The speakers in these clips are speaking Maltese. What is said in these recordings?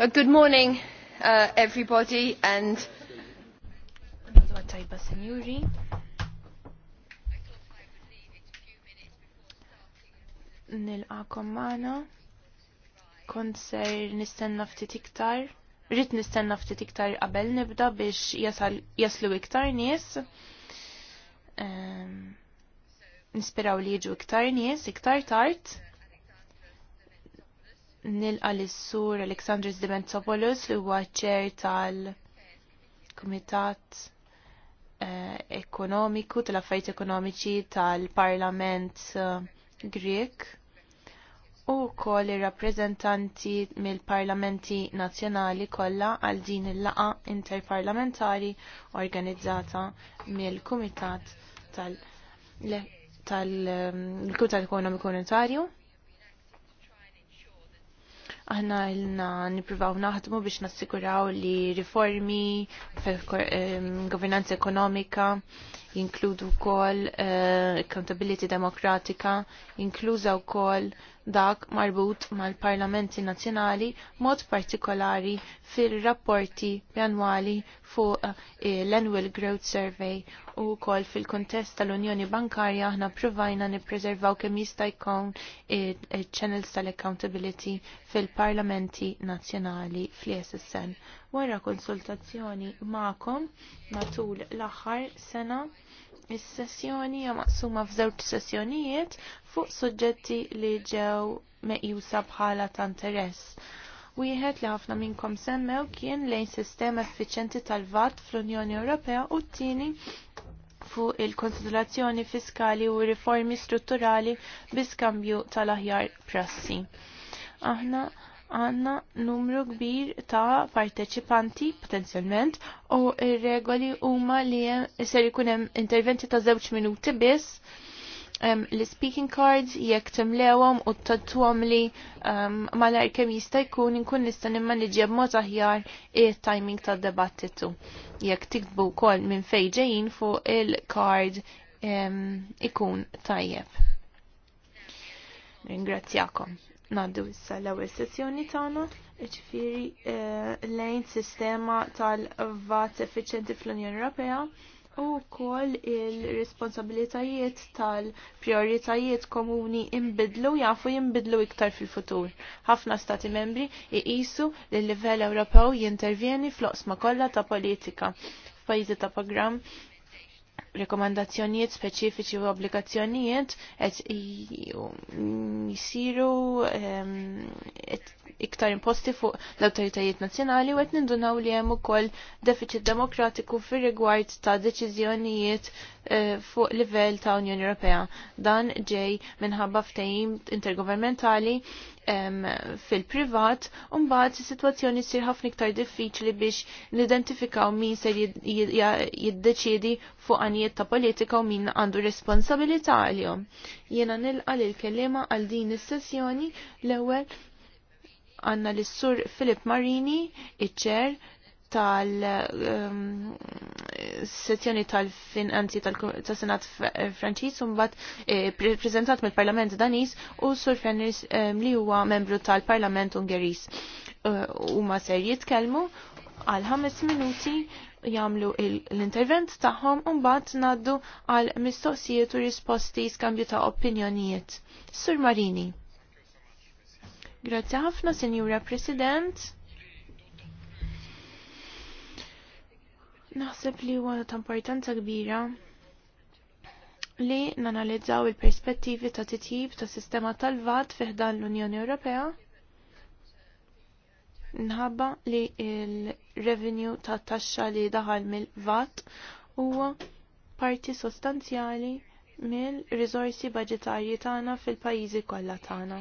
Uh, good morning, uh, everybody, and tajba senjuri. Nil-għakom maħna. Konser nistenna ftit iktar. Rrit nistenna ftit iktar qabel nibda biex jaslu iktar nies. Nisperaw li jiġu iktar nies, iktar tard nilqa l-sur Aleksandris Dimentsopoulos li huwa ċer tal-Kumitat eh, Ekonomiku tal-Affarijiet Ekonomiċi tal-Parlament eh, Grek u wkoll ir-rappreżentanti mill-parlamenti nazzjonali kollha għal din il-laqa interparlamentari organizzata mill-Kumitat tal-Kumitat tal eh, Ekonomiku Unitarju Aħna ilna nipruvaw naħdmu biex nassikuraw li riformi fil-governanza ekonomika jinkludu wkoll uh, accountability demokratika, u wkoll dak marbut mal-parlamenti nazzjonali mod partikolari fil-rapporti pjanwali fuq uh, l-Annual Growth Survey u wkoll fil-kontest tal-Unjoni Bankarja aħna provajna nippreservaw kemm jista' jkun channels tal-accountability fil-parlamenti nazzjonali fl-ISSN wara konsultazzjoni ma'kom matul l-aħħar sena Is-sessjoni hija maqsuma f'żewġ sessjonijiet fuq suġġetti li ġew meqjusa bħala ta' interess. Wieħed li ħafna minnkom semmew kien lejn sistem effiċenti tal-VAT fl-Unjoni Ewropea u t-tieni fuq il konsultazzjoni fiskali u riformi strutturali bi skambju tal-aħjar prassi. Aħna għanna numru kbir ta' parteċipanti potenzjalment u regoli huma li ser ikun hemm interventi ta' żewġ minuti biss l-speaking cards jekk timlewhom u tattuhom li malajr kemm jista' jkun inkun nista' nimmaniġja b'mod aħjar it-timing tad-debattitu. Jekk tikbu wkoll minn fejn ġejjin fuq il-card ikun tajjeb. Ringrazzjakom. Naddu issa l-ewwel sessjoni tagħna, ġifieri eh, lejn sistema tal-vat effiċjenti fl-Unjoni Ewropea u wkoll il-responsabilitajiet tal prijoritajiet komuni jinbidlu jafu jinbidlu iktar fil-futur. Ħafna stati membri iqisu li l-livell Ewropew jintervjeni fl-oqsma kollha ta' politika f'pajjiżi ta' programm rekomandazzjonijiet speċifiċi u obbligazzjonijiet qed jisiru ehm, iktar imposti fuq l-autoritajiet nazjonali u nindunaw li hemm ukoll deficit demokratiku fir-rigward ta' deċiżjonijiet eh, fuq livell ta' Unjoni Ewropea. Dan ġej minħabba ftehim intergovernmentali fil-privat u mbagħad is-sitwazzjoni ssir ħafna iktar diffiċli biex nidentifikaw min se jiddeċiedi fuq għanijiet ta' politika u min għandu responsabilità għalihom. Jiena nilqa' lil kelliema għal din is-sessjoni l-ewwel għanna l-sur Filip Marini, iċ tal-sezzjoni um, tal-finanzi tal-senat franċiż eh, u mbagħad preżentat mill-Parlament Daniż u sur Fenris um, li huwa membru tal-Parlament U uh, ma ser jitkellmu għal ħames minuti jamlu l-intervent taħħom bat naddu għal mistoqsijiet u risposti skambju ta' opinjonijiet. Sur Marini. Grazzi ħafna, Signora President. Naħseb li huwa ta' importanza kbira li nanalizzaw il-perspettivi ta' titjib ta' sistema tal-VAT fiħdan l-Unjoni Ewropea nħabba li il revenue ta' taxxa li daħal mill-VAT huwa parti sostanzjali mill-riżorsi budġetarji tagħna fil-pajjiżi kollha tagħna.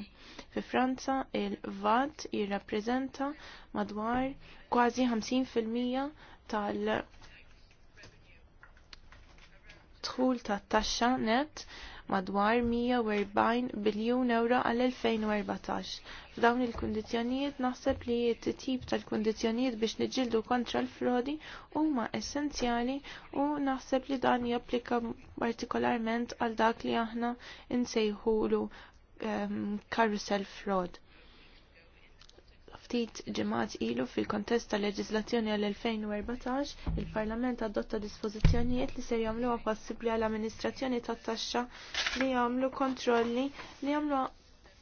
Fi Franza il-VAT jirrappreżenta madwar kważi 50% tal- dħul ta' taxxa net madwar 140 biljun euro għal 2014. F'dawn il-kondizjonijiet naħseb li t-tip tal-kondizjonijiet biex niġildu kontra l-frodi huma essenzjali u naħseb li dan japplika partikolarment għal dak li aħna insejħulu um, carousel fraud. Ftit ġemat ilu fil-kontest tal-leġislazzjoni għal-2014, il-Parlament adotta dispożizzjonijiet li ser jagħmluha possibbli għall-amministrazzjoni tat-taxxa li jagħmlu kontrolli li jagħmlu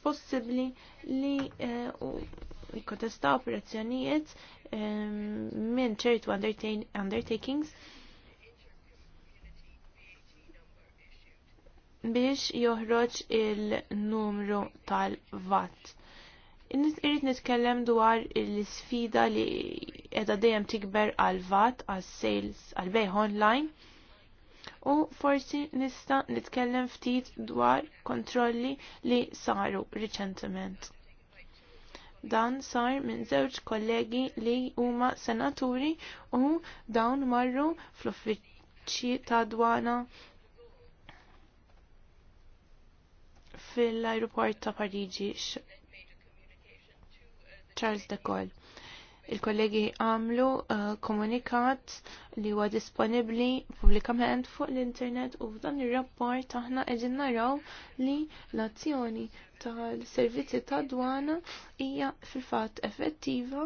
possibbli li uh, operazzjonijiet ehm, minn ċertu undertakings biex joħroġ il-numru tal-vat. Irrid nitkellem dwar l-sfida li edha dejjem tikber għal-vat, għal-sales, għal-bej online u forsi nista' nitkellem ftit dwar kontrolli li saru riċentement. Dan sar minn żewġ kollegi li huma senaturi u dawn marru fl-uffiċċji ta' dwana fil-aeroport ta' Pariġi Charles de Gaulle. Il-kollegi għamlu uh, komunikat li huwa disponibli pubblikament fuq l-internet u f'dan ir-rapport aħna qegħdin naraw li l-azzjoni tal-servizzi ta' dwana hija fil-fatt effettiva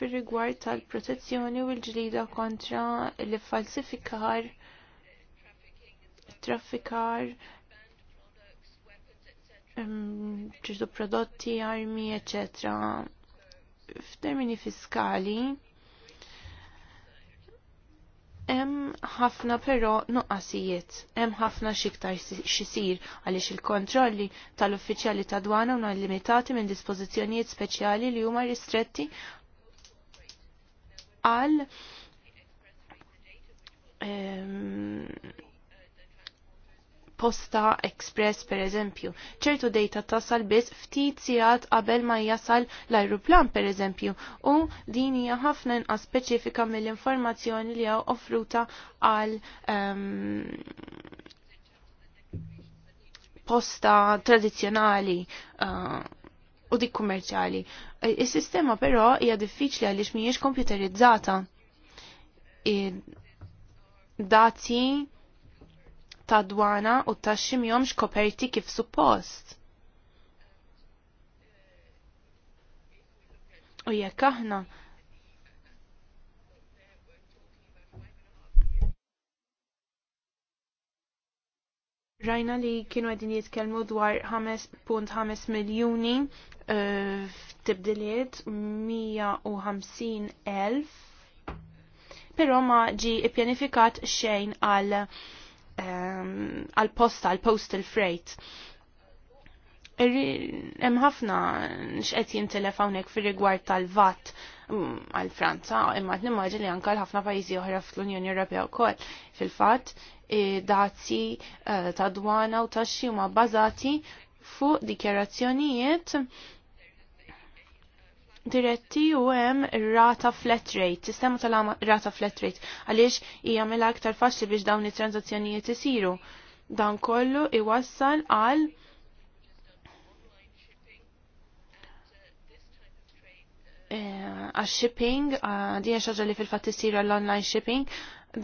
fir-rigward tal-protezzjoni u l-ġlida kontra l-falsifikar traffikar ċertu prodotti, armi, eccetera. F'termini fiskali, hemm ħafna però nuqqasijiet, hemm ħafna xiktar xisir għaliex il-kontrolli tal-uffiċjali ta' dwana huma limitati minn dispożizzjonijiet speċjali li huma ristretti għal posta express per eżempju. ċertu data tasal biss ftit sigħat qabel ma jasal l-ajruplan per eżempju u din hija ħafna inqas speċifika mill-informazzjoni li hawn offruta għal um, posta tradizzjonali uh, u dik kummerċjali. Is-sistema però hija diffiċli għaliex mhijiex kompjuterizzata. Dati ta' dwana u ta' ximjom xkoperti kif suppost. U jekk aħna Rajna li kienu għedin jitkelmu dwar 5.5 miljoni uh, f'tibdiliet 150 elf, pero ma ġi ippjanifikat xejn għal Um, għal-posta, għal-postal freight. Hemm ħafna x'qed jintilef hawnhekk fir-rigward tal-VAT mm, għal Franza, imma qed nimmaġini anke għal ħafna pajjiżi oħra fl-Unjoni Ewropea wkoll. Fil-fatt, dati eh, ta' dwana u taxxi huma bbażati fuq dikjarazzjonijiet diretti u hemm rata flat rate, sistema tal-rata flat rate, għaliex hija mela aktar faċli biex dawn it-transazzjonijiet isiru. Dan kollu iwassal għal eh, għax shipping, eh, din hija xaġa li fil-fatt isiru għall-online shipping,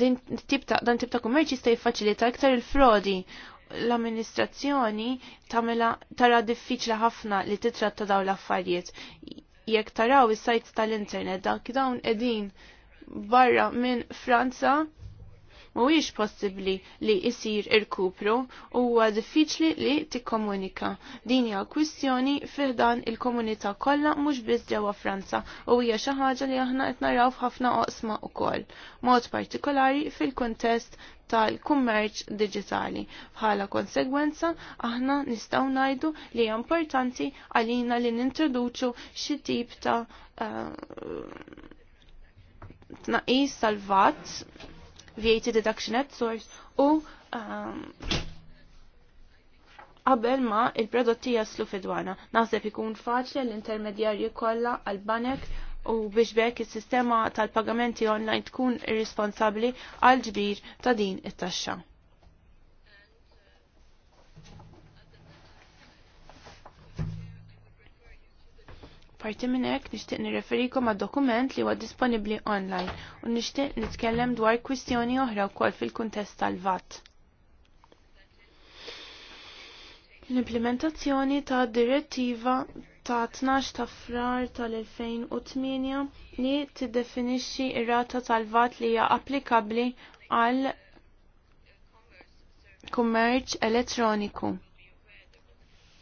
din tip ta' dan tip ta' kummerċ jista' jiffaċilita aktar il-frodi l-amministrazzjoni tamela tara diffiċli ħafna li titratta daw l-affarijiet jekk taraw is-sajt tal-internet dak dawn edin barra minn Franza mhuwiex possibbli li jisir irkupru huwa diffiċli li tikkomunika. Din hija kwistjoni fiħdan il-komunità kollha mhux biss ġewwa Franza u hija xi ħaġa li aħna qed naraw f'ħafna oqsma wkoll, mod partikolari fil-kuntest tal-kummerċ digitali. Bħala konsegwenza, aħna nistaw najdu li importanti għalina li nintroduċu xi tip ta' uh, eh, tnaqis tal-vat VAT Deduction at Source u um, qabel um, ma il-prodotti jaslu fidwana. Naħseb ikun faċli l-intermedjarji kollha għal-banek u biex bekk is-sistema tal-pagamenti online tkun irresponsabbli għal ġbir ta' din it-taxxa. Parti minn hekk nixtieq nirreferikom għad dokument li huwa disponibbli online u nixtieq nitkellem dwar kwistjoni oħra wkoll fil-kuntest tal-VAT. L-implementazzjoni ta' direttiva ta' 12 ta' frar tal-2008 li tiddefinixxi ir-rata tal-VAT li hija applikabbli għal kummerċ elettroniku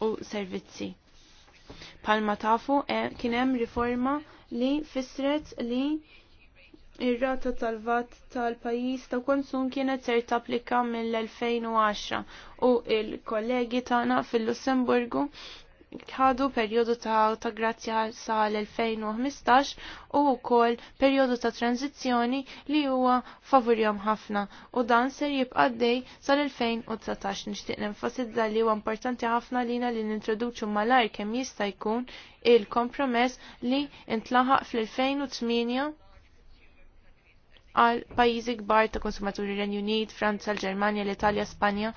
u servizzi. Palma tafu e, kien hemm riforma li fissret li ir-rata tal-vat tal-pajis ta' konsum kienet ser tapplika mill-2010 u il-kollegi tagħna fil-Lussemburgu ħadu perjodu ta', ta grazzja sal-2015 u wkoll perjodu ta' tranzizjoni li huwa favorjom ħafna u dan ser jibqa' dej sal-2019 nixtieq nenfasizza li huwa importanti ħafna lina li nintroduċu malajr kemm jista' jkun il-kompromess li intlaħaq fl-2008 għal pajjiżi kbar ta' konsumaturi Renju Unit, Franza, l-Ġermanja, l-Italja, Spanja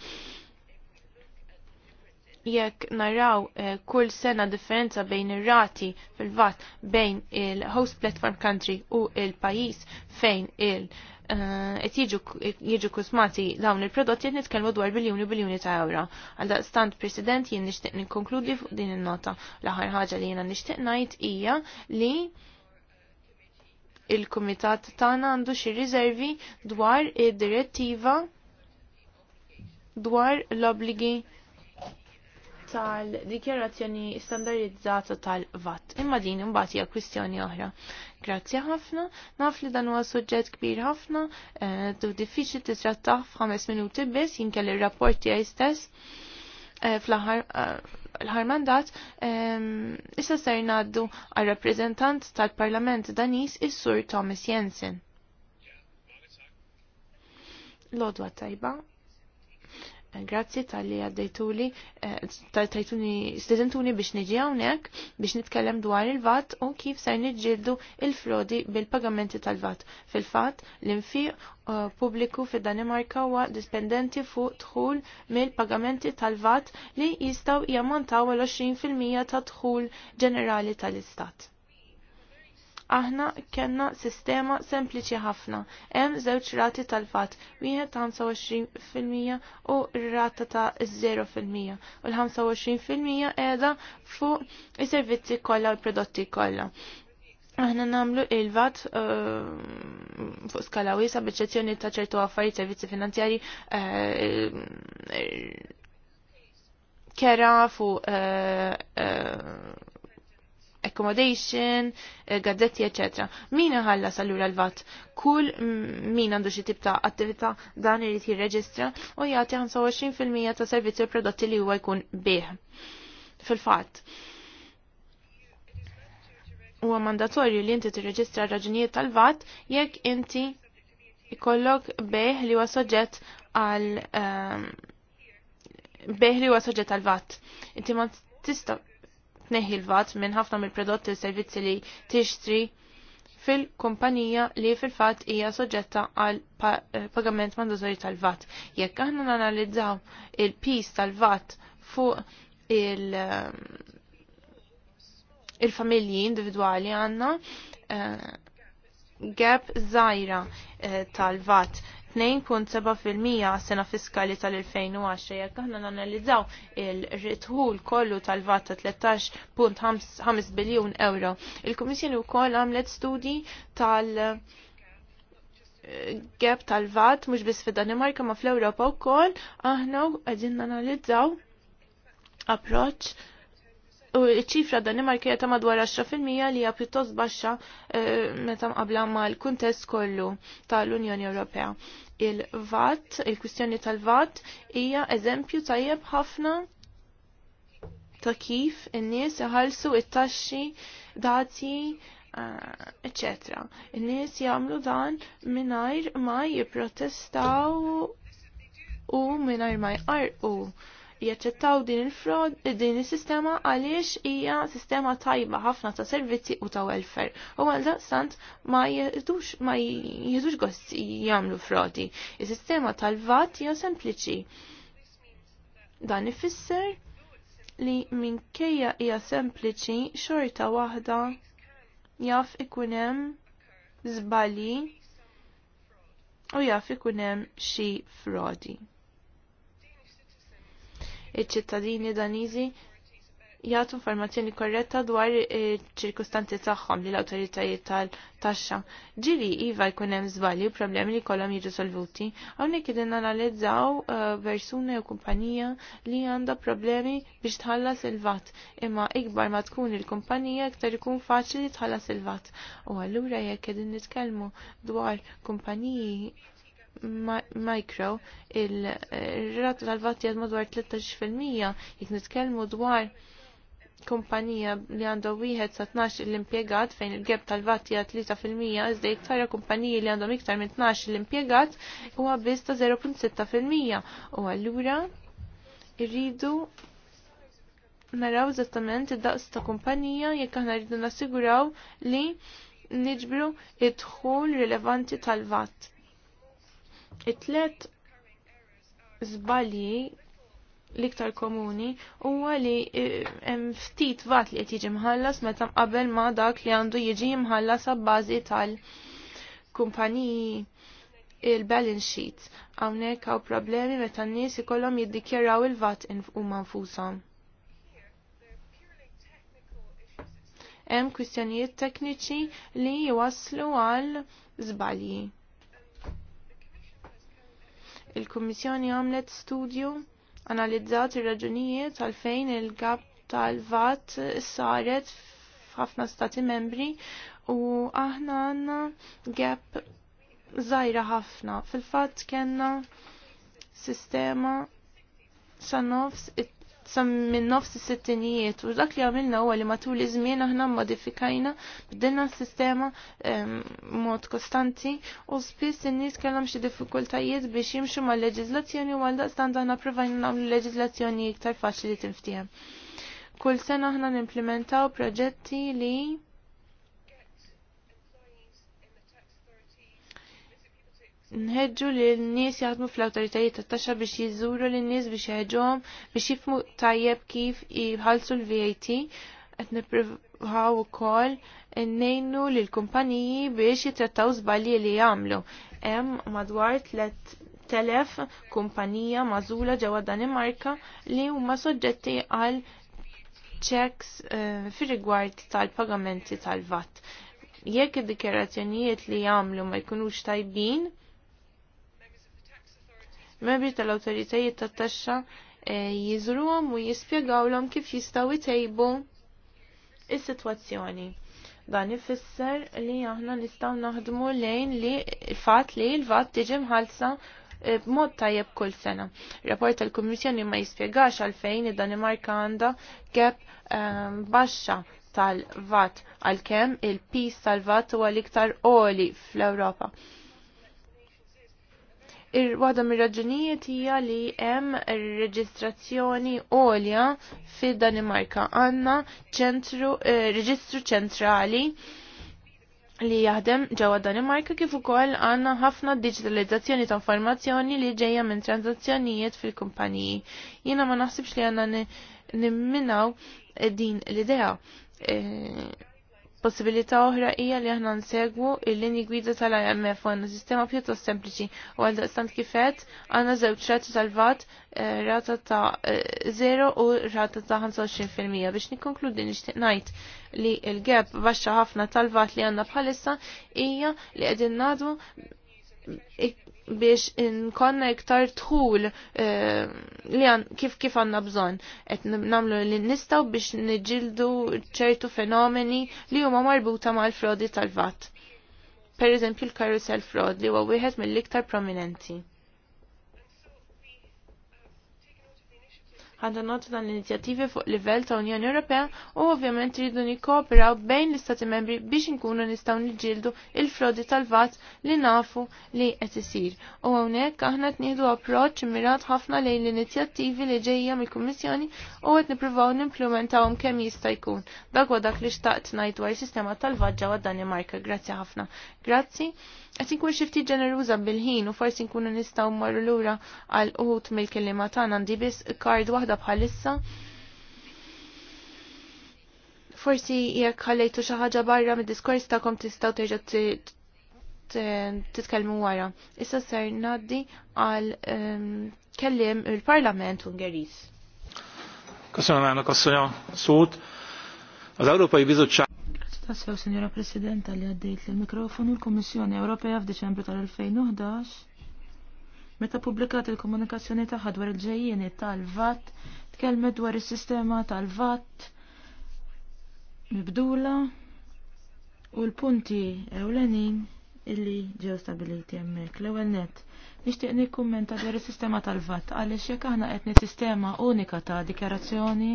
jekk naraw eh, kull sena differenza bejn ir-rati fil-vat bejn il-host platform country u il-pajis fejn il- eh, qed eh, jiġu kusmati dawn il-prodotti qed nitkellmu dwar biljuni biljuni ta' ewra. Għal stand President jien nixtieq nikkonkludi fuq din in-nota. L-aħħar ħaġa li jiena nixtieq ngħid hija li il-kumitat tagħna għandu xi riservi dwar id-direttiva dwar l-obligi tal-dikjarazzjoni standardizzata tal-VAT. Imma din imbagħad hija kwistjoni oħra. Grazzi ħafna, naf li dan huwa suġġett kbir ħafna, eh, tu diffiċli titrattah f'ħames minuti biss jinkelli r-rapport tiegħi stess eh, fl-aħħar eh, l mandat issa ser ngħaddu għar-rappreżentant tal-Parlament Danis is-Sur Thomas Jensen. Lodwa tajba. Grazzi tal-li għaddejtuli, eh, tal-tajtuni, stedentuni biex niġi għawnek, biex nitkellem dwar il-vat u kif ser nġildu il-frodi bil-pagamenti tal-vat. Fil-fat, l-infiq eh, publiku fi Danimarka huwa dispendenti fuq tħul mill-pagamenti tal-vat li jistaw jammontaw l-20% ta' tħul ġenerali tal-istat aħna kellna sistema sempliċi ħafna. Hemm żewġ rati tal-fatt, wieħed ta' 25% u r-rata ta' 0%. U l-25% qiegħda fuq is-servizzi kollha u l-prodotti kollha. Aħna namlu il-vat uh, fuq skala wiesa b'eċċezzjoni ta' ċertu affarijiet servizzi finanzjari uh, kera fuq uh, accommodation, eh, gazzetti, ecc. Min iħallas allura l-vat? Kull min għandu xi tip ta' attività dan irid jirreġistra u jagħti 25% ta' servizzi u prodotti li huwa jkun bih. Fil-fatt, huwa mandatorju li inti tirreġistra raġunijiet tal-vat jekk inti ikollok beħ li huwa soġġett għal ehm, beħ li huwa soġġett għal vat. Inti ma tista' tneħi l-vat minn ħafna mill-prodotti u servizzi li tixtri fil-kumpanija li fil-fat hija soġġetta għal eh, pagament mandatorji tal-vat. Jekk aħna nanalizzaw il-pis tal-vat fuq il- eh, il-familji individuali għanna eh, gap zaħira tal-vat 2.7% sena fiskali tal-2010 jekk aħna nanalizzaw il-ritħul kollu tal-vat ta' 13.5 biljun euro. Il-Kummissjoni wkoll għamlet studji tal- gap tal-vat mhux biss fid-Danimarka ma fl-Ewropa wkoll aħna qegħdin nanalizzaw approċċ U ċifra Danimarka ta' madwar 10% li hija pjuttost baxxa eh, meta mqabla mal-kuntest kollu tal-Unjoni Ewropea. Il-VAT, il-kwistjoni tal-VAT hija eżempju tajjeb ħafna ta' kif in-nies iħallsu it-taxxi dati eccetera. Eh, in-nies jagħmlu dan mingħajr ma jipprotestaw u mingħajr ma jqarqu jaċċettaw din il-frod, din il-sistema għaliex hija sistema tajba ħafna ta' servizzi u ta' welfare. U għalda sant ma jidux ma jidux gost jagħmlu frodi. Is-sistema tal-vat hija sempliċi. Dan ifisser li minkejja hija sempliċi xorta waħda jaf ikun hemm żbali u jaf ikun hemm xi frodi iċ-ċittadini daniżi jagħtu informazzjoni korretta dwar ċirkustanzi tagħhom lill awtoritajiet tal-taxxa. Ġiri iva jkun hemm żbalji u problemi li kollhom jiġu solvuti. Hawnhekk qegħdin analizzaw uh, persuna jew kumpanija li għandha problemi biex tħallas il-vat. Imma ikbar ma tkun il-kumpanija iktar ikun faċli tħallas il-vat. U allura jekk qegħdin nitkellmu dwar kumpaniji micro il-rat tal-vatti għad madwar 13% jek nitkellmu dwar kumpanija li għandhom wieħed sa 12 l-impjegat fejn il-geb tal-vatti għad 3% iżda iktar kumpaniji li għandhom iktar minn 12 l-impjegat huwa biss ta' 0.6% u allura irridu naraw eżattament id-daqs ta' kumpanija jekk aħna rridu nassiguraw li niġbru id-dħul rilevanti tal-vatt It-tlet zbalji l-iktar komuni huwa li e, hemm ftit vat li qed jiġi mħallas meta mqabel ma dak li għandu jiġi mħallas abbażi tal-kumpaniji il-balance sheet. Hawnhekk hawn problemi meta n-nies ikollhom jiddikjaraw il-vat huma nfushom. Hemm kwistjonijiet tekniċi li jwaslu għal żbalji. Il-Kummissjoni għamlet studju analizzat ir-raġunijiet għalfejn il-gap tal-vat saret f'ħafna stati membri u aħna għanna gap zajra ħafna. Fil-fatt kena sistema sa nofs it sam minn nofs is-sittinijiet u dak li għamilna huwa li matul iż-żmien aħna modifikajna bdilna s-sistema mod kostanti u spiss in-nies kellhom xi diffikultajiet biex jimxu mal-leġiżlazzjoni u għaldaqstant aħna provajna nagħmlu leġiżlazzjoni iktar faċli tinftieħ. Kull sena aħna nimplementaw proġetti li nħedġu li l-nies jaħdmu fl-autoritajiet tat-taxxa biex jiżuru l-nies biex jħeġġuhom biex jifmu tajjeb kif jħallsu l-VAT qed nippruvaw ukoll nnejnu lil kumpaniji biex jittrattaw żbalji li jagħmlu. Hemm madwar tlet telef kumpanija mażula ġewwa Danimarka li huma soġġetti għal checks uh, fir-rigward tal-pagamenti tal-VAT jekk id-dikjerazzjonijiet li jagħmlu ma jkunux tajbin, membri tal-awtoritajiet tat-taxxa eh, jiżruhom u jispjegawlhom kif jistgħu jtejbu is-sitwazzjoni. Dan ifisser li aħna nistgħu naħdmu lejn li fatt li l-vat tiġi mħallsa eh, b'mod tajjeb kull sena. Rapport tal-Kummissjoni ma jispjegax għalfejn id-Danimarka għandha kep ehm, baxxa tal-vat għalkemm il-pis tal-vat huwa l-iktar oli fl-Ewropa. Waħda mir-raġunijiet hija li hemm reġistrazzjoni għolja fid-Danimarka għandna ċentru eh, reġistru ċentrali li jaħdem ġewwa Danimarka kif ukoll għandna ħafna digitalizzazzjoni ta' informazzjoni li ġejja minn transazzjonijiet fil-kumpaniji. Jiena ma naħsibx li għandna nimminaw din l-idea. Eh, Possibilità oħra hija li aħna nsegwu il-linji gwida tal-IMF għandna sistema pjuttost sempliċi u għal daqstant kifet għandna żewġ rati tal-vat eh, rata ta' 0 eh, u rata ta' 25% biex nikkonkludi nixtieq ngħid li l-gap baxxa ħafna tal-vat li għandna bħalissa hija li qegħdin nagħdu biex inkonna iktar tħul eh, li kif kif għanna bżon. Et namlu li nistaw biex nġildu ċertu fenomeni li huma marbuta mal frodi tal-vat. Per eżempju l-karusel frod li huwa wieħed mill-iktar prominenti. ħadna notu dan l-inizjattivi fuq livell ta' Unjoni Ewropea u ovvjament rridu nikkooperaw bejn l-Istati membri biex inkunu nistgħu nġildu il-frodi tal-vat li nafu li qed isir. U hawnhekk aħna qed approċċ mirat ħafna lejn l-inizjattivi li ġejja mill-Kummissjoni u qed nippruvaw nimplementawhom kemm jista' jkun. Dak dak li xtaqt ngħid dwar is-sistema tal-vaġġa għad Danimarka. Grazzi ħafna. Grazzi. Qed inkun xi ftit ġeneruża bil-ħin u forsi nkunu nistgħu mmorru lura għal uħut mill-kelliema tagħna għandi biss kard waħda bħalissa. Forsi jekk ħallejtu xi ħaġa barra mid-diskors tagħkom tistgħu terġa' titkellmu wara. Issa ser ngħaddi għal ehm, kellim il-Parlament Ungeriż. Köszönöm elnök asszony a szót. Az Európai Bizottság Tassew, Sinjora Presidenta, li għaddejt l-mikrofonu l-Kommissjoni Ewropea f'Deċembru tal-2011 Meta publikat il-komunikazzjoni tagħha dwar il-ġejjieni tal-VAT, tkellmet dwar is-sistema tal-VAT mibdula u l-punti ewlenin illi ġew stabiliti hemmhekk. L-ewwel nett nixtieq nikkummenta dwar is-sistema tal-VAT għaliex jekk aħna qed sistema unika ta' dikjarazzjoni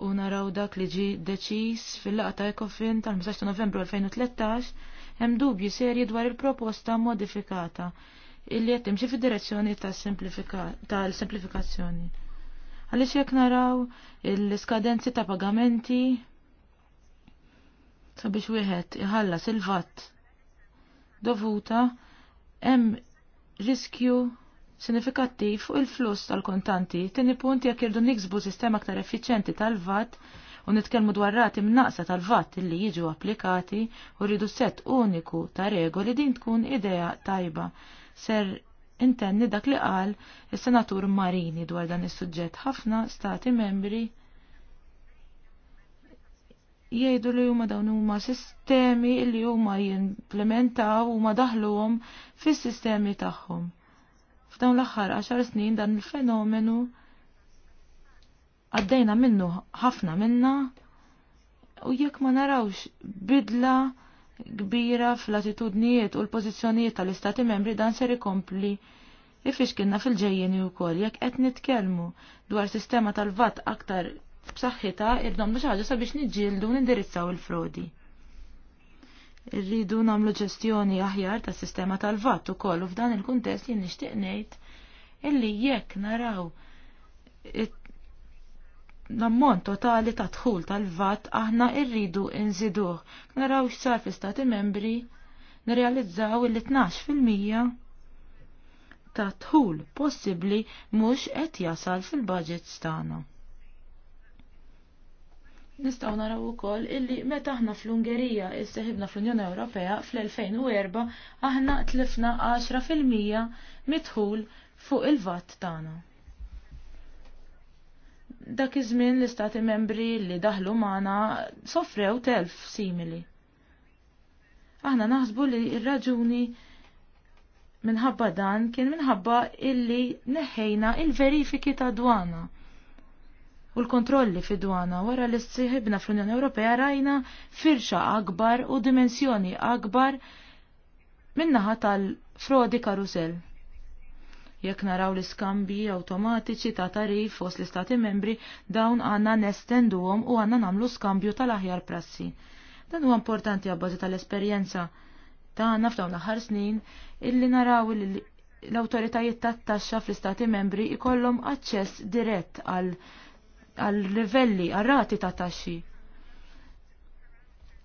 u naraw dak li ġi deċiż fil-laqa ta' ECOFIN tal-15 novembru 2013 hemm dubji serji dwar il-proposta modifikata illi qed timxi fid-direzzjoni tal-semplifikazzjoni. Għaliex jekk naraw il-skadenzi ta' pagamenti sabiex wieħed iħallas il-vatt dovuta hemm riskju sinifikattiv fuq il-fluss tal-kontanti. Tieni punti jekk irdu niksbu sistema aktar effiċjenti tal-VAT u nitkellmu dwar rati mnaqsa tal-VAT li jiġu applikati u rridu set uniku ta' regoli din tkun idea tajba. Ser intenni dak li qal is-senatur Marini dwar dan is-suġġett ħafna stati membri jgħidu li huma dawn huma sistemi li huma jimplementaw huma daħluhom fis-sistemi tagħhom. F'dawn l-aħħar 10 snin dan il-fenomenu għaddejna minnu ħafna minna u jekk ma narawx bidla kbira fl-attitudnijiet u l-pożizzjonijiet tal-istati membri dan ser ikompli ifix kienna fil-ġejjeni u kol, jekk qed nitkellmu dwar sistema tal-vat aktar b'saħħitha irdom biex ħaġa sabiex niġġieldu nindirizzaw il-frodi. Irridu namlu ġestjoni aħjar tas sistema tal-vatt ukoll kollu f'dan il-kuntest jien nixtieq ngħid illi jekk naraw l-ammont totali ta' dħul tal-vatt aħna rridu nżiduh. Naraw x'sar fl-istati membri nirrealizzaw il fil-mija ta' dħul possibbli mhux qed jasal fil-budgets tagħna. Nistaw naraw ukoll illi meta aħna fl-Ungerija isseħibna fl-Unjoni Ewropea fl-2004 aħna tlifna 10% mitħul fuq il-vatt tagħna. Dak iż-żmien l-istati membri li daħlu magħna sofrew telf simili. Aħna naħsbu li r-raġuni minħabba dan kien minħabba illi neħejna il-verifiki ta' dwana u l-kontrolli fid-dwana wara li s fl-Unjoni Ewropea rajna firxa akbar u dimensjoni akbar minnaħa tal-frodi karusel. Jekk naraw l-iskambi automatiċi ta' tarif fos l-istati membri dawn għanna nestenduhom u għanna namlu skambju tal-aħjar prassi. Dan huwa importanti għabbażi tal-esperjenza tagħna f'dawn l-aħħar snin illi naraw l-autoritajiet tat-taxxa fl-istati membri ikollhom aċċess dirett għal għal livelli għal rati ta' taxxi.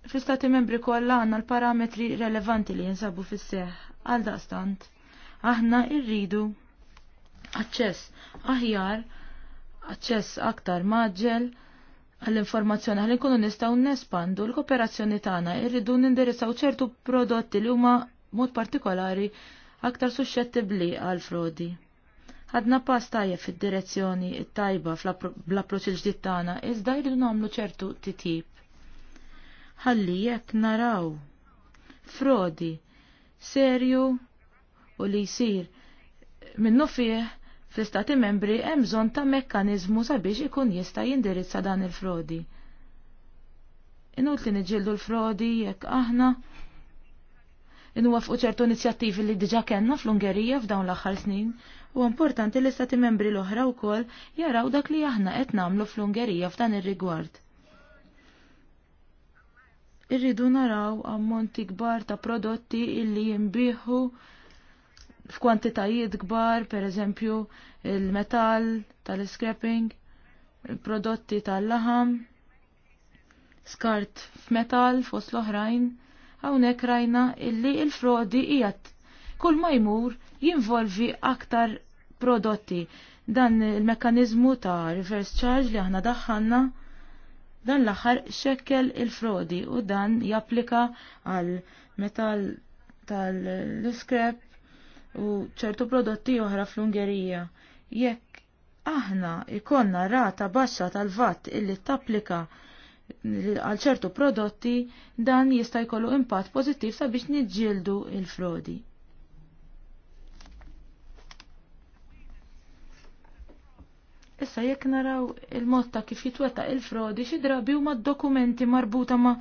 Fl-istati membri kollha għandna l-parametri relevanti li jinsabu fis-seħ għal daqstant. Aħna rridu aċċess aħjar, aċċess aktar maġġel għall-informazzjoni għal nkunu nistgħu nespandu l-kooperazzjoni tagħna irridu nindirizzaw ċertu prodotti li huma mod partikolari aktar suscettibbli għal frodi. Għadna pass tajjeb fid-direzzjoni tajba fl-approċ il-ġdid tagħna iżda jridu nagħmlu ċertu titjib. Ħalli jekk naraw frodi serju u li jsir minnu fih fl-istati membri hemm bżonn ta' mekkaniżmu sabiex ikun jista' jindirizza dan il-frodi. Inutli niġildu l-frodi jekk aħna inwafqu ċertu inizjattivi li diġa kenna fl-Ungerija f'dawn l-aħħar snin U importanti li stati membri l-oħra wkoll jaraw dak li aħna qed nagħmlu fl-Ungerija f'dan ir-rigward. Irridu naraw ammonti kbar ta' prodotti illi jimbiħu f'kwantitajiet kbar, per eżempju il-metall tal-scrapping, prodotti tal-laħam, skart f'metal fost l-oħrajn, hawnhekk rajna illi il-frodi hija kull ma jmur jinvolvi aktar prodotti. Dan il mekanizmu ta' reverse charge li aħna daħħanna, dan l-aħħar xekkel il-frodi u dan japplika għal metal tal-scrap u ċertu prodotti oħra fl-Ungerija. Jekk aħna ikonna rata baxxa tal-vatt illi tapplika għal ċertu prodotti dan jista' jkollu impatt pożittiv sabiex niġġieldu il-frodi. Issa jekk naraw il-mod ta' kif jitweta il-frodi xi drabi huma dokumenti marbuta ma'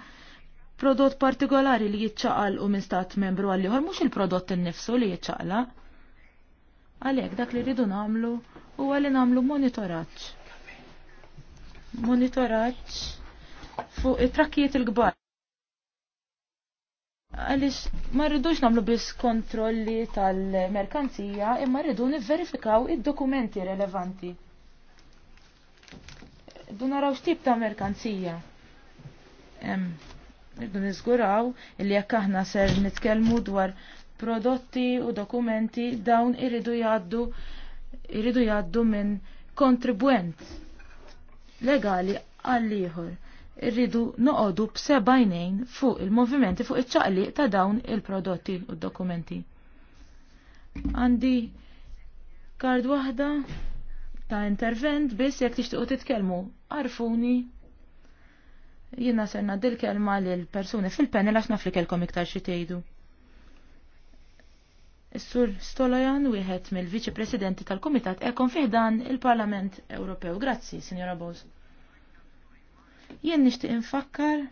prodott partikolari li u minn stat membru għal ieħor mhux il-prodott innifsu li jitċaqla. Għalhekk dak li rridu nagħmlu huwa li nagħmlu monitoraġġ. Monitoraġġ fuq it-trakkijiet il-kbar. Għaliex ma rridux nagħmlu biss kontrolli tal-merkanzija imma rridu nivverifikaw id-dokumenti relevanti. Dun naraw x'tip ta' merkanzija. Irdu niżguraw illi jekk aħna ser nitkellmu dwar prodotti u dokumenti dawn irridu jgħaddu irridu jgħaddu minn kontribwent legali għal ieħor irridu noqodu b'sebajnejn fuq il-movimenti fuq iċ-ċaqli ta' dawn il-prodotti u d-dokumenti. Għandi kard waħda ta' intervent biss jekk tixtiequ titkellmu. Arfuni. Jiena serna dil kelma lil persuni fil-panel għax naf li kelkom iktar xi tgħidu. Is-Sur Stolojan wieħed mill-Viċi Presidenti tal-Kumitat ekon fiħdan il-Parlament Ewropew. Grazzi, Sinjora Bowes. Jien nixtieq infakkar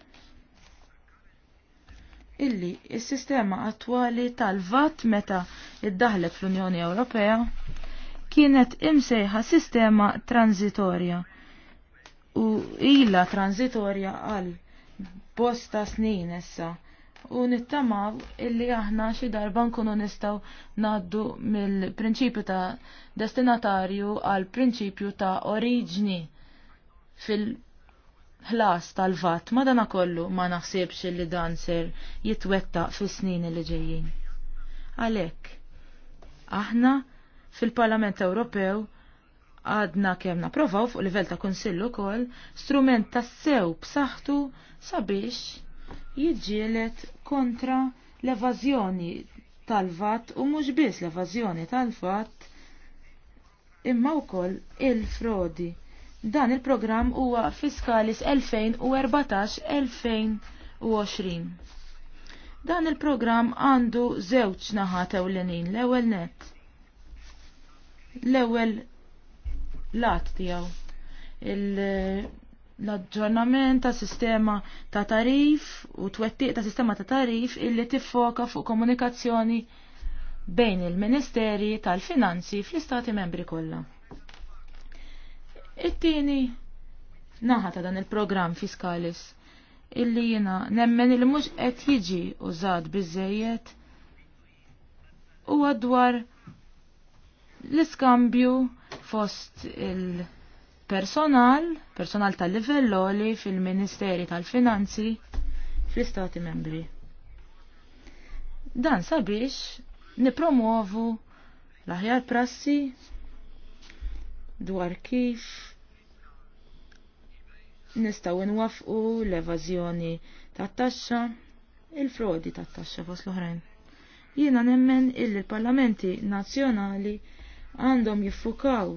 illi is-sistema attwali tal-VAT meta iddaħlet fl-Unjoni Ewropea kienet imsejħa sistema transitorja u ila transitorja għal bosta snin issa u nittamaw illi aħna xi darba nkunu nistgħu ngħaddu mill-prinċipju ta' destinatarju għal prinċipju ta' oriġni fil-ħlas tal-vat Madanakollu kollu ma naħsibx li dan ser jitwettaq fis-snin li ġejjin. Għalhekk aħna Fil-Parlament Ewropew għadna kemm napprovaw fuq livell ta' Kunsill ukoll strument ta' sew b'saħħtu sabiex jiġġielet kontra l-evażjoni tal-vat u mhux biss l-evażjoni tal vat imma wkoll il-frodi. Dan il-programm huwa fiskalis 2014-2020. Dan il-programm għandu żewġ naħat ewlenin l-ewwel net l-ewwel lat tiegħu l-aġġornament ta' sistema ta' tarif u twettiq ta' sistema ta' tarif illi tiffoka fuq komunikazzjoni bejn il-Ministeri tal-Finanzi fl-Istati membri kollha. It-tieni naħa ta' dan il-programm fiskalis illi jina nemmen il mhux qed jiġi użad biżejjed u għadwar l-iskambju fost il-personal, personal tal-livelloli fil-Ministeri tal-Finanzi fl-Istati membri. Dan sabiex nipromuovu l-aħjar prassi dwar kif nistaw nwafqu l-evażjoni tat-taxxa, il-frodi tat-taxxa fost l-oħrajn. Jiena nemmen il parlamenti nazzjonali għandhom jiffukaw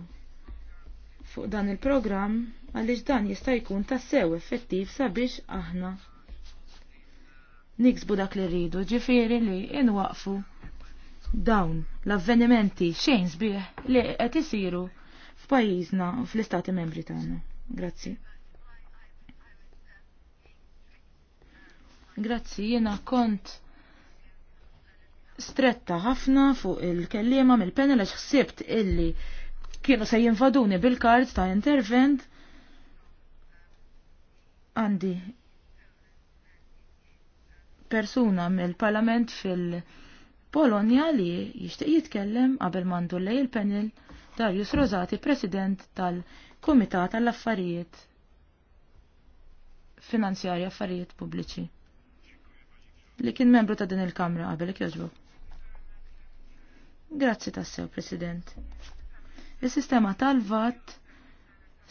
fuq dan il-programm għaliex dan jista' jkun tassew effettiv sabiex aħna niksbu dak li rridu, ġifiri li inwaqfu dawn l-avvenimenti xejn sbieħ li qed isiru f'pajjiżna u fl-istati membri tagħna. Grazzi. Grazzi, jiena kont stretta ħafna fuq il-kellima mill-panel għax xsibt illi kienu se jinfaduni bil-kard ta' intervent għandi persuna mill-parlament fil-Polonja li jixtieq jitkellem qabel mandu lej il-panel Darius Rosati, president tal-Kumitat tal-Affarijiet Finanzjarji Affarijiet Pubbliċi li kien membru ta' din il-Kamra qabel jogħġbu. Grazzi tassew, President. Il-sistema tal-VAT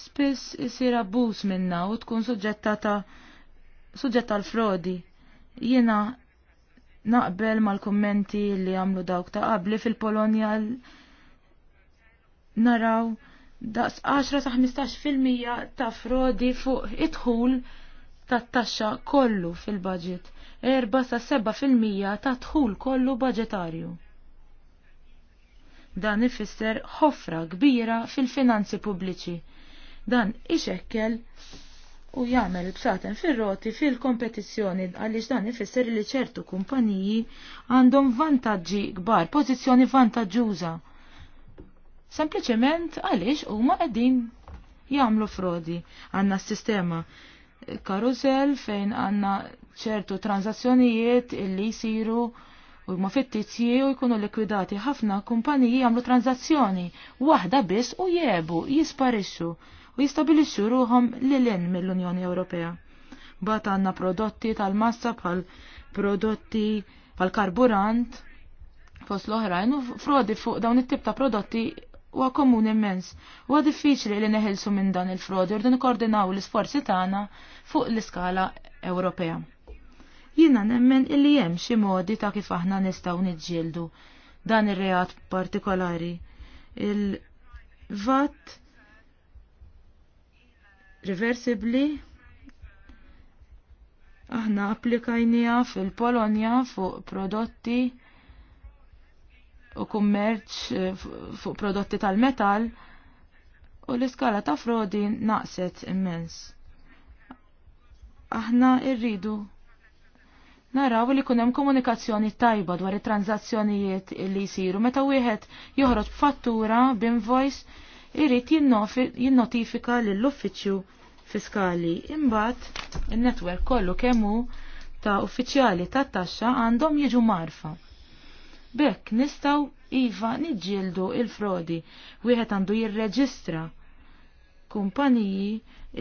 spiss isir abbuż minna u tkun suġġettata suġġett tal-frodi. Jiena naqbel mal-kommenti li għamlu dawk ta' qabli fil-Polonja naraw daqs 10 sa 15% ta' frodi fuq idħul ta' taxxa kollu fil-budget. 4 sa 7% ta' dħul kollu budgetarju. Dan ifisser ħofra kbira fil-finanzi pubbliċi. Dan ixekkel u jagħmel bsaten fir-roti fil-kompetizzjoni għaliex dan ifisser li ċertu kumpaniji għandhom vantaġġi kbar, pożizzjoni vantaġġuża. Sempliċement għaliex huma qegħdin jagħmlu frodi. Għandna s-sistema karusel fejn għandna ċertu tranzazzjonijiet illi jsiru u ma fittizji u jkunu likwidati ħafna kumpaniji jagħmlu tranzazzjoni waħda biss u jiebu, jisparixxu u jistabilixxu ruhom lilin mill-Unjoni Ewropea. Bat għandna prodotti tal-massa bħal prodotti bħal karburant fost l-oħrajn u frodi fuq dawn it-tip ta' prodotti huwa komuni immens. Huwa diffiċli li neħilsu minn dan il-frodi u rridu l-isforzi tagħna fuq l-iskala Ewropea. Jiena nemmen illi hemm xi modi ta' kif aħna nistgħu niġġieldu dan ir-reat partikolari. Il-vat reversibli aħna applikajnija fil-Polonja fuq prodotti u kummerċ eh, fuq prodotti tal-metal u l-iskala ta' frodi naqset immens. Aħna irridu naraw li kunem komunikazzjoni tajba dwar it-tranzazzjonijiet li jisiru meta wieħed joħroġ b'fattura b'invoice irid jinnotifika lill uffiċċju fiskali. Imbagħad in-netwerk kollu kemm hu ta' uffiċjali tat-taxxa għandhom jiġu marfa. Bekk nistgħu iva niġġieldu il-frodi wieħed għandu jirreġistra kumpaniji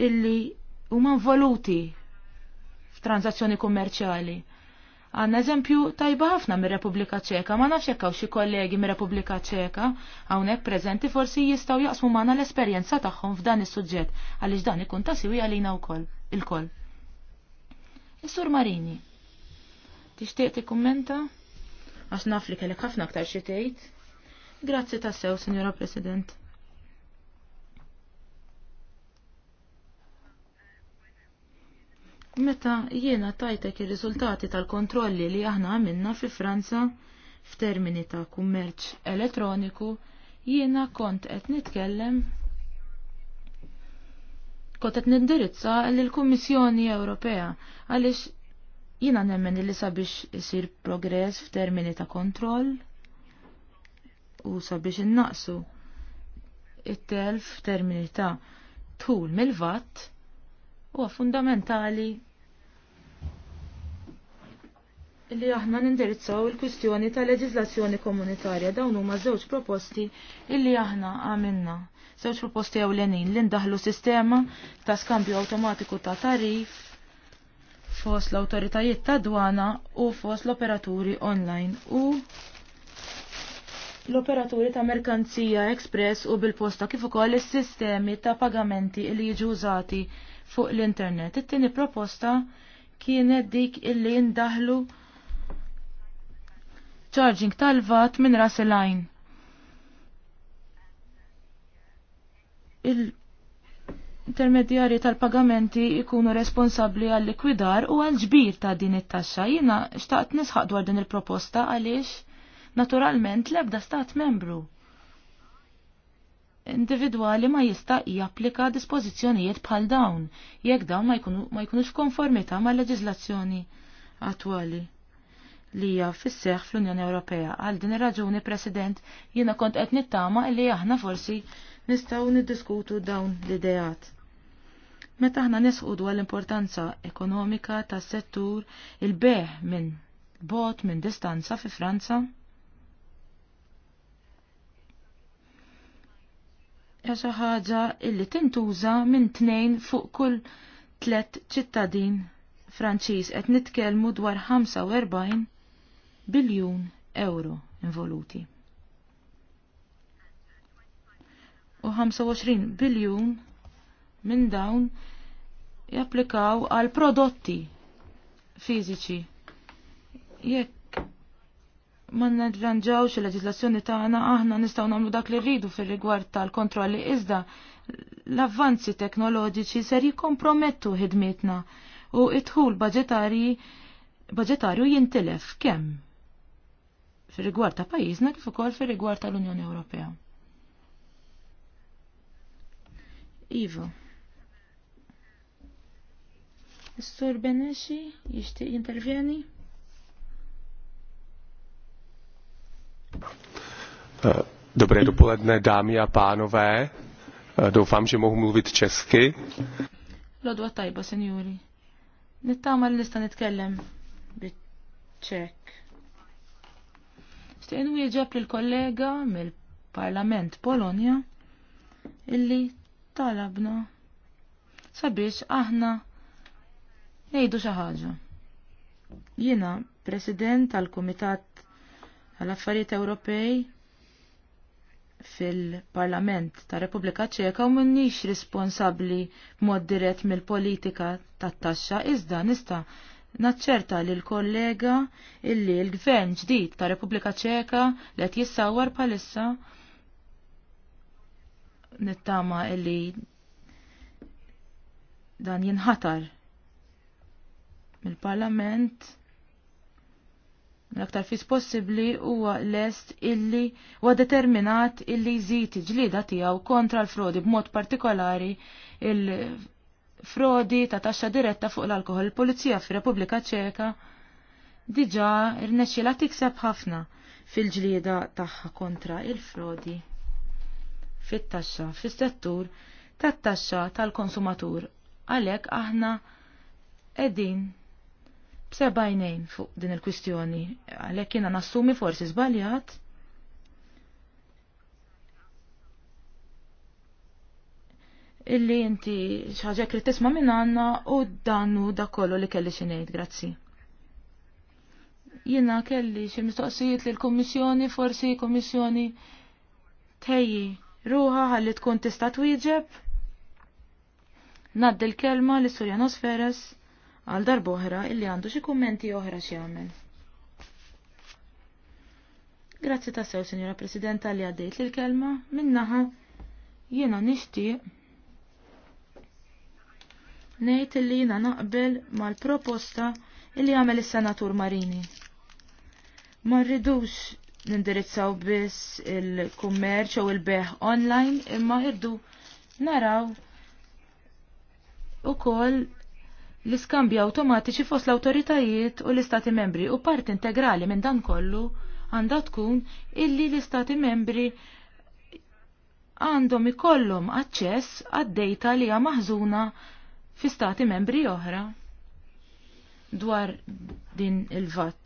illi huma involuti f'tranzazzjoni kummerċjali Għanna eżempju tajba ħafna mir repubblika Ċeka, ma nafx jekk xi kollegi mir repubblika Ċeka hawnhekk preżenti forsi jistgħu jaqsmu magħna l-esperjenza tagħhom f'dan is-suġġett għaliex dan ikun ta' siwi għalina wkoll il-koll. Is-Sur Marini. Tixtieq tikkummenta? Għax naf li kellek ħafna aktar xi tgħid. Grazzi tassew, Sinjora President. Meta jiena tajtek ir-riżultati tal-kontrolli li aħna għamilna fi Franza f'termini ta' kummerċ elettroniku, jiena kont qed nitkellem kont qed nindirizza lill kummissjoni Ewropea għaliex jiena nemmen li sabiex isir progress f'termini ta' kontroll u sabiex innaqsu it-telf f'termini ta' tul mill-vatt huwa fundamentali li aħna nindirizzaw il-kwistjoni ta' leġislazzjoni komunitarja dawn huma żewġ proposti illi aħna għamilna. Żewġ proposti ewlenin li ndaħlu sistema ta' skambju awtomatiku ta' tarif fost l-autoritajiet ta' dwana u fost l-operaturi online u l-operaturi ta' merkanzija express u bil-posta kif ukoll is-sistemi ta' pagamenti li jiġu użati fuq l-internet. It-tieni proposta kienet dik illi ndaħlu charging tal-vat minn ras il intermedjarji intermedjari tal-pagamenti ikunu responsabli għal likwidar u għal ġbir ta' din it-taxxa. Jina xtaqt nisħaq dwar din il-proposta għaliex naturalment l-ebda stat membru individwali ma jista' japplika dispożizzjonijiet bħal dawn jekk dawn ma jkunux konformità mal leġiżlazzjoni attwali li hija fisseħ fl-Unjoni Ewropea. Għal din ir-raġuni, President, jiena kont qed nittama li aħna forsi nistgħu niddiskutu dawn l-ideat. Meta aħna nesħu dwar l-importanza ekonomika tas-settur il-beħ minn bot minn distanza fi Franza, hija xi ħaġa illi tintuża minn tnejn fuq kull tlet ċittadin Franċiż qed nitkellmu dwar 45 biljun euro involuti. U 25 biljun minn dawn japplikaw għal prodotti fiżiċi. Jekk ma nirranġawx il-leġislazzjoni tagħna aħna nistgħu nagħmlu dak li rridu fir-rigward tal-kontrolli iżda l-avvanzi teknoloġiċi ser jikkompromettu ħidmitna u id-dħul budġetarju jintilef kemm fir-rigward ta' pajjiżna kif ukoll fir-rigward tal-Unjoni Ewropea. Ivo. Is-sur Beneshi jixtieq jintervjeni? Eh, dobré dopoledne, dámy a pánové. Eh, doufám, že mohu mluvit česky. Lodwa tajba, seniori. Nittama li nista nitkellem bit-ċek. Stejnu jieġab l-kollega mill-Parlament Polonia illi talabna sabiex aħna nejdu xaħġa. Jina, president tal-Komitat għal-affarijiet Ewropej fil-Parlament ta' Repubblika Ċeka u minnix responsabbli mod dirett mill-politika tat-taxxa iżda nista' naċċerta lil kollega illi l-Gvern ġdid ta' Repubblika Ċeka li qed jissawar bħalissa nittama illi dan jinħatar mill-Parlament l-aktar fis possibbli huwa lest illi huwa determinat illi jżid ġlieda tiegħu kontra l-frodi b'mod partikolari il-frodi ta' taxxa diretta fuq l-alkohol. Il-Pulizija fir-Repubblika Ċeka diġà rnexxiela tikseb ħafna fil-ġlieda tagħha kontra il-frodi fit-taxxa fis-settur tat-taxxa tal-konsumatur. Għalhekk aħna qegħdin sebajnejn fuq din il-kwistjoni, għalhekk jiena nassumi forsi żbaljat. illi inti xaġa li tisma minn għanna u dannu da kollu li kelli xinejt, grazzi. Jena kelli xie mistoqsijiet li l-kommissjoni, forsi kommissjoni Teji ruħa għalli tkun tista twieġeb. Naddi l-kelma li Surjanos Feres għal oħra illi għandu xi kummenti oħra xi Grazzi ta' sew, Sinjora Presidenta, li għaddejt li l-kelma. Minnaħa jiena nixtieq ngħid illi jiena naqbel mal-proposta illi għamel is-Senatur Marini. Ma rridux nindirizzaw biss il-kummerċ u il-beħ online imma irdu naraw u koll l iskambi awtomatiċi fost l-autoritajiet u l-istati membri u part integrali minn dan kollu għandha tkun illi l-istati membri għandhom ikollhom aċċess għad-dejta li hija maħżuna fi stati membri oħra dwar din il-vat.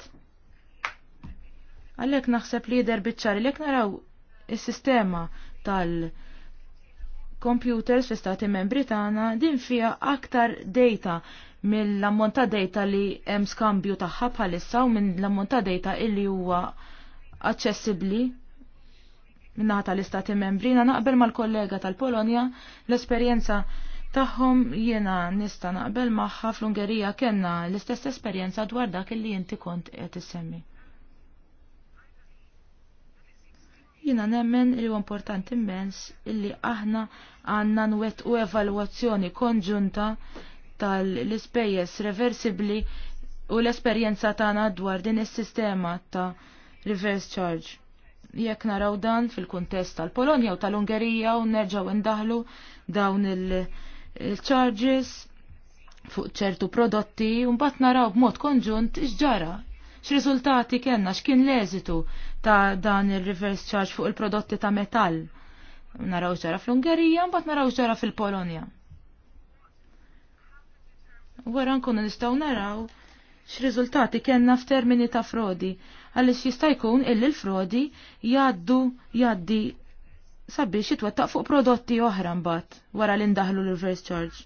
Għalhekk naħseb li jidher bitċar li naraw is sistema tal-computers fi stati membri tagħna din fija aktar data mill-ammont ta' data li hemm skambju tagħha bħalissa u minn l-ammont ta' data illi huwa aċċessibbli minnaħa tal-istati membri. Na naqbel mal-kollega tal-Polonja l-esperjenza tagħhom jiena nista' naqbel magħha fl-Ungerija kellna l-istess esperjenza dwar dak illi inti kont qed issemmi. Jiena nemmen li importanti immens illi aħna għandna nwettqu evalwazzjoni konġunta tal-ispejjeż reversibbli u l-esperjenza tagħna dwar din is-sistema ta' reverse charge. Jekk naraw dan fil-kuntest tal-Polonja u tal-Ungerija u nerġgħu ndaħlu dawn il-charges fuq ċertu prodotti u mbagħad naraw b'mod konġunt x'ġara x'riżultati kellna x'kien l-eżitu ta' dan il-reverse charge fuq il-prodotti ta' metall. Naraw ġara fl-Ungerija, mbagħad naraw ġara fil-Polonja. Wara nkunu nistgħu naraw x'riżultati kellna f'termini ta' frodi għaliex jista' jkun illi l-frodi jgħaddu jgħaddi sabiex jitwettaq fuq prodotti oħra mbagħad wara li indahlu l-reverse charge.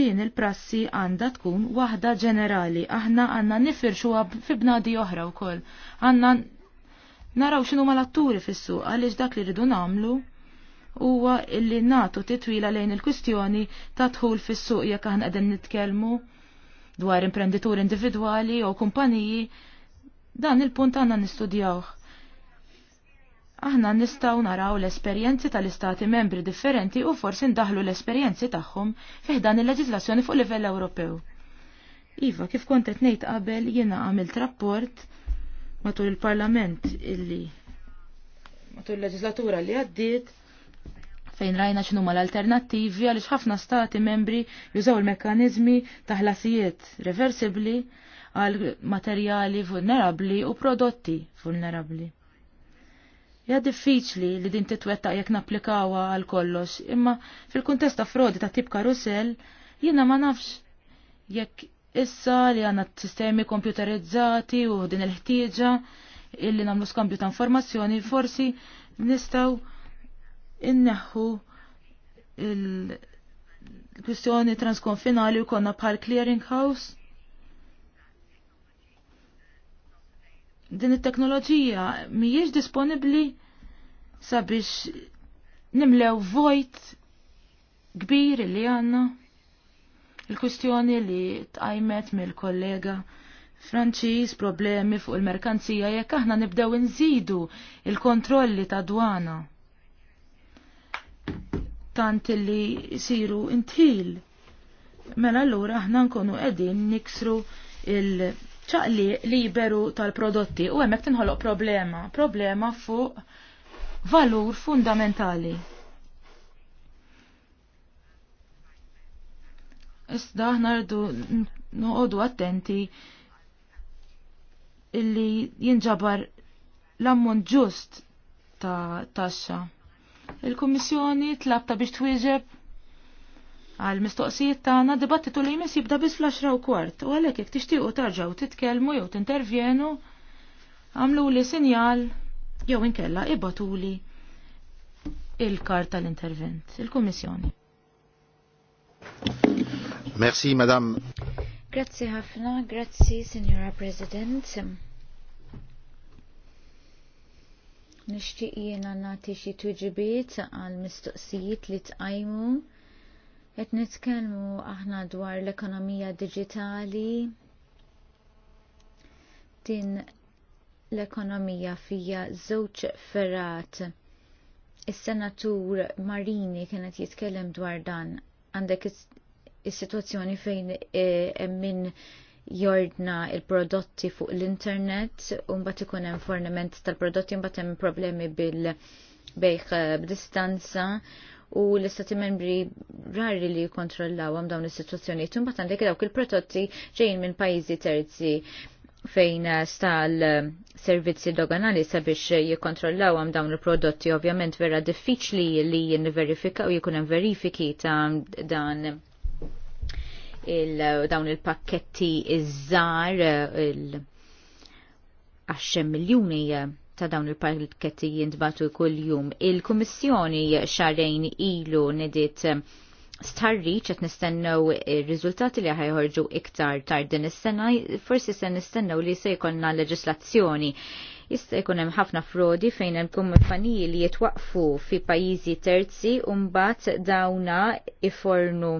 Din il-prassi għandha tkun waħda ġenerali, aħna għandna għab fi bnadi oħra wkoll. għanna naraw x'inhuma l-atturi fis-suq għaliex dak li rridu nagħmlu huwa illi natu titwila lejn il kustjoni ta' tħul fis-suq jekk aħna qegħdin nitkellmu dwar imprenditur individwali jew kumpaniji dan il-punt għandna nistudjawh. Aħna nistgħu naraw l-esperjenzi tal-istati membri differenti u forsi ndaħlu l-esperjenzi tagħhom fih dan il-leġiżlazzjoni fuq livell Ewropew. Iva, kif kont qed ngħid qabel jiena għamilt rapport matul il-Parlament illi matul il-leġislatura li għaddiet fejn rajna ma l-alternattivi għaliex ħafna stati membri jużaw il-mekkaniżmi ta' ħlasijiet reversibbli għal materjali vulnerabbli u prodotti vulnerabbli. Ja diffiċli li din titwettaq jekk naplikawa għal kollox, imma fil-kuntest ta' frodi ta' tip karusell jiena ma nafx jekk issa li għandna sistemi kompjuterizzati u din il-ħtieġa illi nagħmlu skambju ta' informazzjoni forsi nistgħu inneħħu il-kwistjoni transkonfinali u konna bħal clearing house. Din it-teknoloġija mhijiex disponibbli sabiex nimlew vojt kbir li għanna. Il-kwistjoni li tqajmet mill-kollega Franċiż problemi fuq il-merkanzija jekk aħna nibdew nżidu il-kontrolli ta' dwana tant li siru intħil. Mela allura aħna nkunu qegħdin niksru il-ċaqli liberu tal-prodotti u hemmhekk tinħoloq problema, problema fuq valur fundamentali. Iżda aħna rdu noqogħdu attenti illi jinġabar l-ammont ġust ta' taxxa. Il-Kummissjoni tlabta biex twieġeb għal mistoqsijiet tagħna dibattitu li jmiss jibda biss fl-10 u kwart u għalhekk jekk tixtiequ tarġgħu titkellmu jew tintervjenu għamlu li sinjal jew inkella ibatuli il-karta l-intervent, il-Kummissjoni. Merci, madame. Grazzi ħafna, grazzi, Signora President. Nixtieq jiena nati xi tuġibiet għal mistoqsijiet li tqajmu. Qed nitkellmu aħna dwar l-ekonomija diġitali. Din l-ekonomija fija żewġ ferrat. Is-senatur Marini kienet jitkellem dwar dan għandek is-sitwazzjoni fejn eh, hemm min jordna il-prodotti fuq l-internet u mbagħad ikun hemm forniment tal-prodotti mbagħad hemm problemi bil-bejħ eh, b'distanza u l-istati membri rari li jkontrollaw għam dawn is-sitwazzjoni. bat għandek dawk il-prodotti ġejn minn pajjiżi terzi fejn stal eh, servizzi doganali sabiex jikontrollaw għam dawn il-prodotti ovvjament vera diffiċli li verifika u jikunem verifiki ta' dan il-dawn il-pakketti iż-żar il 10 miljoni ta' dawn il-pakketti jindbatu kull jum. Il-Kummissjoni xarrejn ilu nedit starri ċet nistennew il-rizultati li ħajħorġu iktar tard din is-sena, forsi se nistennew li se jkollna leġislazzjoni. Jista' jkun hemm ħafna frodi fejn hemm kumpaniji li jitwaqfu fi pajjiżi terzi u mbagħad dawna ifornu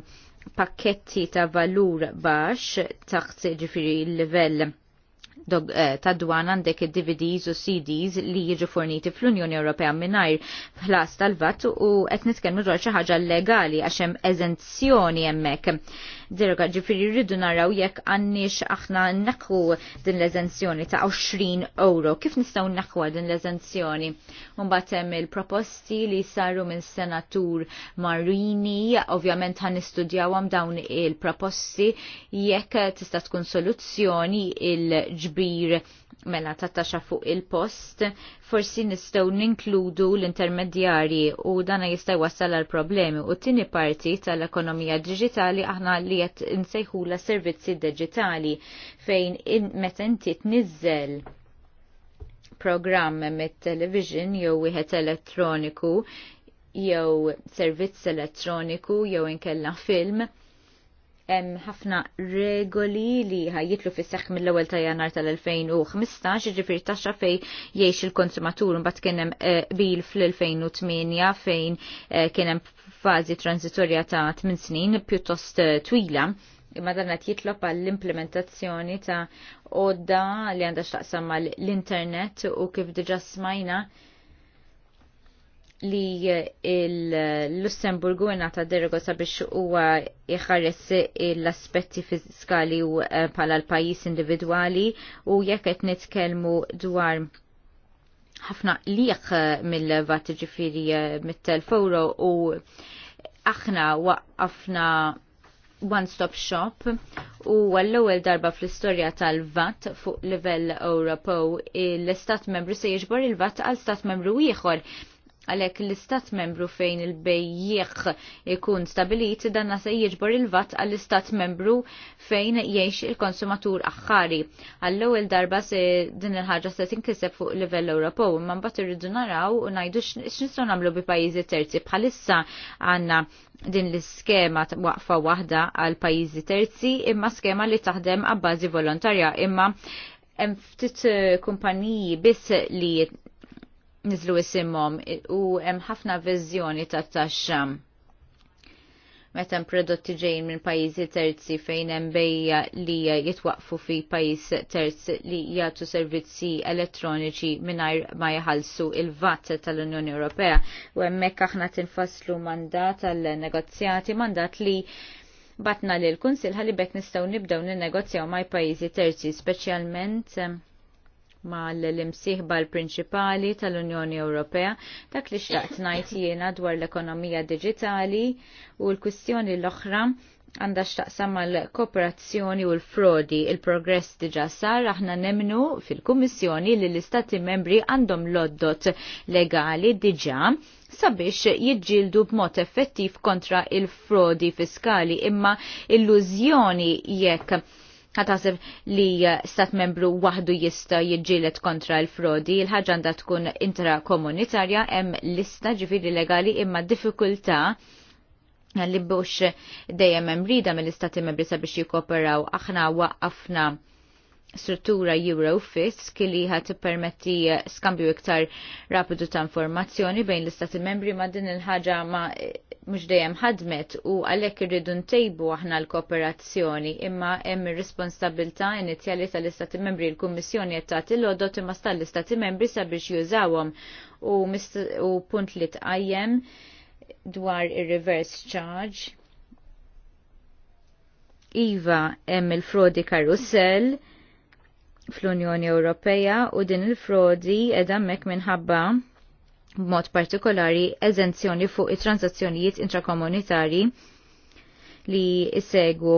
pakketti ta' valur baxx taħt ġifiri l-level eh, ta' dwan għandek DVDs u CDs li jiġu forniti fl-Unjoni Ewropea mingħajr ħlas tal-vat u qed nitkellmu dwar xi ħaġa legali għax hemm eżenzjoni hemmhekk dirga ġifiri rridu naraw jekk għannix aħna nakku din l ezenzjoni ta' 20 euro. Kif nistaw nakwa din l-eżenzjoni? hemm il-proposti li saru minn senatur Marini, ovvjament għan istudjawam dawn il-proposti jekk tista' tkun soluzzjoni il-ġbir mela tattaxa fuq il-post, forsi nistgħu ninkludu l-intermedjarji u dana jista' wasal għal problemi u t-tieni parti tal-ekonomija digitali aħna li qed insejħula servizzi digitali fejn in meta inti tniżżel programm mit-television jew wieħed elettroniku jew servizz elettroniku jew inkella film hemm ħafna regoli li ħajjitlu fis-seħħ mill-ewwel ta' Janar tal-2015, ġifieri taxxa fejn jgħix il-konsumatur mbagħad kien hemm eh, bil fl-2008 fejn eh, kien hemm fażi transitorja ta' 8 snin pjuttost eh, twila imma dan qed jitlob għall-implementazzjoni ta' odda li għandha x'taqsam mal-internet u kif diġà smajna li l-Lussemburgu għenata derroga sabiex huwa jħares l-aspetti fiskali u eh, pala l-pajis individuali u jekk qed nitkellmu dwar ħafna liq eh, mill-vat ġifiri eh, mit-telforo u aħna waqqafna one-stop shop u għall-ewwel darba fl-istorja tal-VAT fuq livell Ewropew l-Istat membru se jiġbor il-VAT għal Stat membru ieħor għalek l-istat membru fejn il-bejjieħ ikun stabilit dan se jiġbor il-vat għall-istat membru fejn jiex il-konsumatur aħħari. Għallu il-darba se din il-ħagġa se tinkiseb fuq livell Ewropew, imma mbagħad irridu naraw u najdu x'nistgħu nagħmlu bi pajjiżi terzi bħalissa għandna din l-iskema waqfa waħda għal pajjiżi terzi imma skema li taħdem għabbażi volontarja imma hemm ftit kumpaniji biss li nizlu isimhom u hemm ħafna viżjoni ta' taxxa meta prodotti ġejjin minn pajjiżi terzi fejn hemm bejja li jitwaqfu fi pajjiż terzi li jagħtu servizzi elettroniċi mingħajr ma jħallsu il-VAT tal-Unjoni Ewropea u hemmhekk aħna tinfasslu mandat għall-negozjati mandat li batna lil kunsil ħalibek nistgħu nibdew ninnegozjaw ma' pajjiżi terzi speċjalment mal l-imsiħba bal prinċipali tal-Unjoni Ewropea dak li xtaqt ngħid jiena dwar l-ekonomija diġitali u l-kwistjoni l-oħra għandha xtaqsam mal kooperazzjoni u l-frodi il-progress diġa sar aħna nemnu fil-Kummissjoni li l-Istati membri għandhom loddot legali diġa sabiex jiġġildu b'mod effettiv kontra il-frodi fiskali imma illużjoni jekk ħatasib li eh, stat membru wahdu jista jidġilet kontra l-frodi, il ħagġanda għandha tkun intrakomunitarja hemm lista ġifiri legali imma diffikultà li bux dejjem hemm rida mill-istati membri sabiex jikoperaw aħna waqqafna struttura Eurofis kili ħat permetti skambju iktar rapidu ta' informazzjoni bejn l-istati membri ma' din il-ħagġa ma' mux dejjem ħadmet u għalek irridu ntejbu aħna l-kooperazzjoni imma hemm ir-responsabilta inizjali tal-istati membri l-Kummissjoni qed tagħti l imma sta l-istati membri sabiex jużawhom u, u punt li tqajjem dwar ir-reverse charge. Iva hemm il-frodi karusell fl-Unjoni Ewropea u din il-frodi edha mek minħabba b'mod partikolari eżenzjoni fuq it-transazzjonijiet intrakomunitari li jissegwu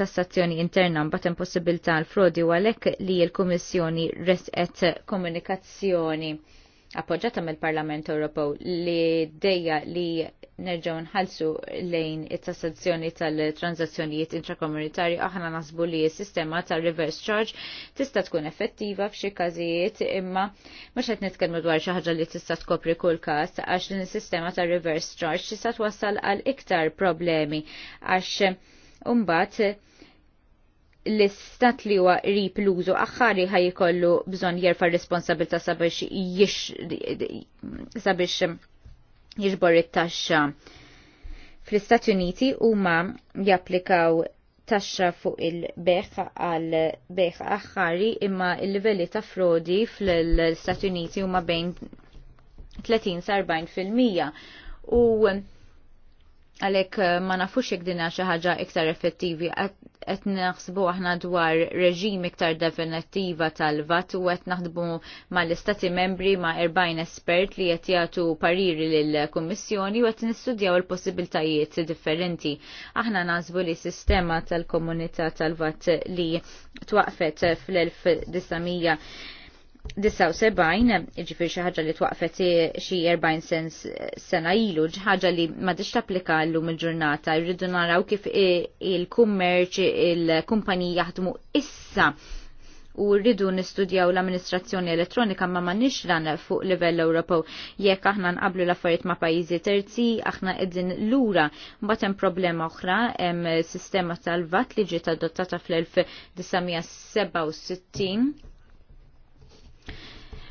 tassazzjoni interna mbagħad possibilità l-frodi u għalhekk li l-Kummissjoni reset komunikazzjoni appoġġata mill-Parlament Ewropew li dejja li nerġgħu nħallsu lejn it-tassazzjoni tal transazzjonijiet intrakomunitarji aħna nasbu li s-sistema tal-reverse charge tista' tkun effettiva f'xi każijiet imma mhux qed nitkellmu dwar xi ħaġa li tista' tkopri kull każ għax din is-sistema tal-reverse charge tista' twassal għal iktar problemi għax Umbat, l-istat li huwa rip l-użu aħħari ħaj jkollu bżonn jerfa' responsabilta sabiex jix sabiex jiġbor it-taxxa. Fl-Istati Uniti huma japplikaw taxxa fuq il-beħ għal beħ aħħari imma il-livelli ta' frodi fl-Istati Uniti huma bejn 30 sa 40 fil-mija. U għalek eh, ma nafux jek dina xaħġa iktar effettivi għet naħsbu aħna dwar reġim iktar definitiva tal-vat u għet naħdbu ma l-istati membri ma 40 espert li għet jgħatu pariri l-Kommissjoni u għet nistudjaw il-possibiltajiet differenti. Aħna naħsbu li sistema tal-komunità tal-vat li twaqfet fl-1900 79, ġifir xaħġa li twaqfet xi 40 sens sena ilu, ħaġa li ma dix tapplika l-lum il-ġurnata, jridu naraw kif il-kummerċ, il-kumpaniji jaħdmu issa u rridu nistudjaw l-amministrazzjoni elettronika ma ma nixran fuq livell Ewropew. Jekk aħna nqablu l-affarijiet ma' pajjiżi terzi, aħna qegħdin lura. Mbagħad hemm problema oħra hemm sistema tal-VAT li ġiet adottata fl-1967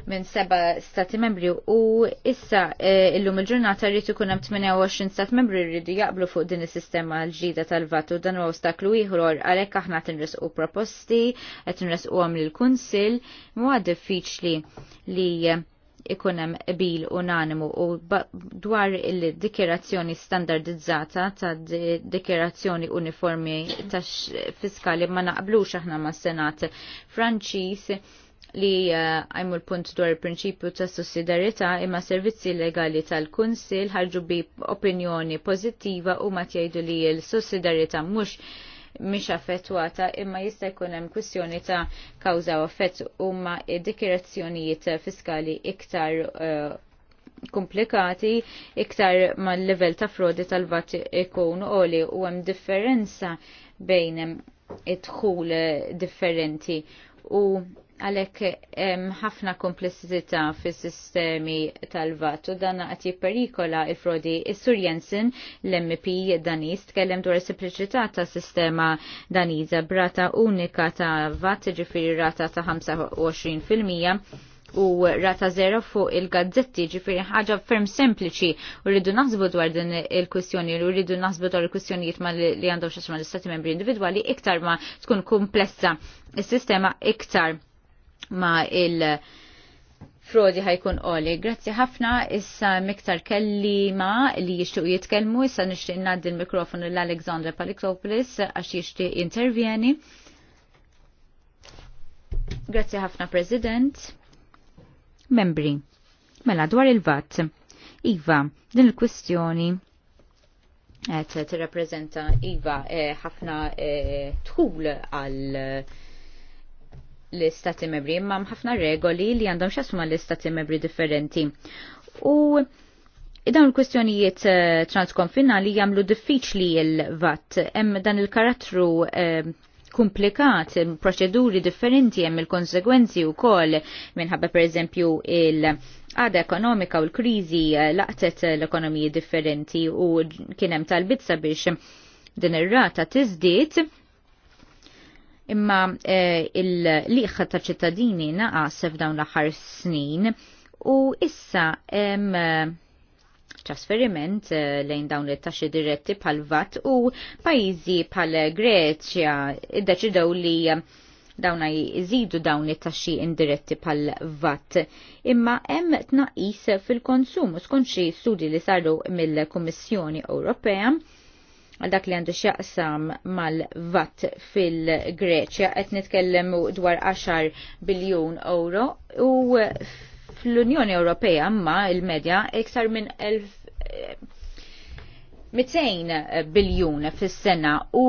minn seba stati membri u issa eh, illum il-ġurnata rrid ikun hemm 28 stat membri rridu jaqblu fuq din is-sistema l ġida tal-vatu dan huwa ostaklu ieħor għalhekk aħna qed inresqu proposti qed inresquhom lill-Kunsill huwa diffiċli li ikun hemm qbil unanimu u dwar il-dikjerazzjoni standardizzata ta' dikjerazzjoni uniformi tax fiskali ma naqblux aħna mas-Senat Franċiż li eh, għajmu l-punt dwar il-prinċipju ta' sussidarita imma servizzi legali tal-Kunsil ħarġu bi opinjoni pozittiva u ma tjajdu li l sussidarita mux mhix affettwata imma jista' jkun hemm kwistjoni ta' kawża u effett huma dikirazzjonijiet fiskali iktar eh, komplikati iktar mal-level ta' frodi tal-vat ikun oli u hemm differenza bejn id-dħul differenti u għalek ħafna komplessità fis sistemi tal-vat u dan għati perikola il-frodi Sur Jensen l-MP Danis tkellem dwar sempliċità ta' sistema Daniza brata unika ta' vat ġifiri rata ta' 25% u rata zero fuq il-gazzetti ġifiri ħaġa ferm sempliċi u rridu naħsbu dwar din il-kwistjoni u rridu naħsbu dwar il-kwistjonijiet ma li għandhom xasma l-istati membri individwali iktar ma tkun komplessa il-sistema iktar ma il- frodi ħajkun oli. Grazzi ħafna, issa miktar kellima li jishtuq jitkelmu, issa nishtiq naddi l-mikrofonu l-Alexandra Palikopoulos għax jishtiq intervjeni. Grazzi ħafna, President. Membri, mela dwar il-VAT. Iva, din il-kwistjoni għet t-reprezenta Iva eh, ħafna eh, tħul għal l-istati membri, imma ħafna regoli li għandhom xasuma l-istati membri differenti. U dawn il-kwestjonijiet eh, transkonfinali jamlu diffiċli il-vat, hemm dan il-karattru eh, komplikat, proċeduri differenti hemm il-konsegwenzi u kol minħabba per eżempju il-għada ekonomika u l-krizi eh, laqtet l-ekonomiji differenti u kienem tal-bitsa biex din ir-rata tiżdiet imma eh, il-liħ ta' ċittadini naqas f'dawn l-aħħar snin u issa hemm eh, trasferiment eh, lejn dawn it taxxi diretti pal vat u pajjiżi pal Greċja iddeċidew li dawna jżidu dawn it-taxxi indiretti pal vat imma hemm tnaqis fil-konsum skont xi studji li saru mill-Kummissjoni Ewropea għal dak li għandu xjaqsam mal-vat fil-Greċja, qed nitkellem dwar 10 biljun euro u fl-Unjoni Ewropea ma il-medja iktar minn 200 biljun fis-sena u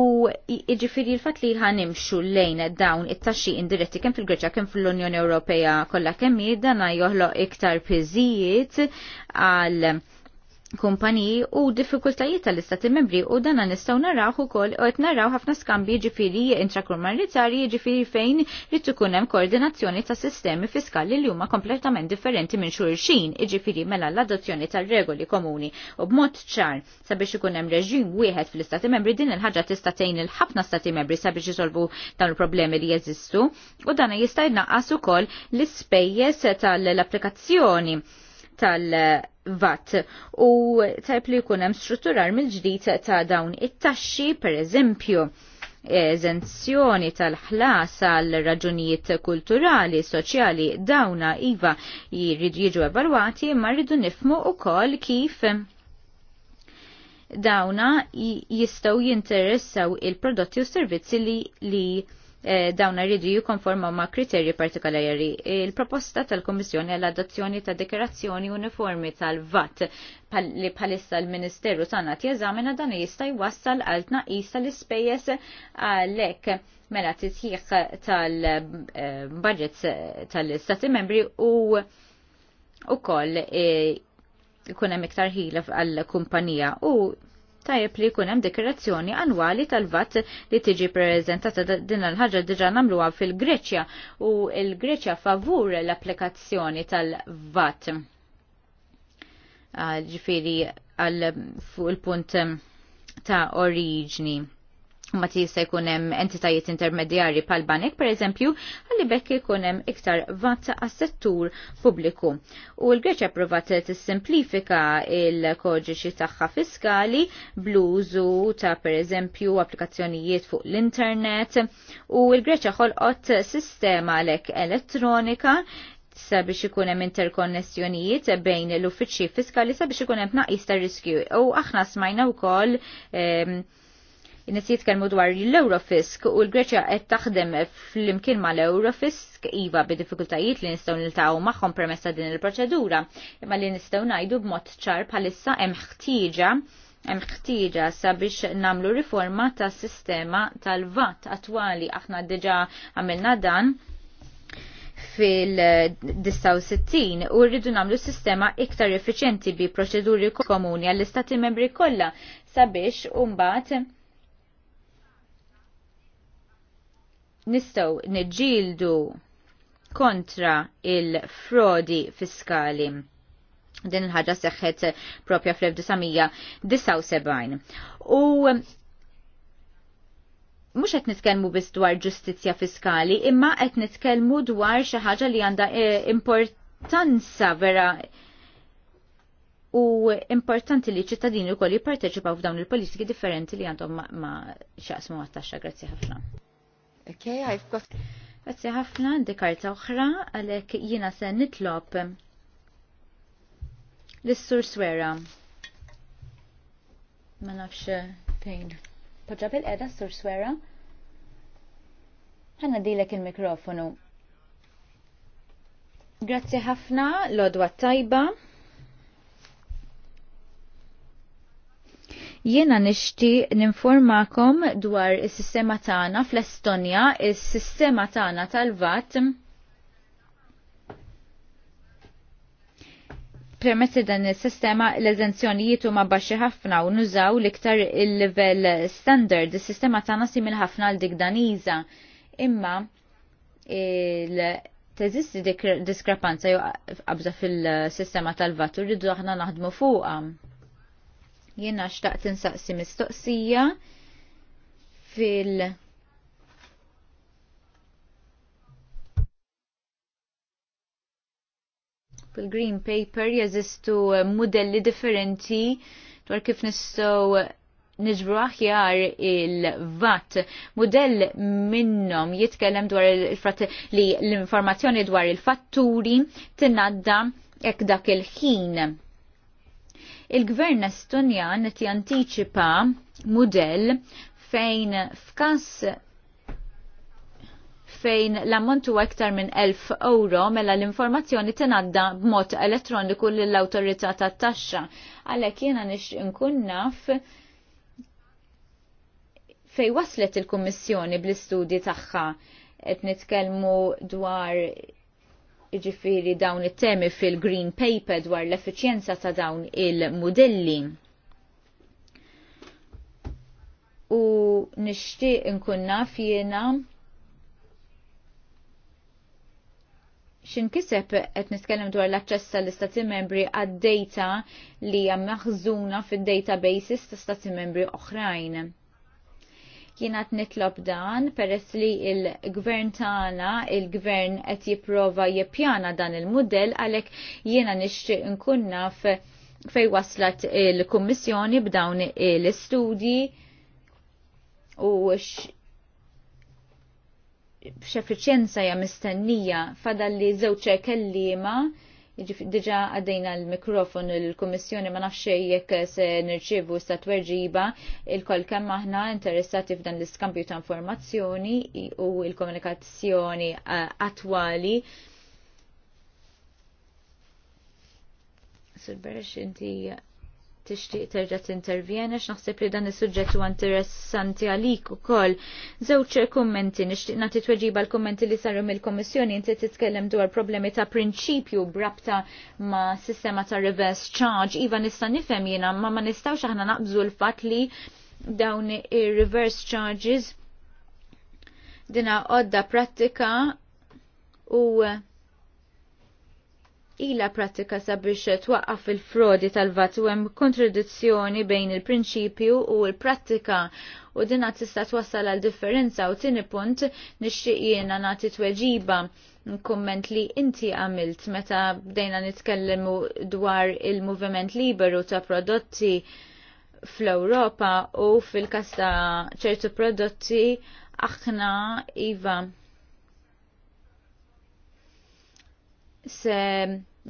jiġifieri l-fatt li ħanimxu lejn dawn it-taxxi indiretti kemm fil-Greċja kemm fil-Unjoni Ewropea kollha kemm dan joħloq iktar piżijiet għal kumpaniji u diffikultajiet tal-istati membri u dana nistaw naraw u kol u naraw ħafna skambi ġifiri intrakomunitari ġifiri fejn li tkunem koordinazzjoni ta' sistemi fiskali li huma kompletament differenti minn xurxin ġifiri mela l-adozzjoni tal-regoli komuni u b'mod ċar sabiex ikunem reġim wieħed fl-istati membri din il-ħaġa tista' tgħin il-ħafna stati membri sabiex jisolvu dawn il-problemi li jeżistu u dana jista' jnaqqas ukoll l-ispejjeż tal-applikazzjoni tal vat u tajp li jkun hemm strutturar mill-ġdid ta' dawn it-taxxi pereżempju eżenzjoni tal-ħlas għal raġunijiet kulturali, soċjali, dawna iva jiridu jiġu evalwati, ma rridu nifmu u kol kif dawna jistaw jinteressaw il-prodotti u servizzi li, li Eh, dawn rridu jikonforma ma' kriterji partikolari. Il-proposta tal komissjoni għall-adozzjoni ta' dekorazzjoni uniformi tal-VAT li bħalissa l-Ministeru tagħna jeżamina dan jista' jwassal għal tnaqis tal-ispejjeż għalhekk mela titjieħ tal-budgets eh, tal-Stati membri u ukoll eh, ikun hemm iktar ħila għall-kumpanija u tajjeb li jkun hemm dikirazzjoni annwali tal-vat li tiġi preżentata din l-ħaġa diġà nagħmluha fil-Greċja u l-Greċja favur l-applikazzjoni tal-vat. Ah, Ġifieri għal fuq il-punt ta' oriġni. Ma jista' jkun hemm entitajiet intermedjarji pal banek pereżempju, għalli bekk ikun hemm iktar vatt għas-settur pubbliku. U l-Greċja provat tissimplifika il-koġiċi tagħha fiskali bluzu ta' pereżempju applikazzjonijiet fuq l-internet u l-Greċja ħolqot sistema lek elettronika sabiex ikun hemm interkonnessjonijiet bejn l-uffiċċji fiskali sabiex ikun hemm tnaqis ta' riskju. U aħna smajna wkoll ehm, Nis jitkellmu dwar l-Eurofisk u l-Greċja qed taħdem fl-imkien ma l-Eurofisk iva bi diffikultajiet li nistgħu nil magħhom maħħom ta' din il-proċedura, imma li nistgħu ngħidu b'mod ċar bħalissa hemm ħtieġa hemm ħtieġa sabiex nagħmlu riforma tas-sistema tal-VAT attwali aħna diġà għamilna dan fil-69 u rridu namlu sistema iktar effiċjenti bi proċeduri komuni għall-istati membri kollha sabiex umbat nistaw neġildu kontra il-frodi fiskali. Din il-ħagġa seħħet propja fl-1979. U mux qed nitkellmu biss dwar ġustizzja fiskali, imma qed nitkellmu dwar xi ħaġa li għandha e, importanza vera u importanti li ċittadini wkoll jipparteċipaw f'dawn il-politiki differenti li għandhom ma, xaqsmu għattaxa. taxxa ħafna. Okay, I've got... Grazzi ħafna, għandi karta oħra, għalek jina se nitlob l-sur swera. Ma nafx eh, fejn. Poġġab edha qeda sur swera. Ħanna dilek il-mikrofonu. Grazzi ħafna, l-odwa tajba. Jiena nixti ninformakom dwar is-sistema tagħna fl-Estonja, is-sistema tagħna tal-VAT permessi dan is-sistema l-eżenzjonijiet huma baxxi ħafna u nużaw l-iktar il level standard. Is-sistema tagħna simil ħafna l dik Daniża. Imma il teżisti diskrepanza jew qabża fil-sistema tal-vat u rridu aħna naħdmu fuqha. Jiena xtaqt insaqsi mistoqsija fil- fil-green paper jeżistu modelli differenti dwar kif nistgħu niġbru aħjar il-VAT. Modell minnom jitkellem dwar il-frat li l-informazzjoni dwar il-fatturi tinadda ek dak il-ħin Il-gvern Estonjan qed jantiċipa mudell fejn f'kas fejn l ammontu huwa iktar minn 1000 euro mela l-informazzjoni tingħadda b'mod elettroniku lill-awtorità tat-taxxa. Għalhekk jiena nix nkun naf fej waslet il-Kummissjoni bl-istudji tagħha qed nitkellmu dwar iġifiri dawn it-temi fil-Green Paper dwar l-effiċjenza ta' dawn il-modelli. U nishtiq nkunna naf jiena xinkiseb qed nitkellem dwar l-aċċess l istati membri għad-data li hija maħżuna fid-databases ta' stati membri oħrajn Jiena qed nitlob dan peress li il-gvern tagħna, il-gvern qed jipprova jippjana dan il-mudell għalhekk jiena nixtieq nkun naf fej waslet il-Kummissjoni b'dawn l-istudji u x'effiċjenza hija mistennija fadal li żewġ kelliema Diġa għaddejna l-mikrofon l-Komissjoni ma nafxej jekk se nirċivu statwerġiba il-kol kemm aħna interessati f'dan l-iskambju ta' informazzjoni u l-komunikazzjoni attwali. Sir Beresh, inti tixtieq terġa' għax naħseb li dan is-suġġett huwa interessanti għalik ukoll. Żewġ kummenti nixtieq nagħti tweġiba l-kummenti li saru mill-Kommissjoni inti titkellem dwar problemi ta' prinċipju brabta ma' sistema ta' reverse charge. Iva nista' nifhem jiena ma ma nistgħux aħna naqbżu l-fatt li dawn ir-reverse charges dina għodda prattika u ila pratika sabiex twaqqaf il-frodi tal-vat u hemm kontradizzjoni bejn il-prinċipju u l-prattika u dinha tista' twassal għal differenza u tieni punt nixtieq jiena nagħti tweġiba kumment li inti għamilt meta bdejna nitkellmu dwar il-moviment liberu ta' prodotti fl-Ewropa u fil kasta ta' ċertu prodotti aħna iva se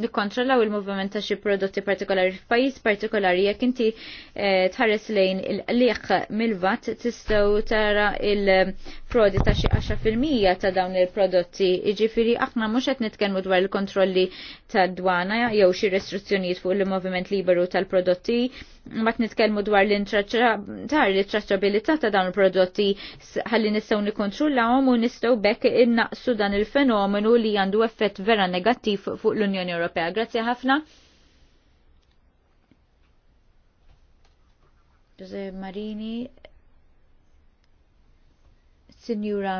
nikkontrollaw il-movement ta' xi prodotti partikolari f'pajjiż partikolari jekk inti eh, tħares lejn il-qliq mill-vat tistgħu tara il-frodi ta' xi 10% ta' dawn il-prodotti. Jiġifieri aħna mhux qed nitkellmu dwar il-kontrolli tad-dwana jew xi restrizzjonijiet fuq il-moviment liberu tal-prodotti Mbagħad nitkellmu dwar l-intraċabilità ta' dawn il-prodotti ħalli nistgħu nikkontrollawhom u nistgħu bekk innaqsu dan il-fenomenu li għandu effett vera negattiv fuq l-Unjoni Ewropea. Grazzi ħafna. Jose Marini, Signora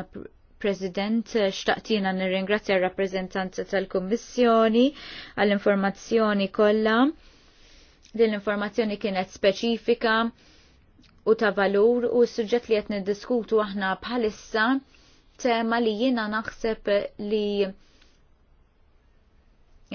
President, xtaqtina nirringrazzja r-rappresentanza tal-Kommissjoni għall-informazzjoni kollha. Din l-informazzjoni kienet speċifika u ta' valur u s-suġġett li qed niddiskutu aħna bħalissa tema li jiena naħseb li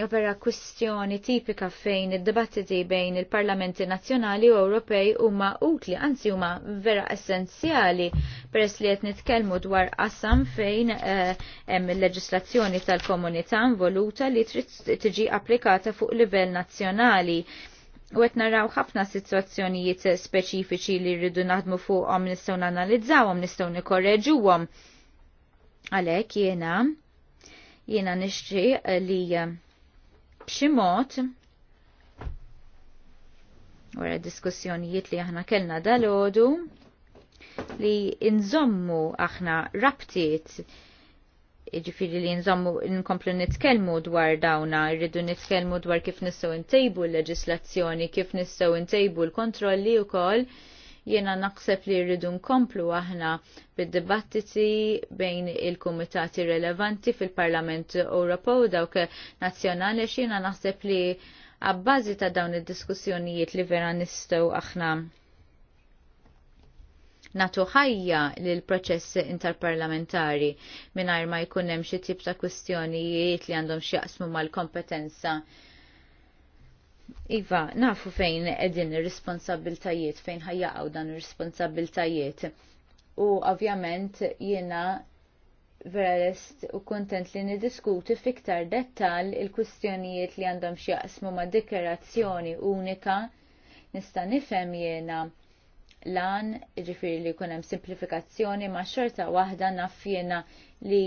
jopera kwistjoni tipika fejn id-dibattiti bejn il-parlamenti nazzjonali u Ewropej huma utli, anzi huma vera essenzjali peress li qed nitkellmu dwar qasam fejn eh, hemm il-leġislazzjoni tal-komunità involuta li trid tiġi applikata fuq livell nazzjonali U għet naraw ħafna situazzjonijiet speċifiċi li rridu naħdmu fuqhom nistgħu nanalizzawhom, nistgħu nikorreġuhom. Għalhekk jiena jiena nixtieq li eh, b'xi mod wara diskussjonijiet li aħna kellna dalodu li nżommu aħna rabtiet ġifiri li nżommu nkomplu nitkelmu dwar dawna, rridu nitkelmu dwar kif nistgħu ntejbu l-leġislazzjoni, kif nistgħu ntejbu l-kontrolli wkoll. Jiena naħseb li rridu nkomplu aħna bid-dibattiti bejn il-kumitati relevanti fil-Parlament Ewropew dawk nazzjonali x'jiena naħseb li għabbażi ta' dawn id-diskussjonijiet li vera nistgħu aħna natu ħajja l proċess interparlamentari mingħajr ma jkun hemm xi tip ta' kwistjonijiet li għandhom x'jaqsmu mal-kompetenza. Iva, nafu fejn qegħdin ir-responsabiltajiet, fejn ħajjaqgħu dan ir-responsabiltajiet. U ovvjament jiena vera lest u kontent li nidiskuti fiktar dettal il-kwistjonijiet li għandhom x'jaqsmu ma' dikerazzjoni unika nista' nifhem jiena lan, ġifiri li kunem simplifikazzjoni ma xorta wahda naffjena li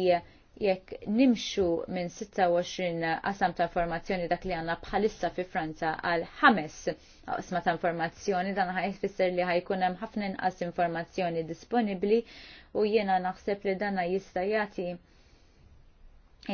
jekk nimxu minn 26 qasam ta' informazzjoni dak li għanna bħalissa fi Franza għal ħames qasma ta' informazzjoni dan ħajfisser li ħajkun hemm ħafna inqas informazzjoni disponibbli u jiena naħseb li dan jista' jagħti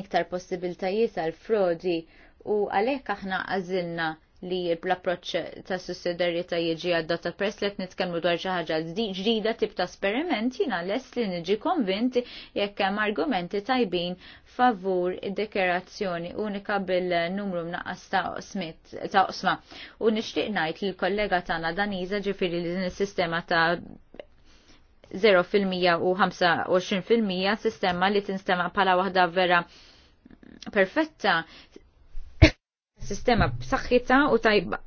iktar possibiltajiet għal frodi u għalhekk aħna għażilna li l-approċ ta' sussidarieta jieġi għaddata press li nitkellmu dwar xi ħaġa ġdida tip ta' esperiment jiena lest li niġi konvint jekk hemm argumenti tajbin favur id-dekerazzjoni unika bil-numru mnaqqas ta' smit ta' osma. U nixtieq ngħid li l-kollega tagħna Daniża ġifieri li din is-sistema ta' 0% u 25% sistema li tinstema pala waħda vera perfetta sistema b'saħħitha u tajba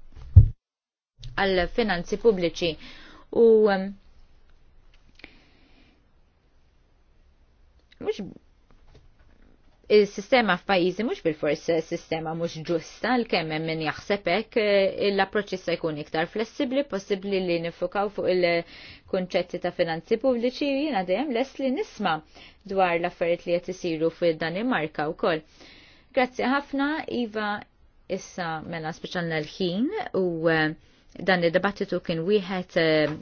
għal finanzi pubbliċi u mhux il-sistema f'pajjiżi mhux bil-fors sistema mhux ġusta l kemm hemm min jaħseb hekk eh, l-approċċ se jkun iktar flessibbli, possibbli li nifukaw fuq il-kunċetti ta' finanzi pubbliċi jiena dejjem lest li nisma' dwar l-affarijiet li qed isiru fid-Danimarka wkoll. Grazzi ħafna, Iva, issa mela speċjalna l-ħin u eh, dan id-dibattitu kien wieħed eh,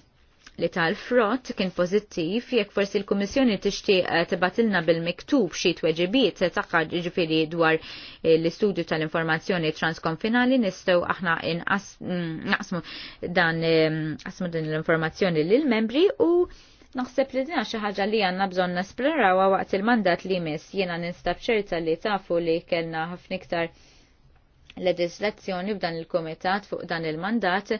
li tal-frott kien pozittiv jekk forsi l-Kummissjoni tixtieq eh, tibatilna bil-miktub xi tweġibiet taqqa ġifieri dwar l-istudju tal-informazzjoni transkonfinali nistgħu aħna mm, naqsmu dan qasmu din l-informazzjoni lill-membri u Naħseb li dina xi ħaġa li għandna bżonn nesplorawha waqt il-mandat li jmiss jiena ninstab ċerta li tafu li kellna ħafna iktar leġislazzjoni b'dan il-komitat fuq dan il-mandat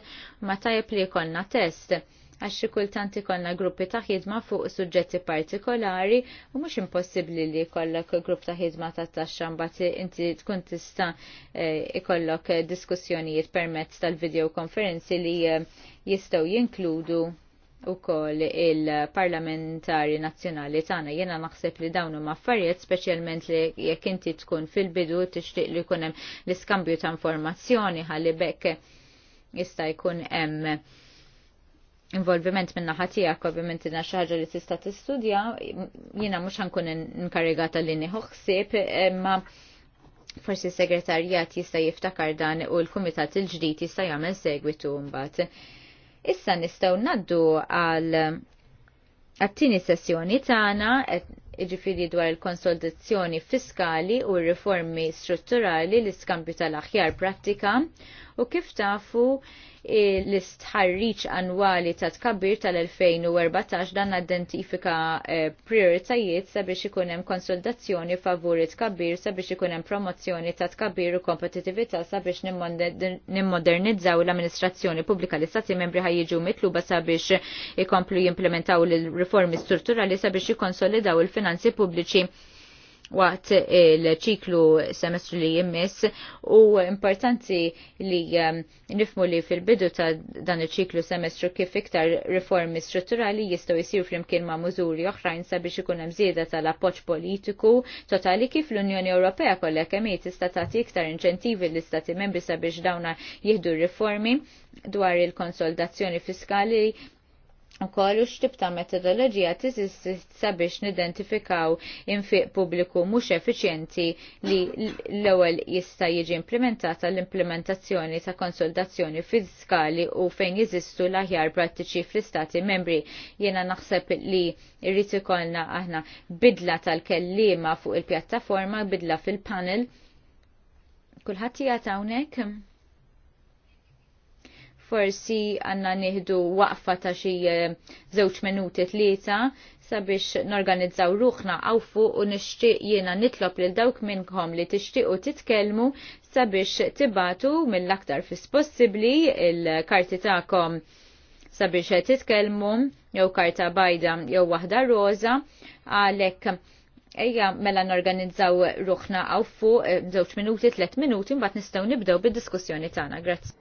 ma tajb li jkollna test għax xi kultant ikollna gruppi ta' ħidma fuq suġġetti partikolari u mhux impossibbli li jkollok grupp ta' ħidma ta' taxxa mbagħad inti tkun tista' eh, ikollok diskussjonijiet permezz tal-videokonferenzi li eh, jistgħu jinkludu u koll il-parlamentari nazjonali tana jena naħseb li dawn maffariet, affarijiet speċjalment li jekk inti tkun fil-bidu tixtieq li jkun hemm l-iskambju ta' informazzjoni għalli bekk jista' jkun hemm involviment minna ħatijak, ovvjament inna xaħġa li tista tistudja, jina mux ħankun l inni niħuħsib, ma forsi segretarjat jista jiftakar dan u l-komitat il-ġdijt jista jgħamil segwitu mbagħad Issa nistgħu naddu għal għattini sessjoni tagħna iġifiri dwar il-konsolidazzjoni fiskali u r-riformi strutturali l-iskambju tal-aħjar prattika u kif tafu eh, l-istħarriċ annwali ta' tkabbir tal-2014 dan identifika eh, prioritajiet sabiex ikun hemm konsultazzjoni favuri tkabbir sabiex ikun hemm promozzjoni ta' tkabbir u kompetitività sabiex nimmodernizzaw l-amministrazzjoni pubblika li stati membri ħajjiġu mitluba sabiex ikomplu jimplementaw l-riformi strutturali sabiex jikonsolidaw il-finanzi pubbliċi waqt il-ċiklu semestru li jimmis u importanti li um, nifmu li fil-bidu ta' dan il-ċiklu semestru kif iktar riformi strutturali jistaw jisiru flimkien ma' mużuri oħrajn sabiex ikun hemm żieda tal-appoġġ politiku totali kif l-Unjoni Ewropea kollha kemm tista' tagħti iktar inċentivi l-istati membri sabiex dawna jieħdu riformi dwar il-konsolidazzjoni fiskali u kollu xtib ta' metodologija tiżist sabiex nidentifikaw infiq pubbliku mhux effiċjenti li l-ewwel jista' jiġi implementata l-implementazzjoni ta' konsultazzjoni fiskali u fejn jizistu l-aħjar prattiċi fl-istati membri. Jiena naħseb li rrid ikollna aħna bidla tal-kellima fuq il-pjattaforma, bidla fil-panel. Kulħadd jagħtawnek? hawnhekk? forsi għanna nieħdu waqfa ta' xi eh, żewġ minuti tlieta sabiex norganizzaw ruħna għaw fuq u nixtieq jiena nitlob lil dawk minnkom li tixtiequ titkellmu sabiex tibatu mill-aktar fis possibbli il-karti tagħkom sabiex titkellmu jew karta bajda jew waħda roża għalhekk ejja mela norganizzaw ruħna għaw fuq eh, żewġ minuti, tliet minuti, mbagħad nistgħu nibdew bid-diskussjoni tagħna. Grazzi.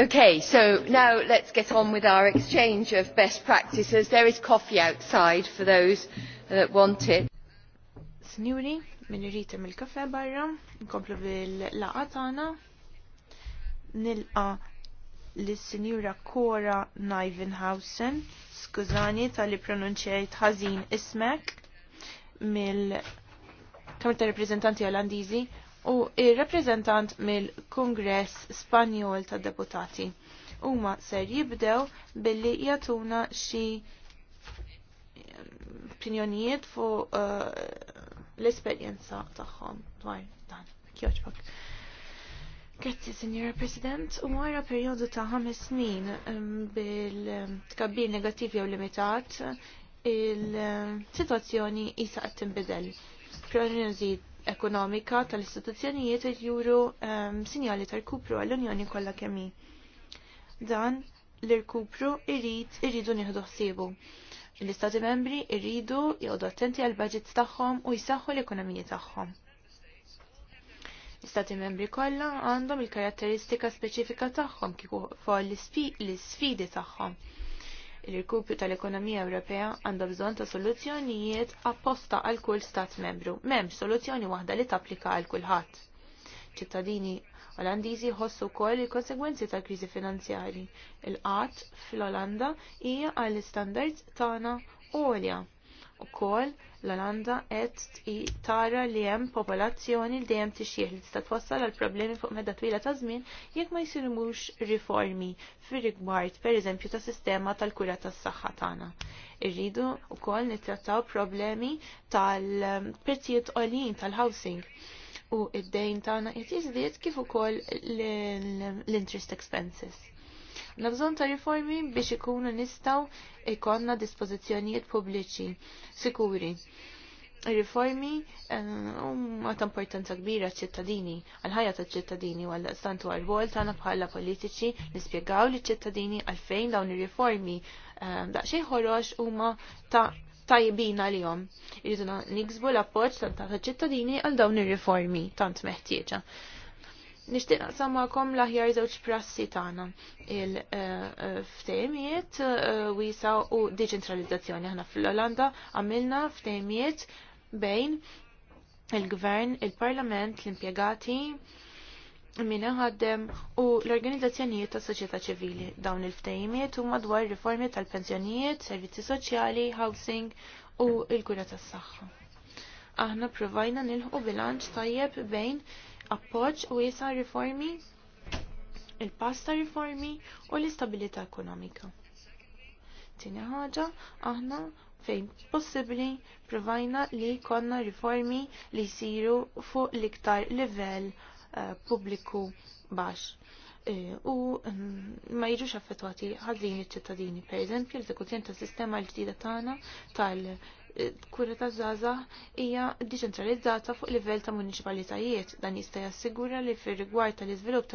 Okay, so now let's get on with our exchange of best practices. There is coffee outside for those that want it. Signori, min irrit il-kafe barra, nkomplu bil-laqa tana. Nilqa lis-Sinjura Cora Nivenhausen, skużani tal-li pronunċejt Hazin ismek mill-Kamra reprezentanti rappreżentanti Olandiżi u il rappreżentant mill-Kungress Spanjol ta' Deputati. Huma ser jibdew billi jatuna xi eh, opinjonijiet fuq uh, eh, l-esperjenza tagħhom dwar dan. Grazzi, Signora President. U għara periodu ta' ħames snin bil-tkabbir negativ jew limitat, il-situazzjoni eh, jisa qed tinbidel. Prognozi ekonomika tal-istituzzjonijiet juru um, sinjali tal-kupru għall-Unjoni kollha kemm Dan l-irkupru irrid irridu nieħdu ħsiebu. L-Istati membri irridu jgħodu attenti għal budgets tagħhom u jsaħħu l-ekonomiji tagħhom. L-Istati membri kollha għandhom il-karatteristika speċifika tagħhom kieku fuq l-isfidi tagħhom il-rkupju tal-ekonomija Ewropea għandha bżonn ta' soluzzjonijiet apposta għal kull stat membru. M'hemmx soluzzjoni waħda li tapplika għal kulħadd. Ċittadini Olandiżi ħossu wkoll il-konsegwenzi tal-kriżi finanzjari. Il-qatt fl olanda hija għall istandards tagħna għolja. Ukoll L-Olanda qed tara li hemm popolazzjoni li dejjem tixjieħ li tista' twassal għal problemi fuq medda twila ta' żmien jekk ma jsirmux riformi fir-rigward pereżempju ta' sistema tal-kura tas-saħħa tagħna. Irridu wkoll nittrattaw problemi tal-prezzijiet għolin tal-housing u id-dejn tagħna qed jiżdied kif ukoll l-interest expenses Nabżon ta' riformi biex ikunu nistaw ikonna dispozizjonijiet pubbliċi sikuri. Riformi huma eh, um, ta' importanza kbira ċittadini, għal-ħajja ta' ċittadini għal-stantu għal-wol tagħna bħala politiċi nispjegaw li ċittadini għalfejn dawn ir-riformi eh, daqsxejn ħorox huma ta' tajbin għalihom. Irridu niksbu l-appoġġ ta' ċittadini għal dawn ir-riformi tant meħtieġa. Nishtiq naqsam ma'kom l-aħjar żewġ prassi tagħna il-ftehimiet eh, eh, wisa u deċentralizzazzjoni aħna fl-Olanda għamilna ftejmiet bejn il-gvern, il-parlament, l-impjegati, minna ħaddem u l-organizzazzjonijiet ta' soċjetà ċivili. Dawn il ftejmiet huma dwar riformi tal-pensjonijiet, servizzi soċjali, housing u l-kura tas-saħħa. Aħna provajna nilħu bilanċ tajjeb bejn appoġġ u jisa riformi, il-pasta riformi u l-istabilità ekonomika. Tini ħaġa, aħna fejn possibbli provajna li konna riformi li jsiru fuq l-iktar livell eh, pubbliku baxx eh, u mm, ma jiġux affettwati ħażin iċ-ċittadini. Per eżempju, l-eżekuzzjoni ta' sistema l-ġdida tagħna tal kura ta' zaza hija diċentralizzata fuq livell ta' municipalitajiet. Dan jista' jassigura li fir rigward tal-iżvilupp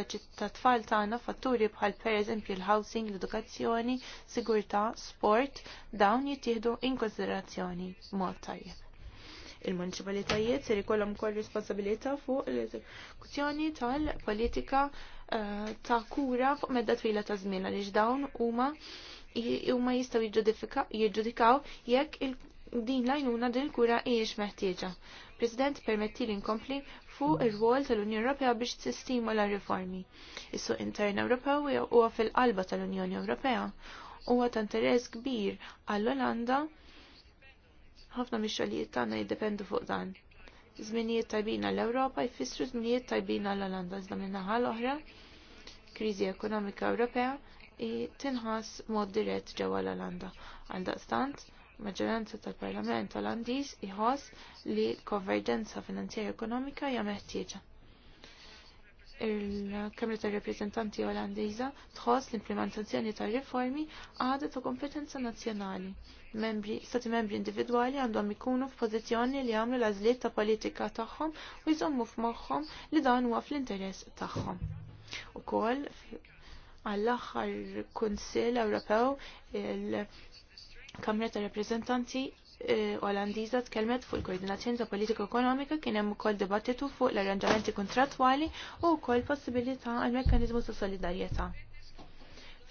ta' tfal tagħna fatturi bħal pereżempju l-housing, l-edukazzjoni, sigurtà, sport, dawn jittieħdu in konsiderazzjoni mod tajjeb. Il-municipalitajiet ser ikollhom ukoll responsabilità fuq l-eżekuzzjoni tal-politika eh, ta' kura fuq medda twila ta' żmien għaliex dawn huma huma jistgħu jiġġudikaw jekk il din lajnuna din kura hijiex meħtieġa. President permetti li nkompli fuq ir-rwol tal-Unjoni Ewropea biex tistimola la riformi. Is-suq intern Ewropew huwa fil-qalba tal-Unjoni Ewropea. Huwa ta' interess kbir għall-Olanda ħafna mix-xogħlijiet tagħna jiddependu fuq dan. Żminijiet tajbina l ewropa jfissru żminijiet tajbina għall-Olanda iżda minn naħa l-oħra kriżi ekonomika Ewropea tinħass mod dirett ġewwa l-Olanda. Għaldaqstant, maġġoranza tal-Parlament Olandiż iħoss li konverġenza finanzjarja ekonomika hija meħtieġa. Il-Kamra tar-Rappreżentanti Olandiża tħoss l-implementazzjoni tar-riformi għadha ta' kompetenza nazzjonali. Membri, stati membri individwali għandhom ikunu f'pożizzjoni li għamlu l-għażliet ta' politika tagħhom u jżommu f'moħħhom li dan huwa fl-interess tagħhom. Ukoll għall-aħħar Kunsill Ewropew Kamra ta' Rappresentanti eh, Olandiża tkellmet fuq il-koordinazzjoni ta' politika ekonomika kien hemm ukoll dibattitu fuq l-arranġamenti kontrattwali u wkoll possibilità għal mekkaniżmu ta' solidarjetà.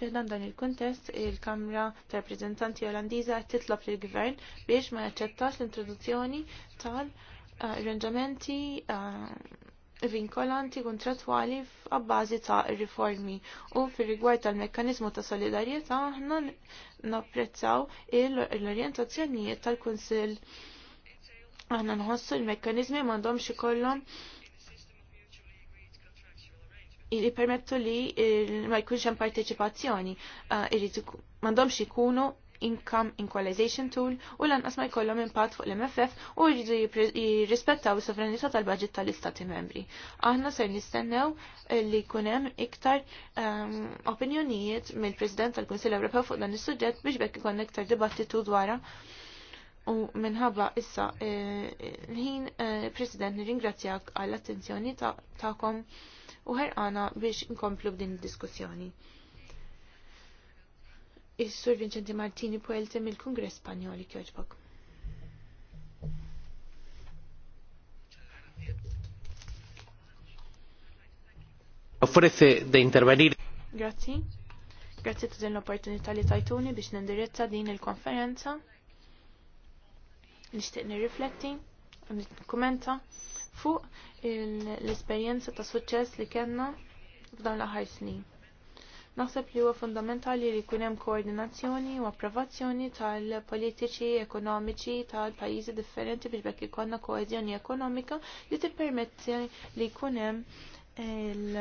Fidan dan il-kontest, il-Kamra ta' Rappresentanti Olandiża qed titlob lill-Gvern biex ma jaċċettax l-introduzzjoni tal-arranġamenti eh, eh, vinkolanti kontratwali f'abbażi ta' riformi u fir-rigward tal-mekkanizmu ta' solidarjetà aħna napprezzaw l-orjentazzjonijiet tal-Kunsill. Aħna nħossu l-mekkanizmi m'għandhomx ikollhom permettu li ma jkunx hemm partecipazzjoni, ah, m'għandhomx ikunu Income Equalization Tool u lanqas ma jkollhom impatt fuq l-MFF u jridu jirrispettaw is-sovranità tal-baġit tal-Istati membri. Aħna ser nistennew li jkun hemm iktar ehm, opinjonijiet mill-President tal-Kunsill Ewropew fuq dan is-suġġett biex bekk ikun iktar dibattitu dwarha. U minħabba issa eh, l-ħin eh, President nirringrazzjak għall-attenzjoni tagħkom u ħerqana biex nkomplu b'din id-diskussjoni il sur Vincenti Martini Puelte mill kongress Spanjoli kjoġbok. Offrezze de intervenir. Grazzi. Grazie ta' din l-opportunità li tajtuni biex nindirizza din il-konferenza. Nixtieq nirrifletti, nikkumenta fuq l-esperjenza ta' suċċess li kellna f'dawn l-aħħar snin Naħseb li huwa fundamentali li jkun hemm koordinazzjoni u approvazzjoni tal-politiċi ekonomiċi tal-pajjiżi differenti biex bekk ikollna koeżjoni ekonomika li tippermetti li jkun hemm il-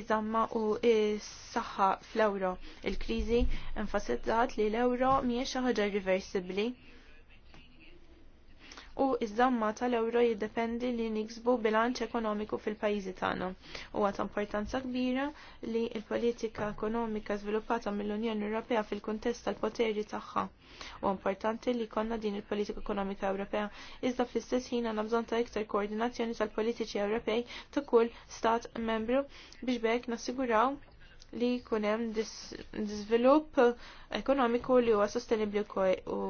iżamma u s-saħħa fl-euro. Il-kriżi enfasizzat li l-euro mhijiex xi ħaġa irreversibbli u iż-żamma tal-ewro jiddependi li niksbu bilanċ ekonomiku fil-pajjiżi tagħna. Huwa ta' importanza kbira li l-politika ekonomika żviluppata mill-Unjoni Ewropea fil-kuntest tal-poteri tagħha. U importanti li konna din il-politika ekonomika Ewropea iżda fl-istess ħin għandna bżonn ta' iktar koordinazzjoni tal-politiċi Ewropej ta' kull stat membru biex bekk nassiguraw li jkun hemm diżvilupp ekonomiku li huwa sostenibbli u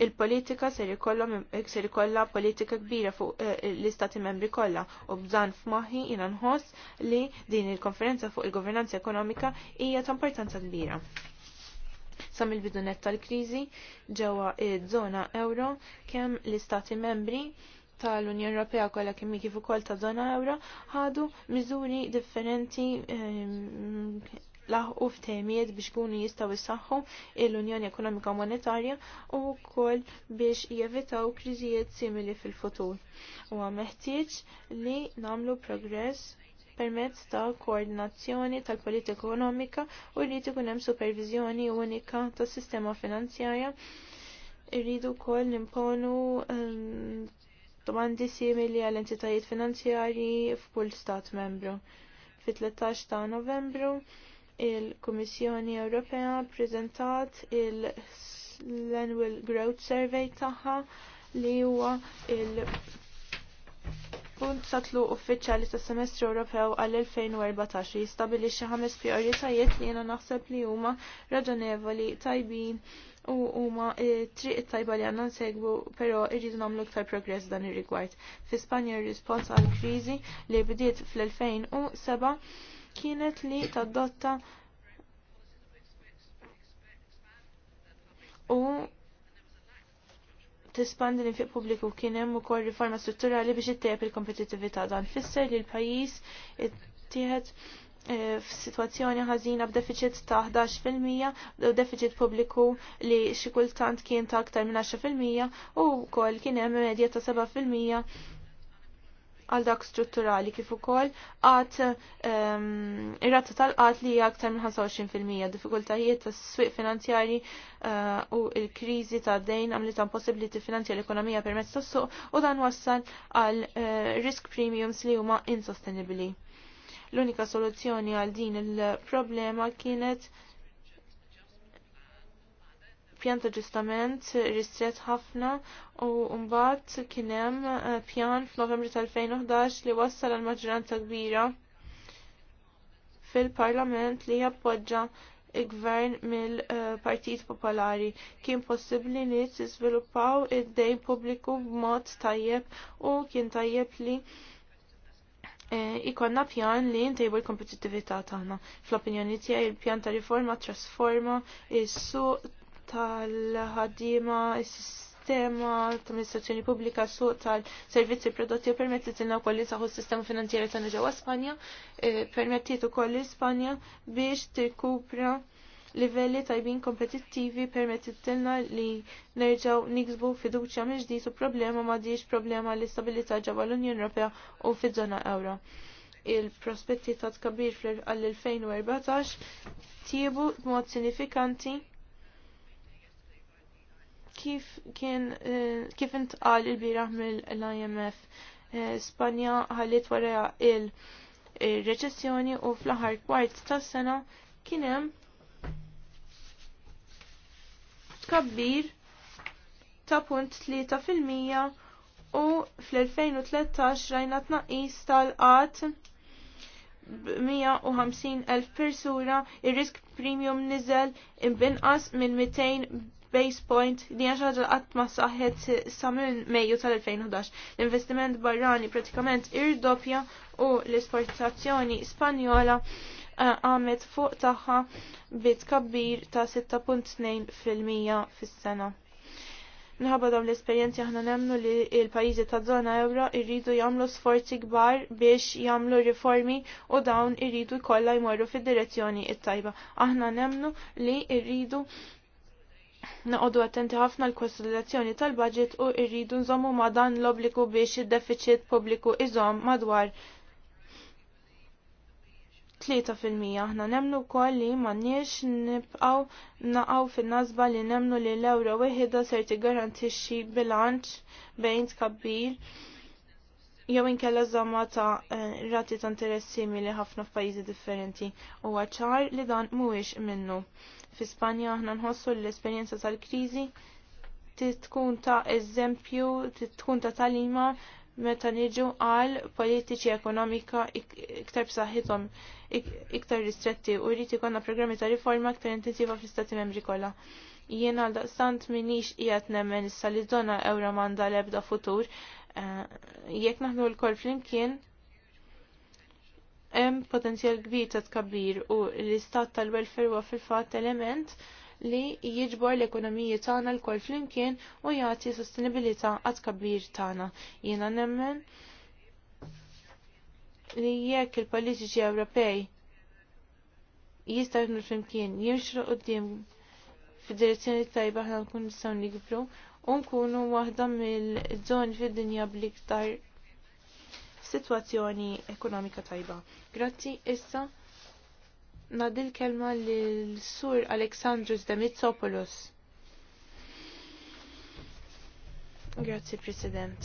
il-politika ser ikollha politika kbira fuq eh, l-istati membri kollha u bżan f'maħħi jiena nħoss li din il-konferenza fuq il-governanza ekonomika hija ta' importanza kbira. Sam il-bidunet tal-kriżi ġewwa żona euro kemm l-istati membri tal-Unjoni Ewropea kollha kemm kif ukoll ta' żona euro ħadu miżuri differenti ehm, laħqu f'temijiet biex kunu jistaw jissaħħu l-Unjoni Ekonomika Monetarja u wkoll biex jevitaw kriżijiet simili fil-futur. Huwa meħtieġ li namlu progress permezz ta' koordinazzjoni tal-politika ekonomika u li ikun hemm supervizjoni unika tas-sistema finanzjarja. Irridu wkoll nimponu ehm, domandi simili għal entitajiet finanzjarji f'kull stat membru. Fit-13 ta' Novembru il-Kummissjoni Ewropea prezentat l-Annual Growth Survey tagħha li huwa il- punt satlu uffiċjali tas semestru Ewropew għal 2014 jistabilixxi ħames prijoritajiet li jiena naħseb li huma raġonevoli tajbin u huma triq tajba li għandna nsegwu però irridu nagħmlu iktar progress dan ir-rigward. Fi Spanja r-rispons għall kriżi li bdiet fl-2007 kienet li tadotta u tispandi l-infiq pubbliku kien hemm ukoll riforma strutturali biex ittejjeb il-kompetittività dan fisser li l-pajjiż ittieħed eh, f'sitwazzjoni ħażina b'deficit ta' 11% u deficit pubbliku li xi kultant kien ta' aktar minn 10% u wkoll kien hemm medja ta' 7% għal dak strutturali kif ukoll għat ehm, ir tal-qat li hija aktar minn 25% diffikultajiet tas-swieq finanzjari eh, u l-kriżi ta' dejn għamlet possibbli tiffinanzja l-ekonomija permezz tas-suq u dan wassal għal eh, risk premiums li huma insostenibbli. L-unika soluzzjoni għal din il-problema kienet pjan ta' ġustament ristret ħafna u mbagħad kien hemm eh, pjan f'Novembru tal-2011 li wassal għal maġġoranza kbira fil-Parlament li jappoġġa il-gvern mill-Partit Popolari. Kien possibbli li iżviluppaw id-dejn pubbliku b'mod tajjeb u kien tajjeb li eh, ikonna pjan li jintejbu l-kompetitivita tagħna. Fl-opinjoni tiegħi il-pjan ta' riforma trasforma is-suq tal-ħaddiema, is-sistema tal-amministrazzjoni pubblika suq tal-servizzi prodotti permettit ilna kolli saħu s-sistema finanzjera ta' ġewwa Spanja, e, permettiet ukoll Spanja biex tikkupra livelli tajbin kompetittivi permettitilna li nerġaw niksbu fiduċja miġdijt u problema ma diġ problema li stabilita ġewwa l-Unjoni Europea u fiż-żona il-prospetti ta' tkabir fl-2014 tiebu mod sinifikanti kif kien eh, kif intqal il-biraħ mill-IMF eh, Spanja ħallit wara il-reċessjoni u fl-aħħar kwart tas-sena kien hemm tkabbir ta' punt 3% u fl-2013 rajna tnaqqis tal qat 150.000 persura, ir-risk premium niżel imbinqas minn 200 Base Point li għax ħaġa qatt ma saħħet sa minn Mejju tal-2011. L-investiment barrani pratikament irdoppja u l-esportazzjoni Spanjola eh, għamet fuq tagħha bit kabbir ta' 6.2% fis-sena. Nħabba dawn l-esperienzi aħna nemnu li il-pajizi ta' zona euro irridu jagħmlu sforzi kbar biex jagħmlu riformi u dawn irridu jkollha jmorru fid-direzzjoni it-tajba. Aħna nemnu li irridu naqodu attenti ħafna l-konsolidazzjoni tal-budget u irridu nżommu ma dan l-obbligu biex id-deficit pubbliku iżom madwar 3% aħna nemnu wkoll li m'għandniex nibqgħu naqgħu fin nazba li nemnu li l-ewro wieħeda ser tigarantixxi bilanċ bejn tkabbir jew inkella żamma ta' eh, rati ta' interessi simili ħafna f'pajjiżi differenti huwa ċar li dan mhuwiex minnu. Fi Spanja aħna nħossu l-esperjenza tal-kriżi tkun ta' eżempju, tkun ta' talima meta niġu għal politiċi ekonomika iktar b'saħħithom iktar ristretti u jrid ikollna programmi ta' riforma iktar intensiva fl-istati membri kollha. Jien għal daqstant minix qiegħed nemmen issa li żona ewra manda l-ebda futur. Eh, jekk naħdu l-kol flimkien hemm potenzjal kbir ta' tkabbir u l-istat tal-welfare huwa fil-fatt element li jiġbor l-ekonomiji tagħna l-kol flimkien u jagħti sostenibilità għat tkabbir tagħna. Jiena nemmen li jekk il-politiċi Ewropej jistgħu flimkien jimxru qudiem fid-direzzjoni tajba ħna nkun nistgħu nikbru u nkunu waħda mill-żoni fid-dinja bl-iktar situazzjoni ekonomika tajba. Grazzi, issa nadil kelma l-sur Aleksandrus Demitsopoulos. Grazzi, President.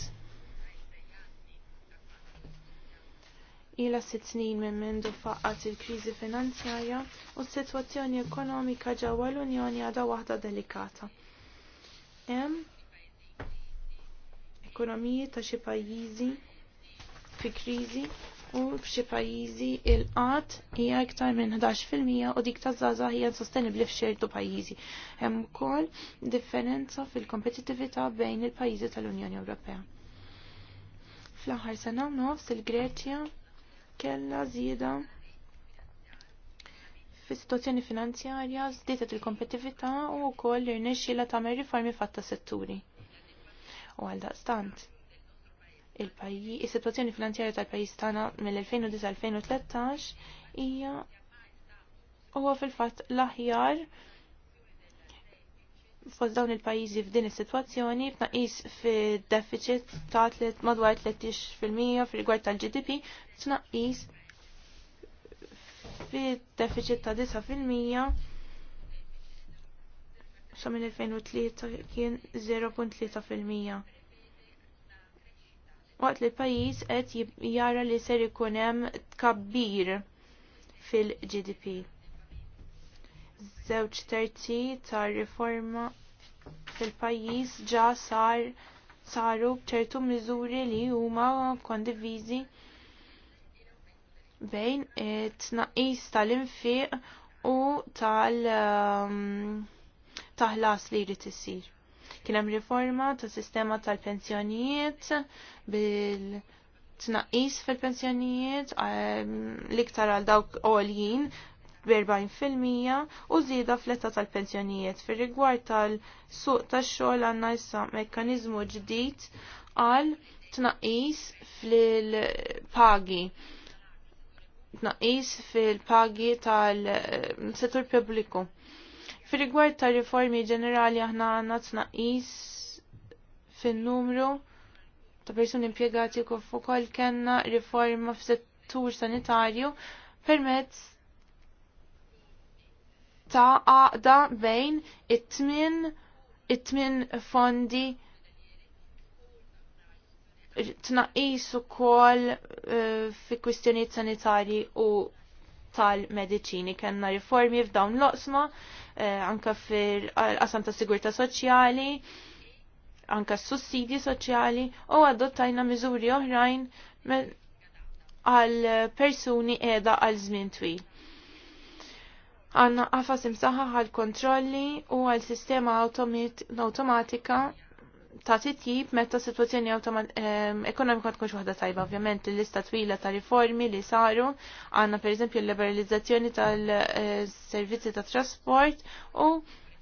ila sitt snin minn mendu faqqat il-kriżi finanzjarja u s-sitwazzjoni ekonomika ġewwa l-Unjoni għadha waħda delikata. Hemm ekonomiji ta' xi pajjiżi fi kriżi u f'xi pajjiżi il-qat hija iktar minn 11% u dik taż-żgħażagħ hija insostenibbli f'xertu pajjiżi. Hemm ukoll differenza fil-kompetittività bejn il-pajjiżi tal-Unjoni Ewropea. Fl-aħħar sena nofs il-Greċja kellha żieda fis-sitwazzjoni finanzjarja żdietet il kompetittività u wkoll irnexxiela tagħmel riformi fatta setturi. U għal daqstant, il-pajjiż, is-sitwazzjoni finanzjarja tal-pajjiż tagħna mill-2009-2013 hija huwa fil-fatt l-aħjar fost dawn il-pajjiżi f'din is-sitwazzjoni f'naqis fid-deficit ta' madwar 30% fil-rigward fil tal-GDP, tnaqqis fid-deficit ta' 9% fil-10, sa minn 2003 kien 0.3% waqt li l-pajjiż qed jara li ser ikun hemm tkabbir fil-GDP. Żewġ terzi tar-riforma fil-pajjiż ġa sar saru bċertu miżuri li huma kondiviżi bejn it-tnaqqis tal-infiq u tal- um, taħlas li jrid isir. Kien hemm riforma tas sistema tal-pensjonijiet bil tnaqqis fil-pensjonijiet ehm, l-iktar għal dawk għoljin b-40% u zida fletta tal-pensjonijiet. Fil-rigward tal-suq tax-xogħol għandna issa mekkaniżmu ġdid għal tnaqqis fil-pagi tnaqqis fil-pagi tal-settur pubbliku. Fir-rigward ta' riformi ġenerali aħna għandna tnaqqis fin-numru ta' persuni impjegati kif ukoll kellna riforma f'settur sanitarju permezz ta' għaqda bejn it-tmin it-tmin fondi tnaqis ukoll uh, fi kwistjonijiet sanitarji u tal-mediċini. kellna riformi f'dawn l-oqsma Eh, anka fil-qasam eh, ta' sigurta soċjali, anka s-sussidji soċjali u adottajna miżuri oħrajn għal persuni edha għal żmien twil. Għanna għafas imsaħħa għal kontrolli u għal sistema automatika ta' titjib meta situazzjoni ekonomika tkunx waħda tajba. Ovvjament l-lista twila ta' riformi li saru għanna per eżempju l-liberalizzazzjoni tal-servizzi eh, ta' trasport u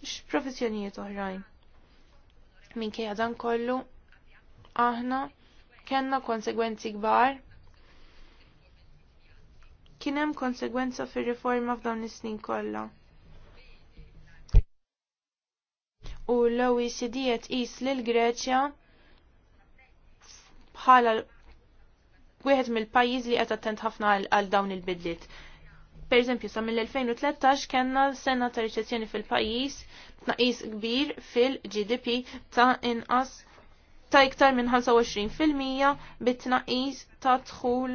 x-professjonijiet oħrajn. Minkejja dan kollu aħna kellna konsegwenzi kbar kien hemm konsegwenza fir-riforma f'dawn is-snin kollha. u l-OECD qed qis lil Greċja bħala wieħed mill-pajjiż li qed attent ħafna għal dawn il-bidliet. Per eżempju, sa mill-2013 kellna sena ta' riċessjoni fil-pajjiż tnaqis kbir fil-GDP ta' inqas ta' iktar minn 25% bit-tnaqis ta' dħul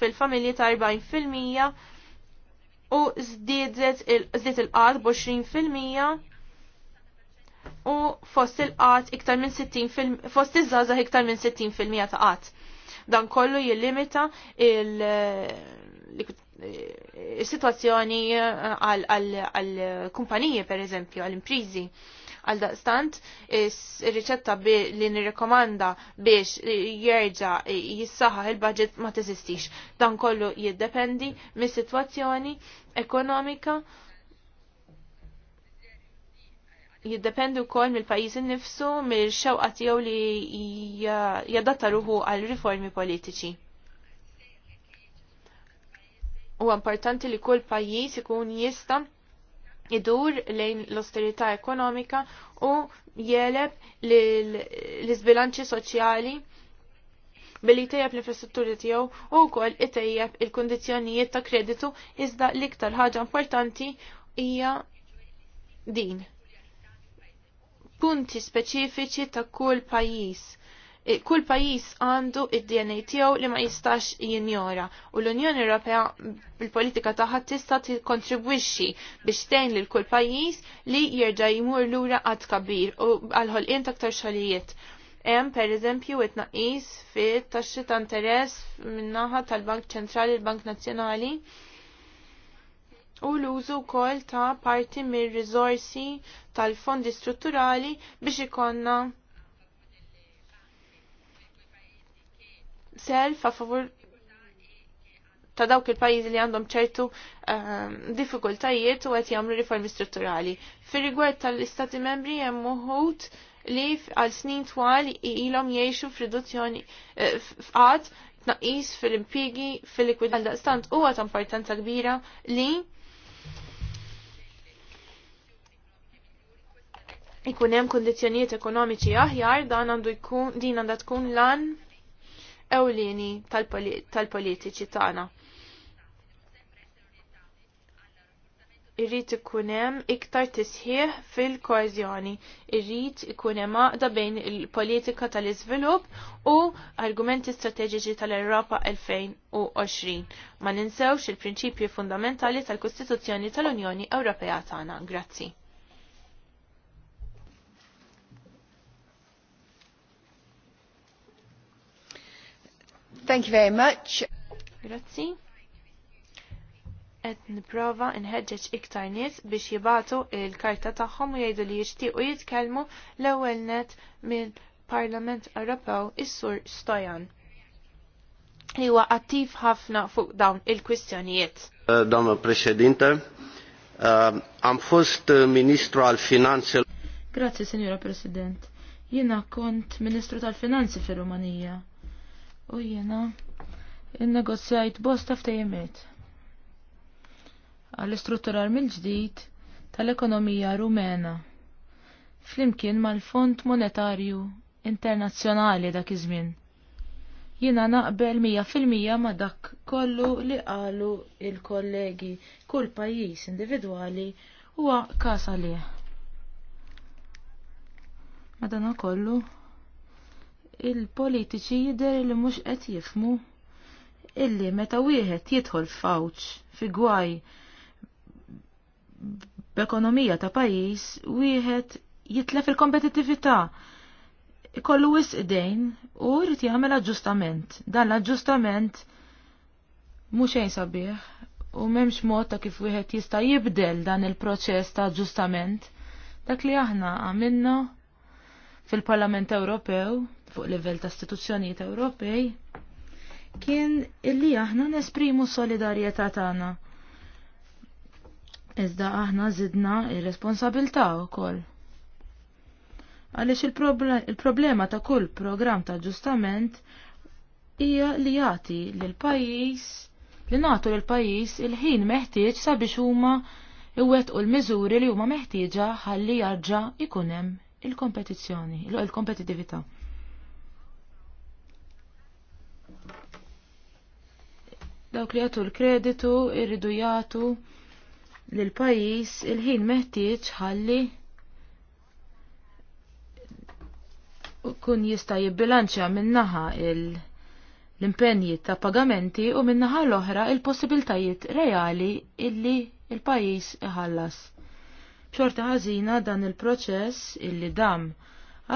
fil-familji ta' 40% u żdiedet il-qad b'20% u fost il-qat iktar minn 60 fost iż-żaza iktar minn 60% ta' qat. Dan kollu jillimita eh, il-situazzjoni eh, għal-kumpaniji per eżempju, għal-imprizi għal daqstant ir-riċetta li nirrekomanda biex jerġa jissaħa il-budget ma teżistix. Dan kollu jiddependi mis-sitwazzjoni ekonomika jiddependu wkoll mill-pajjiż innifsu mill-xewqa tiegħu li jadatta ruħu għal riformi politiċi. Huwa importanti li kull pajjiż ikun jista' idur lejn l-austerità ekonomika u jeleb l-izbilanċi soċjali billi tejjeb l-infrastrutturi tiegħu u wkoll itejjeb il-kundizzjonijiet ta' kreditu iżda l-iktar ħaġa importanti hija din punti speċifiċi ta' kull pajjiż. Kull pajjiż għandu id-DNA tiegħu li ma jistax jinjora u l-Unjoni Ewropea bil-politika taħħa tista' tikkontribwixxi biex tgħin lil kull pajjiż li jerġa' jmur lura għad kabir u għal ħolqien taktar xogħlijiet. Hemm pereżempju it-tnaqqis fit-taxxi ta' interess min-naħa tal-Bank Ċentrali l-Bank Nazzjonali u l-użu kol ta' parti mir rizorsi tal-fondi strutturali biex ikonna self a favur ta' dawk il-pajjiżi li għandhom ċertu um, diffikultajiet u qed jagħmlu riformi strutturali. Fir-rigward tal-Istati Membri hemm uħud li għal snin twal ilhom jgħixu f'riduzzjoni eh, f'qatt tnaqqis fil impjiegi fil-likwidità Għaldaqstant huwa ta' importanza kbira li ikun hemm kundizzjonijiet ekonomiċi aħjar dan għandu jkun din għandha tkun lan ewlieni tal-politiċi tagħna. Irrid ikun hemm iktar tisħiħ fil-koeżjoni, irrid ikun hemm għaqda bejn il-politika tal-iżvilupp u argumenti strateġiċi tal-Europa 2020. Ma ninsewx il-prinċipji fundamentali tal-Kostituzzjoni tal-Unjoni Ewropea tagħna. Grazzi. Thank you very much. Grazzi. Et nipprova nħeġġeġ iktar nies biex jibatu il-karta tagħhom u jgħidu li jixtiequ jitkellmu l-ewwel net mill-Parlament Ewropew is-Sur Stojan li huwa attiv ħafna fuq dawn il-kwistjonijiet. Eh, doamnă Presidente, eh, am fost ministru għal finanzi Grazie, signora President. Jina kont ministru tal-finanzi fir-Rumanija u jena il-negozjajt bosta ftejemiet għal istrutturar mill-ġdid tal-ekonomija rumena flimkien mal-Fond Monetarju Internazzjonali dak iż-żmien. Jiena naqbel 100% ma' dak kollu li qalu il-kollegi kull pajjiż individwali huwa każ għalih. Madana kollu il-politiċi jidher li mhux qed jifmu illi meta wieħed jidħol fawċ fi gwaj b'ekonomija ta' pajjiż wieħed jitlef il-kompetittività ikollu wisq idejn u jrid jagħmel aġġustament. Dan l-aġġustament mhux xejn sabiħ u m'hemmx mod ta' kif wieħed jista' jibdel dan il-proċess ta' aġġustament dak li aħna għamilna fil-Parlament Ewropew fuq livell ta' istituzzjonijiet Ewropej kien illi aħna nesprimu solidarjetà tagħna. Iżda aħna zidna ir-responsabilità wkoll. Għaliex il-problema ta' kull programm ta' ġustament hija li jagħti lil pajjiż li nagħtu lil pajjiż il-ħin meħtieġ sabiex huma iwettqu l-miżuri li huma meħtieġa ħalli jarġa' ikun hemm il-kompetizzjoni, il-kompetitività. Dawk li jagħtu l-kreditu irridu jagħtu lil pajjiż il-ħin meħtieġ ħalli kun jista' jibbilanċja minnaħa il- l-impenji ta' pagamenti u minnaħa l-oħra il-possibiltajiet reali illi il-pajis iħallas. B'xorta ħażina dan il-proċess illi dam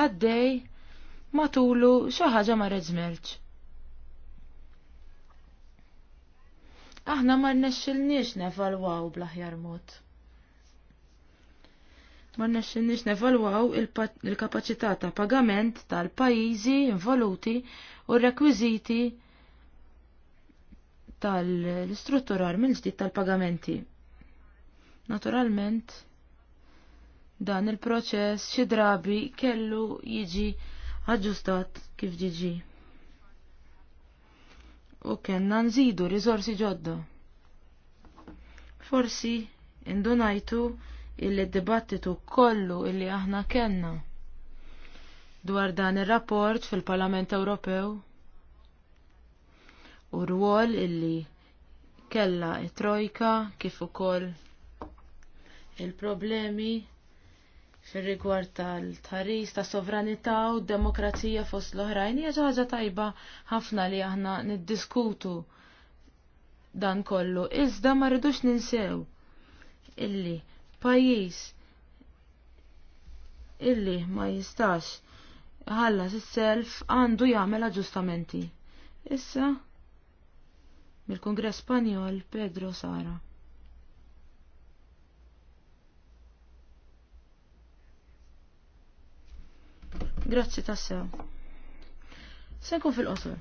għaddej matulu xi ħaġa ma reżmerġ. Aħna ma rnexxilniex nevalwaw bl-aħjar mod. Ma rnexxilniex nevalwaw il-kapaċità ta' pagament tal-pajjiżi involuti u r-rekwiżiti tal-istrutturar mill-ġdid tal-pagamenti. Naturalment, Dan il-proċess xi drabi kellu jiġi aġġustat kif ġiġi. U kellna nżidu riżorsi ġodda. Forsi indunajtu il-dibattitu kollu illi aħna kellna dwar dan ir-rapport fil-Parlament Ewropew u rwol illi kella it-trojka kif ukoll il-problemi fil-rigward tal-taris, ta' sovranità u demokrazija fost l-oħrajn, hija ħaġa tajba ħafna li aħna niddiskutu dan kollu. Iżda ma rridux ninsew illi pajjiż illi ma jistax ħallas is-self għandu jagħmel aġġustamenti. Issa mill kongress Spanjol Pedro Sara. Grazzi tassew. Senku fil-qosor.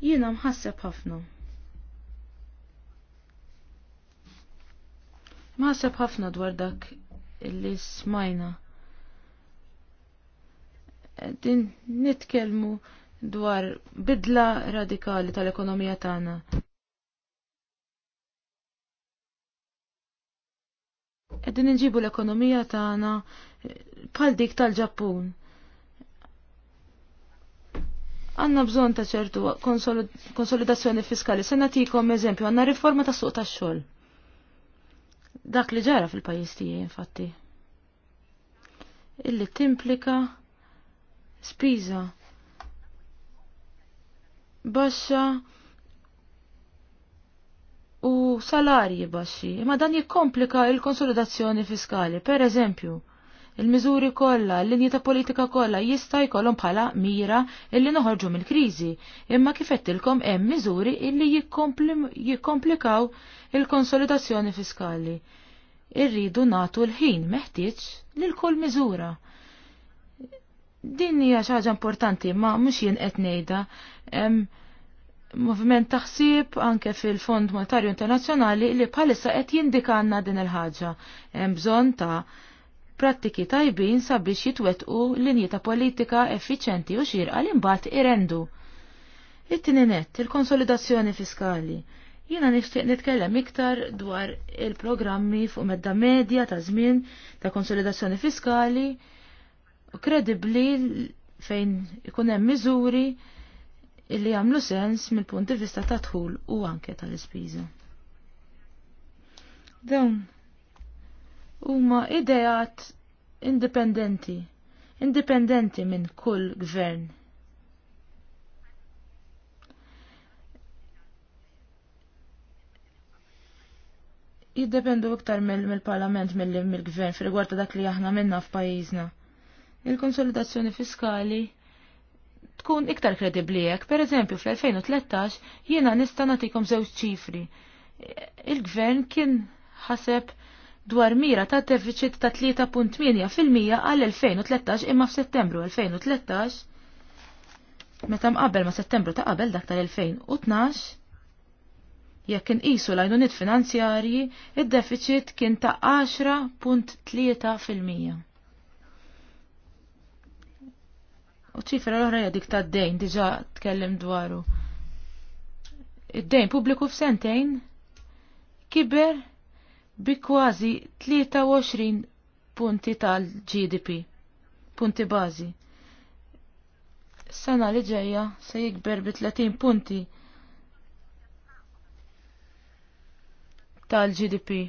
Jiena mħasseb ħafna. Mħasseb ħafna dwar dak illi smajna. Din nitkelmu dwar bidla radikali tal-ekonomija tagħna. Qegħdin inġibu l-ekonomija tagħna bħal dik tal-Ġappun. Għanna bżon ta' ċertu konsolidazzjoni fiskali. Se natikom eżempju, għanna riforma ta' suq ta' xol. Dak li ġara fil-pajis tiegħi infatti. Illi timplika spiża baxxa u salarji baxxi, Ma dan jikkomplika il-konsolidazzjoni fiskali. Per eżempju, il-miżuri kollha, l-linji ta' politika kollha jista' jkollhom bħala mira illi noħorġu mill-kriżi, imma kif qedtilkom hemm miżuri illi jikkomplikaw il-konsolidazzjoni fiskali. Irridu natu l-ħin meħtieġ lil kull miżura. Din hija xi ħaġa importanti ma mhux jien qed ngħidha moviment taħsib anke fil-Fond Monetarju Internazzjonali li bħalissa qed jindikanna din il-ħaġa. Hemm bżonn ta' prattiki tajbin sabiex jitwetqu linji ta' politika effiċenti u xirqa għal imbat irendu. It-tieni il-konsolidazzjoni fiskali. Jiena nixtieq nitkellem iktar dwar il-programmi fuq medda medja ta' żmien ta' konsolidazzjoni fiskali u kredibbli fejn ikun hemm miżuri illi jagħmlu sens mill punti vista ta' dħul u anke tal-ispiża. Dawn huma ideat indipendenti, indipendenti minn kull gvern. jiddependu iktar mill-parlament mill-gvern fil rigward dak li aħna minna f'pajjiżna. Il-konsolidazzjoni fiskali tkun iktar kredibbli hekk, pereżempju fl-2013 jiena nista' nagħtikom żewġ ċifri. Il-gvern kien ħaseb dwar mira ta' deficit ta' 3.8% għal 2013 imma f'Settembru 2013 meta mqabel ma' Settembru ta' qabel dak tal-2012 jekk inqisu l-għajnuniet finanzjarji id-deficit kien ta' 10.3%. U ċifra l-oħra jadik ta' d-dejn diġa tkellim dwaru. Id-dejn pubbliku f'sentejn kiber bi kważi 23 punti tal-GDP, punti bażi. Sana li ġejja se jikber bi 30 punti tal-GDP.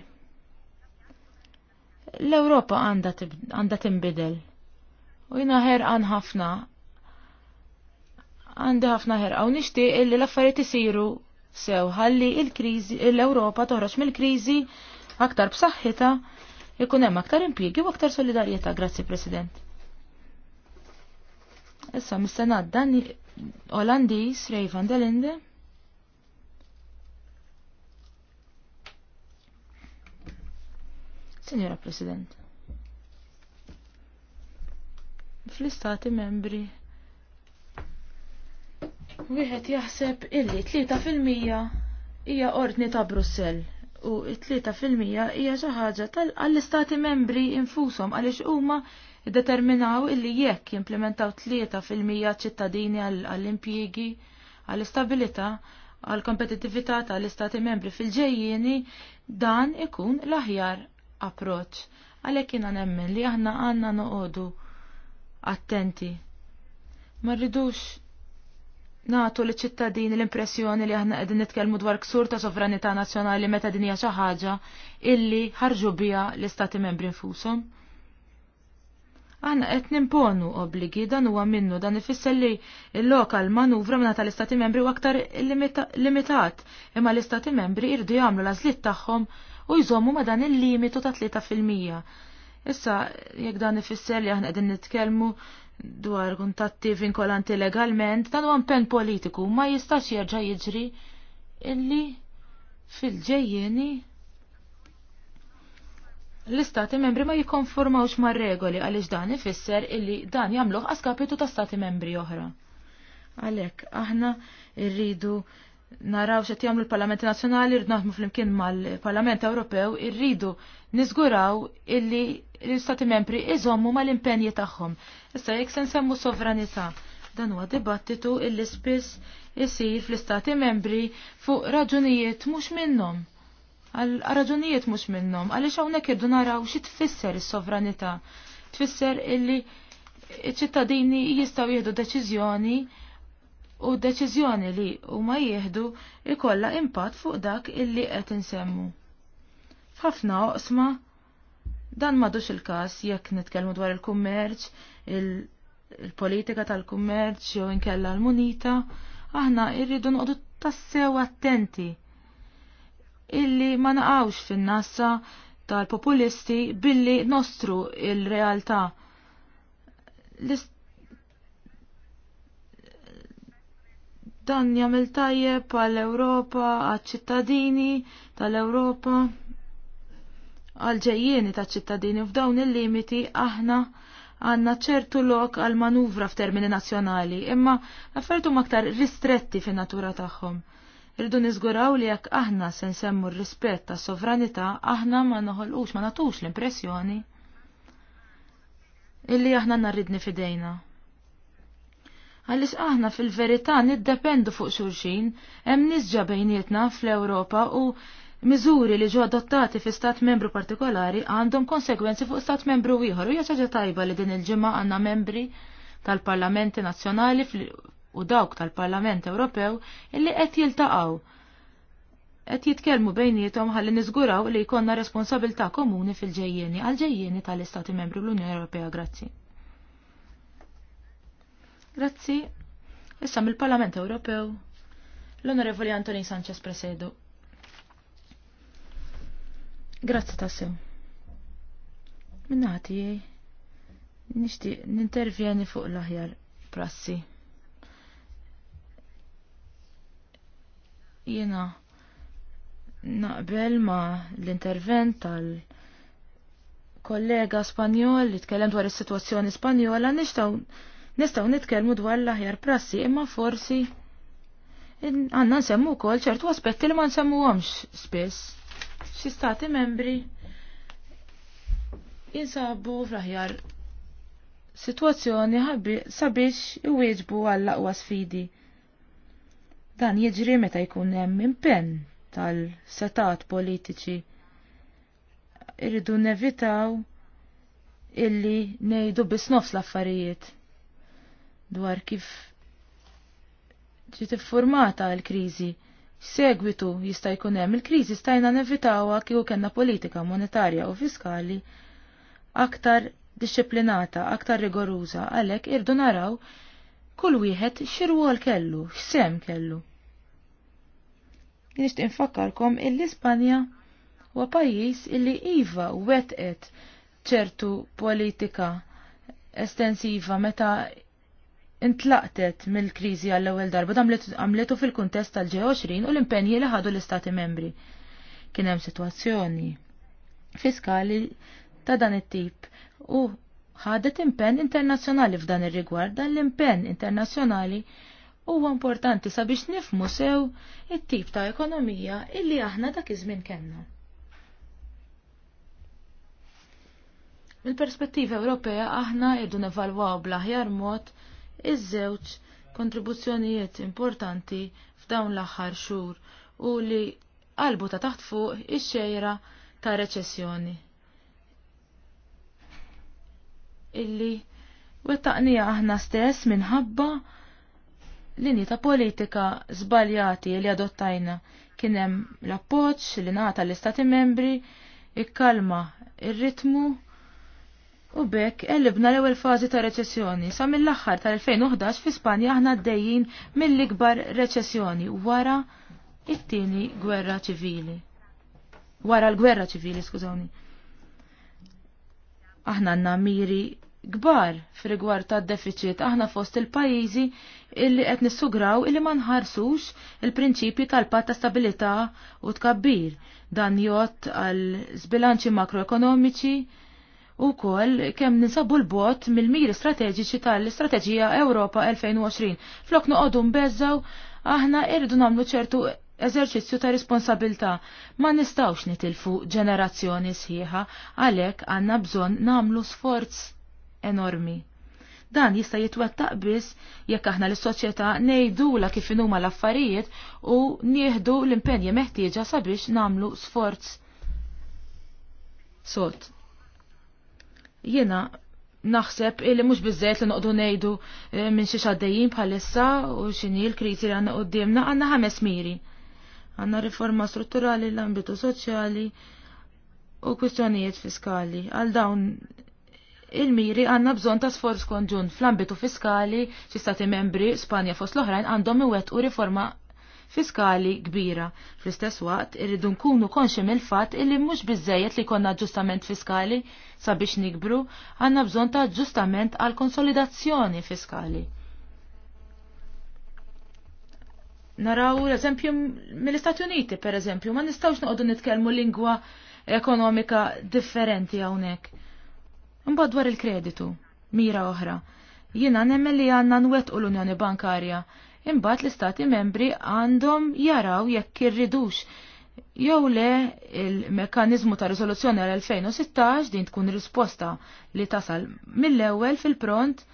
L-Ewropa għandha timbidel. U jina ħerqan ħafna. Għandi ħafna ħerqa u nixtieq li l-affarijiet isiru sew ħalli il l-Ewropa toħroġ mill-kriżi aktar bsaħħita ikun hemm aktar impjiegi u aktar solidarjetà, grazzi President. Issa mistenna Dani Olandiż Ray van der Linde. Signora President. Fl-istati membri wieħed jaħseb illi 3% hija ordni ta' Brussell u t-tlieta fil-mija hija xi ħaġa għall-istati membri infushom għaliex huma determinaw illi jekk jimplementaw tlieta fil-mija ċittadini għall-impjiegi għall-istabilità għall-kompetittività tal-istati membri fil-ġejjieni dan ikun l-aħjar approċ. Għalhekk jiena nemmen li aħna għandna noqogħdu attenti. Ma rridux natu li ċittadini l-impressjoni li aħna qegħdin nitkellmu dwar ksur ta' sovranità nazzjonali meta din hija xi ħaġa illi ħarġu biha l-istati membri nfushom. Aħna qed nimponu obbligi dan huwa minnu dan ifisser li l-lokal manuvra minna tal-istati membri u aktar limitat imma l-istati membri irdu jagħmlu l-għażliet tagħhom u jżommu ma dan il-limitu ta' 3 fil-mija. Issa jekk dan ifisser li aħna qegħdin nitkellmu dwar kuntatti vinkolanti legalment, dan huwa pen politiku ma jistax jerġa' jiġri illi fil-ġejjeni l-istati membri ma jikkonformawx mar regoli għaliex dan ifisser illi dan jagħmluh għaskapitu ta' stati membri oħra. Għalhekk aħna rridu naraw xe jamlu l-Parlamenti Nazjonali, rridu naħdmu fl-imkien mal-Parlament Ewropew, irridu nizguraw illi l-Stati membri iżommu mal-impenji tagħhom. Issa jekk se nsemmu sovranità. Dan huwa dibattitu illi spiss isir fl-Istati membri fuq raġunijiet mhux minnhom. Għal raġunijiet mhux minnhom, għaliex hawnhekk irdu naraw xi tfisser is-sovranità. Tfisser illi iċ-ċittadini jistgħu jieħdu deċiżjoni u deċiżjoni li huma jieħdu ikolla impatt fuq dak illi qed insemmu. F'ħafna oqsma dan madux il-każ jekk nitkellmu dwar il-kummerċ, il-politika tal-kummerċ jew inkella l-munita, aħna rridu noqogħdu tassew attenti illi ma naqgħux fin-nassa tal-populisti billi nostru il-realtà. l Dan jagħmel tajjeb għall-Ewropa, għaċ-ċittadini tal-Ewropa, għal-ġejjieni taċ-ċittadini f'dawn il-limiti aħna għanna ċertu lok għal manuvra f'termini nazzjonali, imma affertu maktar ristretti fin natura tagħhom. Irdu niżguraw li jekk aħna se nsemmu r-rispett ta' sovranità, aħna ma noħolqux ma natux l-impressjoni illi aħna narridni fidejna. Għalix aħna fil-verità niddependu fuq xulxin, hemm nisġa bejnietna fl-Ewropa u miżuri li ġo adottati fi stat membru partikolari għandhom konsekwenzi fuq stat membru ieħor u jaċaġa tajba li din il-ġimgħa għandna membri tal-Parlamenti Nazzjonali u dawk tal-Parlament Ewropew illi qed jiltaqgħu. Qed jitkellmu bejniethom ħalli niżguraw li jkollna responsabilità komuni fil-ġejjieni għal ġejjieni tal-Istati Membru l-Unjoni Ewropea. Grazzi. Grazzi. Issa mill-Parlament Ewropew l-Onorevoli Antonin Sanchez Presedo. Grazzi tassew. Minnati, jiej. Nishti nintervjeni fuq l-aħjar prassi. Jena naqbel ma l-intervent tal- kollega Spanjol li tkellem dwar is-sitwazzjoni Spanjola nixtaw Nistaw nitkellmu dwar l-aħjar prassi imma forsi għanna nsemmu kol ċertu aspetti li ma nsemmu għomx spess. Xi stati membri jinsabu fl-aħjar situazzjoni sabiex iwieġbu għall-aqwa sfidi. Dan jiġri meta jkun hemm impenn tal-setat politiċi. Irridu nevitaw illi nejdu bis nofs l-affarijiet dwar kif ġiet iffurmata l-kriżi. Segwitu jista' jkun hemm il-kriżi stajna nevitawha kieku kellna politika monetarja u fiskali aktar disċiplinata, aktar rigoruża, għalhekk irdu naraw kull wieħed x'irwol kellu, x'sem kellu. Nixtieq infakkarkom l-Ispanja huwa pajjiż illi iva wetqet ċertu politika estensiva meta intlaqtet mill-kriżi għall-ewwel darba għamletu fil-kuntest tal-G20 u l-impenji li ħadu l-Istati membri. Kien hemm sitwazzjoni fiskali ta' dan it-tip u ħadet impenn internazzjonali f'dan ir-rigward dan l-impenn internazzjonali huwa importanti sabiex nifmu sew it-tip ta' ekonomija illi aħna dak iż-żmien kellna. Mill-perspettiva Ewropea aħna irdu nevalwaw bl-aħjar mod iż-żewġ kontribuzzjonijiet importanti f'dawn l-aħħar xhur u li qalbu ta' taħt fuq ix-xejra ta' reċessjoni. Illi wettaqnija aħna stess minħabba linji ta' politika żbaljati li adottajna kien hemm l-appoġġ li ngħata l-Istati membri ikkalma ir-ritmu U bekk ellibna l-ewwel fażi ta' reċessjoni sa mill-aħħar tal-2011 fi Spanja aħna għaddejjin mill-ikbar reċessjoni wara it-tieni gwerra ċivili. Wara l-gwerra ċivili, skużawni. Aħna għandna miri kbar f'rigward tad deficit aħna fost il-pajjiżi illi qed nissugraw illi ma nħarsux il-prinċipji tal-patt ta' stabilità u tkabbir. Dan jgħod għal zbilanċi makroekonomiċi u kol kem ninsabu l-bot mill-miri strateġiċi tal-Strateġija Europa 2020. Flok nuqodu mbezzaw, aħna irridu namlu ċertu eżerċizzju ta' responsabilta. Ma nistawx nitilfu ġenerazzjoni sħiħa, għalek għanna bżon namlu sforz enormi. Dan jista' jitwettaq biss jekk aħna l-soċjetà ngħidula kif inhuma l-affarijiet u nieħdu l-impenji meħtieġa sabiex namlu sforz. Sot. Jiena naħseb illi mhux biżżejjed li noqdu ngħidu eh, minn xi xaddejjin bħalissa u x'inhi l-kriżi li għandna qudiemna għandna ħames miri. Għandna riforma strutturali l-ambitu soċjali u kwistjonijiet fiskali. Għal dawn il-miri għandna bżonn ta' sforz konġun fl-ambitu fiskali xi stati membri Spanja fost l-oħrajn għandhom iwettqu riforma fiskali kbira. Fl-istess waqt irridu nkunu konxi mill-fatt illi mhux biżejjed li konna ġustament fiskali sabiex nikbru, għandna bżonn ta' ġustament għal konsolidazzjoni fiskali. Naraw l-eżempju mill-Istati Uniti, per eżempju, ma nistgħux noqogħdu nitkellmu lingwa ekonomika differenti hawnhekk. Imbagħad dwar il-kreditu, mira oħra jiena nemmen li għandna nwettqu l-Unjoni Bankarja imbagħad l-istati membri għandhom jaraw jekk irridux jew le il-mekkaniżmu ta' rizoluzzjoni għal 2016 din tkun risposta li tasal mill-ewwel fil-pront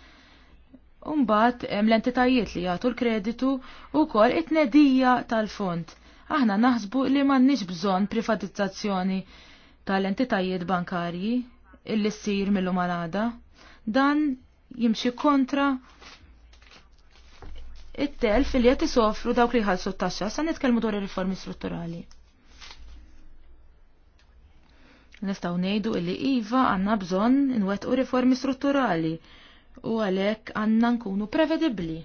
Umbat hemm l-entitajiet li jagħtu l-kreditu wkoll it-tnedija tal-fond. Aħna naħsbu li m'għandniex bżonn privatizzazzjoni tal-entitajiet bankarji illi ssir mill-lum Dan jimxi kontra it-telf li qed isofru dawk li jħallsu t-taxxa sa nitkellmu dwar ir-riformi strutturali. Nistgħu ngħidu li iva għandna bżonn inwettqu riformi strutturali u għalhekk għandna nkunu prevedibbli.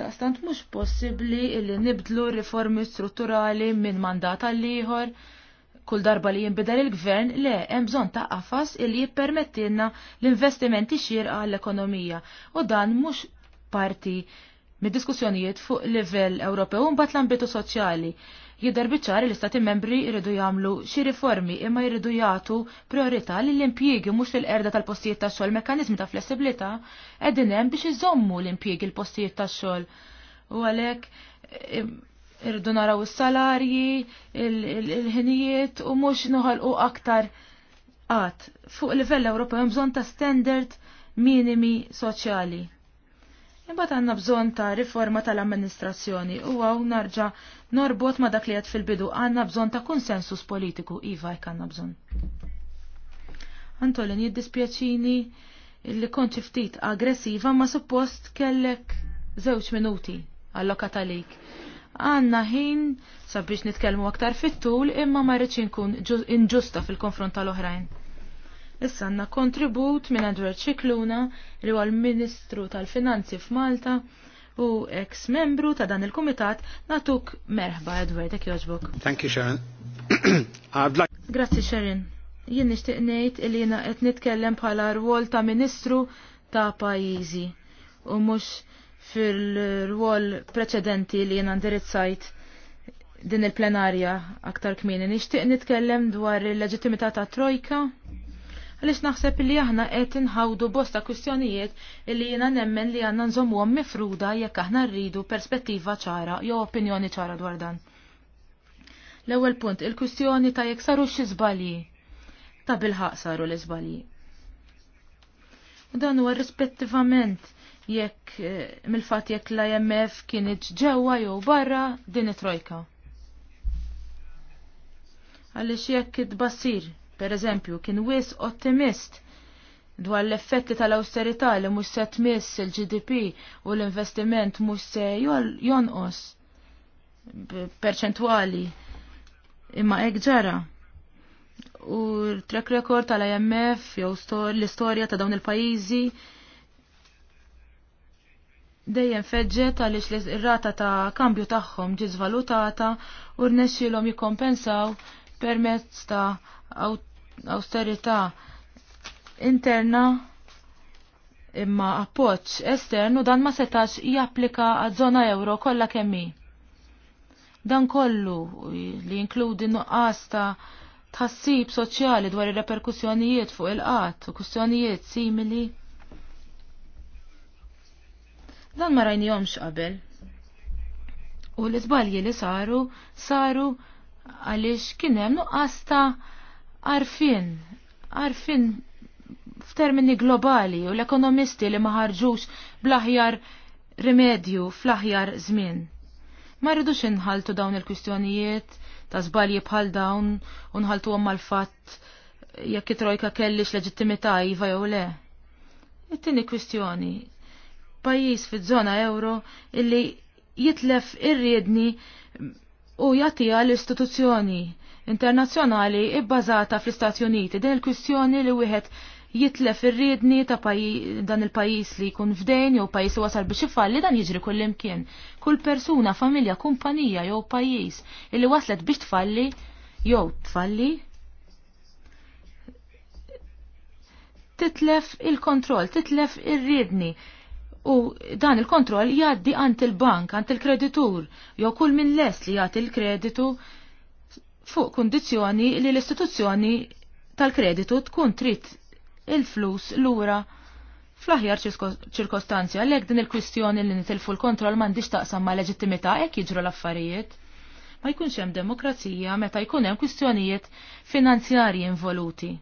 Daqstant mhux possibbli li nibdlu riformi strutturali minn mandat għall ieħor Kull darba li jinbidel il-gvern le hemm bżonn ta' qafas li jippermettilna l-investimenti xierqa għall-ekonomija u dan mhux parti mid-diskussjonijiet fuq livell Ewropew mbagħad l-ambitu soċjali. Jidher biċċar l-istati membri jridu jagħmlu xi riformi imma jridu jagħtu priorità l impjiegi mhux fil-qerda tal-postijiet tax-xogħol mekkaniżmi ta' flessibilità qegħdin hemm biex iżommu l-impjiegi l-postijiet tax-xogħol. U għalhekk irridu naraw is-salarji, il-ħinijiet u mhux noħolqu aktar qatt. Fuq livell Ewropew hemm bżonn ta' standard minimi soċjali. Imbagħad għandna bżonn ta' riforma tal-amministrazzjoni u għaw narġa' norbot ma' dak li qed fil-bidu għandna bżonn ta' konsensus politiku iva jekk għandna bżonn. Antolin jiddispjaċini li kont xi ftit aggressiva ma' suppost kellek żewġ minuti allokata għalik għanna ħin sabiex nitkellmu aktar fit-tul imma ma rridx inkun inġusta fil-konfront tal-oħrajn. Issa għanna kontribut minn Edward Cicluna li huwa l-Ministru tal-Finanzi f'Malta u ex-membru ta' dan il-Kumitat natuk merħba Edward ek joġbok. Thank you Sharon. like... Grazzi Sharon. Jien nixtieq ngħid li jiena qed nitkellem bħala rwol ta' Ministru ta' pajjiżi u mhux fil-rwol preċedenti li jena ndirizzajt din il-plenarja aktar kmini. Nixtieq nitkellem dwar il leġitimità ta' Trojka għaliex naħseb li aħna qed inħawdu bosta kwistjonijiet li jiena nemmen li għandna nżommuhom mifruda jekk aħna rridu perspettiva ċara jew opinjoni ċara dwar dan. L-ewwel punt, il-kwistjoni ta' jekk saru xi żbalji. Ta' bilħaq saru l-iżbalji. Dan huwa rispettivament jekk eh, mill-fatt jekk l-IMF kienet ġewwa jew barra din it-trojka. Għaliex jekk id-bassir, per eżempju, kien wis ottimist dwar l-effetti tal-austerità li mhux se tmiss il-GDP u l-investiment mhux se jonqos perċentwali imma hekk ġara. U track record tal-IMF jew l-istorja ta' dawn il-pajjiżi dejjem feġġet għaliex ir-rata ta' kambju tagħhom ġiet zvalutata u rnexxilhom jikkompensaw permezz ta' austerità interna imma appoġġ esternu dan ma setax japplika għaż-żona euro kollha kemm Dan kollu li jinkludi nuqqas ta' tħassib soċjali dwar ir-reperkussjonijiet fuq il-qatt u kwistjonijiet simili Dan ma rajnijomx qabel. U l-izbalji li saru, saru għalix kienem nuqqas ta' arfin, arfin f'termini globali u l-ekonomisti li maħarġux blaħjar rimedju fl-aħjar żmien. Ma rridux inħaltu dawn il-kwistjonijiet ta' żbalji bħal dawn u nħaltu għom mal-fatt jekk it-trojka kellix leġittimità iva jew le. It-tieni kwistjoni pajjiż fiż-żona euro illi jitlef irriedni u jagħtiha l-istituzzjoni internazzjonali ibbażata fl-Istati Uniti. Din il-kwistjoni li wieħed jitlef irriedni ta' dan il-pajis li jkun f'dejn jew pajis li wasal biex ifalli dan jiġri kullimkien. Kull persuna, familja, kumpanija jew pajis illi waslet biex tfalli jew tfalli titlef il-kontroll, titlef ir-riedni. il kontroll titlef irriedni. il u dan il-kontroll jgħaddi għand il-bank, għand il-kreditur, jew kull minn lest li jagħti il-kreditu fuq kundizzjoni li l-istituzzjoni tal-kreditu tkun trid il-flus lura fl-aħjar ċirkostanzi għalhekk din il-kwistjoni li nitilfu l-kontroll m'għandix taqsam ma' leġittimità hekk jiġru l-affarijiet. Ma jkunx hemm demokrazija meta jkun hemm kwistjonijiet finanzjarji involuti.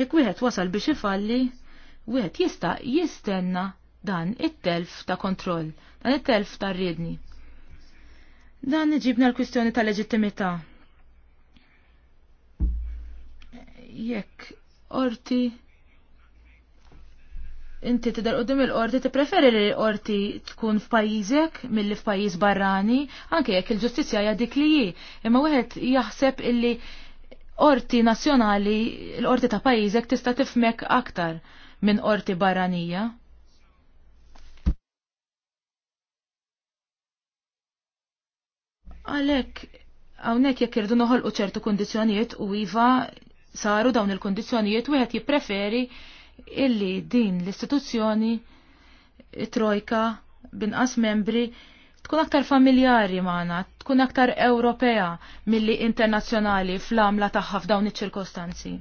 Jekk wieħed wasal biex ifalli, wieħed jista' jistenna dan it-telf ta' kontroll, dan it-telf ta' rridni. Dan iġibna l-kwistjoni ta' leġittimità. Jekk orti inti tidher qudiem il-qorti tippreferi li l-qorti tkun f'pajjiżek milli f'pajjiż barrani, anke jekk il-ġustizzja hija dik li hi, imma wieħed jaħseb illi qorti nazzjonali, l-qorti ta' pajjiżek tista' tifmek aktar minn qorti barranija. Għalek, għawnek jekk irdu noħolqu ċertu kondizjonijiet u iva saru dawn il-kondizjonijiet u għet jipreferi illi din l-istituzzjoni trojka binqas membri tkun aktar familjari maħna, tkun aktar Ewropea milli internazzjonali fl-għamla taħħaf f'dawn iċ-ċirkostanzi.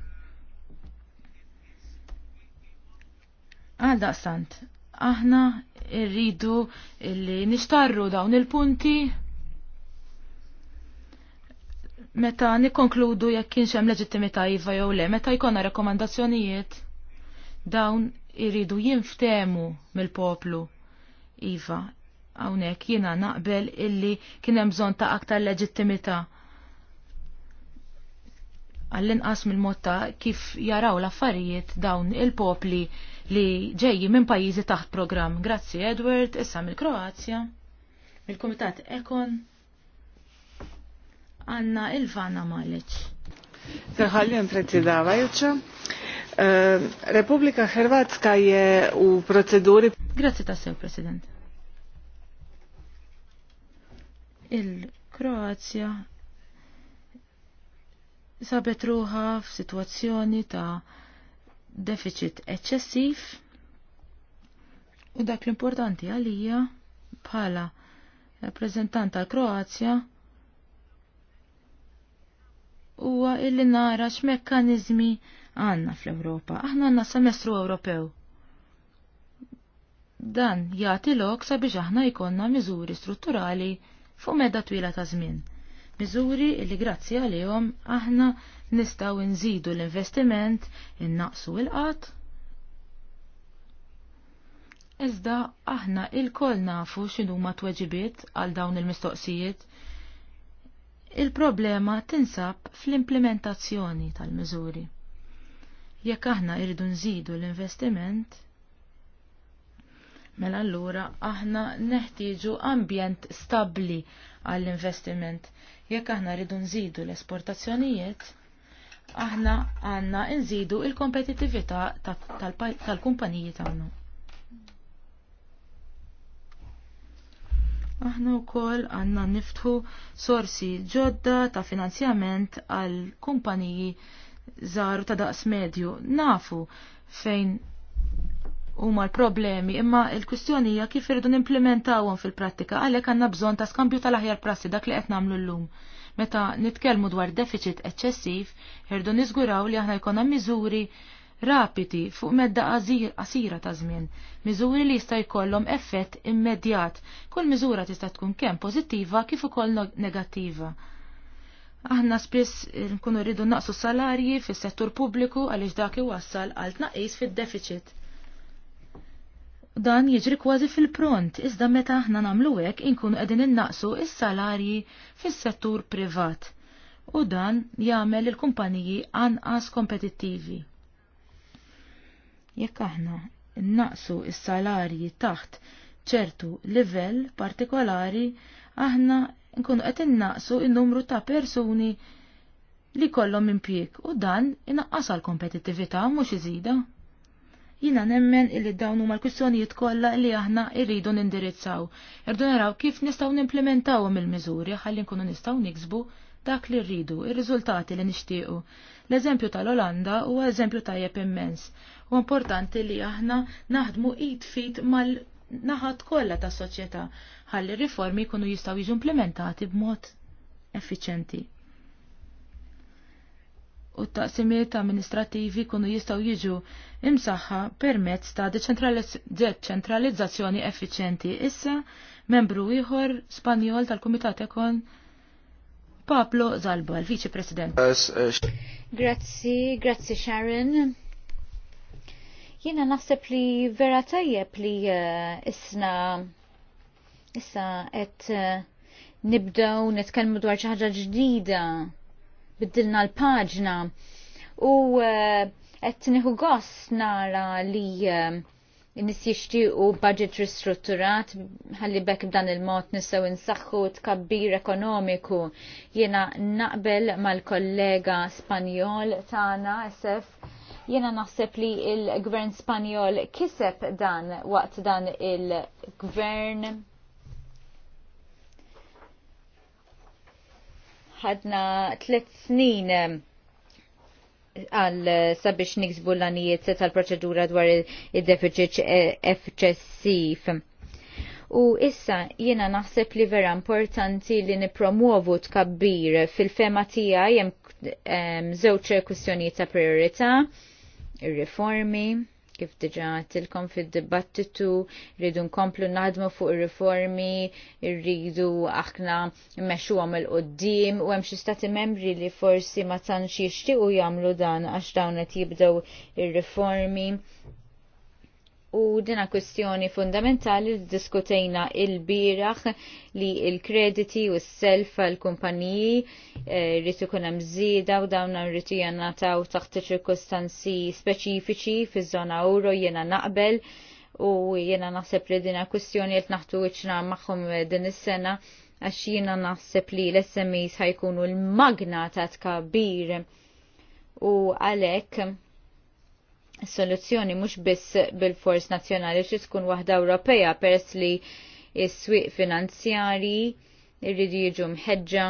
Għal daqstant, aħna irridu li nixtarru dawn il-punti meta nikkonkludu jekk kienx hemm leġittimità iva jew le, meta jkollna rekomandazzjonijiet dawn irridu jinftemu mill-poplu iva. Hawnhekk jiena naqbel illi kien hemm bżonn ta' aktar leġittimità għall-inqas mill motta kif jaraw l-affarijiet dawn il-popli li ġejji minn pajjiżi taħt programm. Grazzi Edward, issa mill-Kroazja, mill-Kumitat Ekon. Anna Ilvana Malic. Zahvaljujem predsjedavajuća. E, Republika Hrvatska je u proceduri... Grazie tassew, president. Il-Kroazja sabet ruħa f'sitwazzjoni ta' deficit eċċessiv u dak l-importanti għalija bħala rappresentant tal Kroazja huwa illi nara x'mekkaniżmi għandna fl-Ewropa. Aħna għandna semestru Ewropew. Dan jagħti lok sabiex aħna jkollna miżuri strutturali fuq medda twila ta' żmien. Miżuri li grazzi għalihom aħna nistgħu nżidu l-investiment, innaqsu il-qatt. Iżda aħna il-koll nafu x'inhuma tweġibiet għal dawn il-mistoqsijiet. Il-problema tinsab fl-implementazzjoni tal-miżuri. Jekk aħna irridu nżidu l-investiment, mela allura aħna neħtieġu ambjent stabbli għall-investiment. Jekk aħna rridu nżidu l-esportazzjonijiet, aħna għanna nżidu il-kompetitività tal-kumpaniji tagħna. Aħna wkoll għandna niftħu sorsi ġodda ta' finanzjament għal kumpaniji żaru ta' daqs medju. Nafu fejn huma l-problemi, imma l-kwistjoni hija kif irridu nimplementawhom fil-prattika għalhekk għandna bżonn ta' skambju tal-aħjar prassi dak li qed nagħmlu llum. Meta nitkellmu dwar deficit eċċessiv, irridu niżguraw li aħna jkollna miżuri rapidi fuq medda qasira ta' żmien, miżuri li jista' jkollhom effett immedjat. Kull miżura tista' tkun kemm pożittiva kif ukoll negattiva. Aħna spiss eh, nkunu rridu naqsu salarji fis-settur pubbliku għaliex dak iwassal għal tnaqqis fid-deficit dan jiġri kważi fil-pront, iżda meta aħna nagħmlu hekk inkunu qegħdin innaqsu s salarji fis-settur privat. U dan jagħmel il-kumpaniji anqas kompetittivi. Jekk aħna innaqsu s salarji taħt ċertu livell partikolari, aħna nkunu qed innaqsu n-numru ta' persuni li kollhom impjieg u dan inaqqas għall kompetittività mhux iżida. Jina nemmen illi dawn huma l-kwistjonijiet kollha li aħna rridu nindirizzaw. Irdu naraw kif nistgħu nimplementawhom il-miżuri ħalli nkunu nistgħu niksbu dak li rridu, ir-riżultati li nixtiequ. L-eżempju tal-Olanda huwa eżempju tajjeb immens. U importanti li aħna naħdmu id fit mal naħat kollha tas soċjetà ħalli riformi jkunu jistgħu jiġu implementati b'mod effiċenti u t-taqsimiet amministrativi kunu jistaw jiġu imsaħħa permezz ta' deċentralizzazzjoni effiċenti. Issa, membru ieħor Spanjol tal-Kumitat Ekon Pablo Zalba, l-Viċi President. Grazzi, grazzi Sharon. Jiena naħseb li vera tajjeb li issa, eh, isna issa qed eh, nibdew nitkellmu dwar xi ħaġa ġdida biddilna l-paġna u eh, qed nieħu gost nara li eh, nis jixtiequ budget ristrutturat ħalli bekk b'dan il-mod nisew insaħħu tkabbir ekonomiku. Jiena naqbel mal-kollega Spanjol tagħna SF Jiena naħseb li il-gvern Spanjol kiseb dan waqt dan il-gvern ħadna tliet snin għal sabiex niksbu l-għanijiet tal-proċedura dwar il-deficit eċċessiv. U issa jiena naħseb li vera importanti li nipromuovu tkabbir fil-fema tija jem zewċe kwistjonijiet ta' priorità, ir-reformi, kif diġa tilkom fid-dibattitu, rridu nkomplu nadmu fuq ir-riformi, rridu aħna meċu għam il-qoddim, u hemm xi stati membri li forsi ma tantx jixtiequ jagħmlu dan għax dawn qed jibdew ir-riformi U dina kwestjoni fundamentali diskutejna il-biraħ li il-krediti u s-self għal-kumpaniji eh, rritu hemm żieda u dawna rritu jannataw taħt ċirkostanzi speċifiċi fi zona euro jena naqbel u jena naħseb li dina kwestjoni qed naħtu iċna magħhom din is-sena għax jena naħseb li l-SMEs ħajkunu l-magna ta' tkabir u għalek soluzzjoni mhux biss bil-fors nazzjonali xi tkun waħda Ewropea peress li s-swieq finanzjari irridu jiġu mħeġġa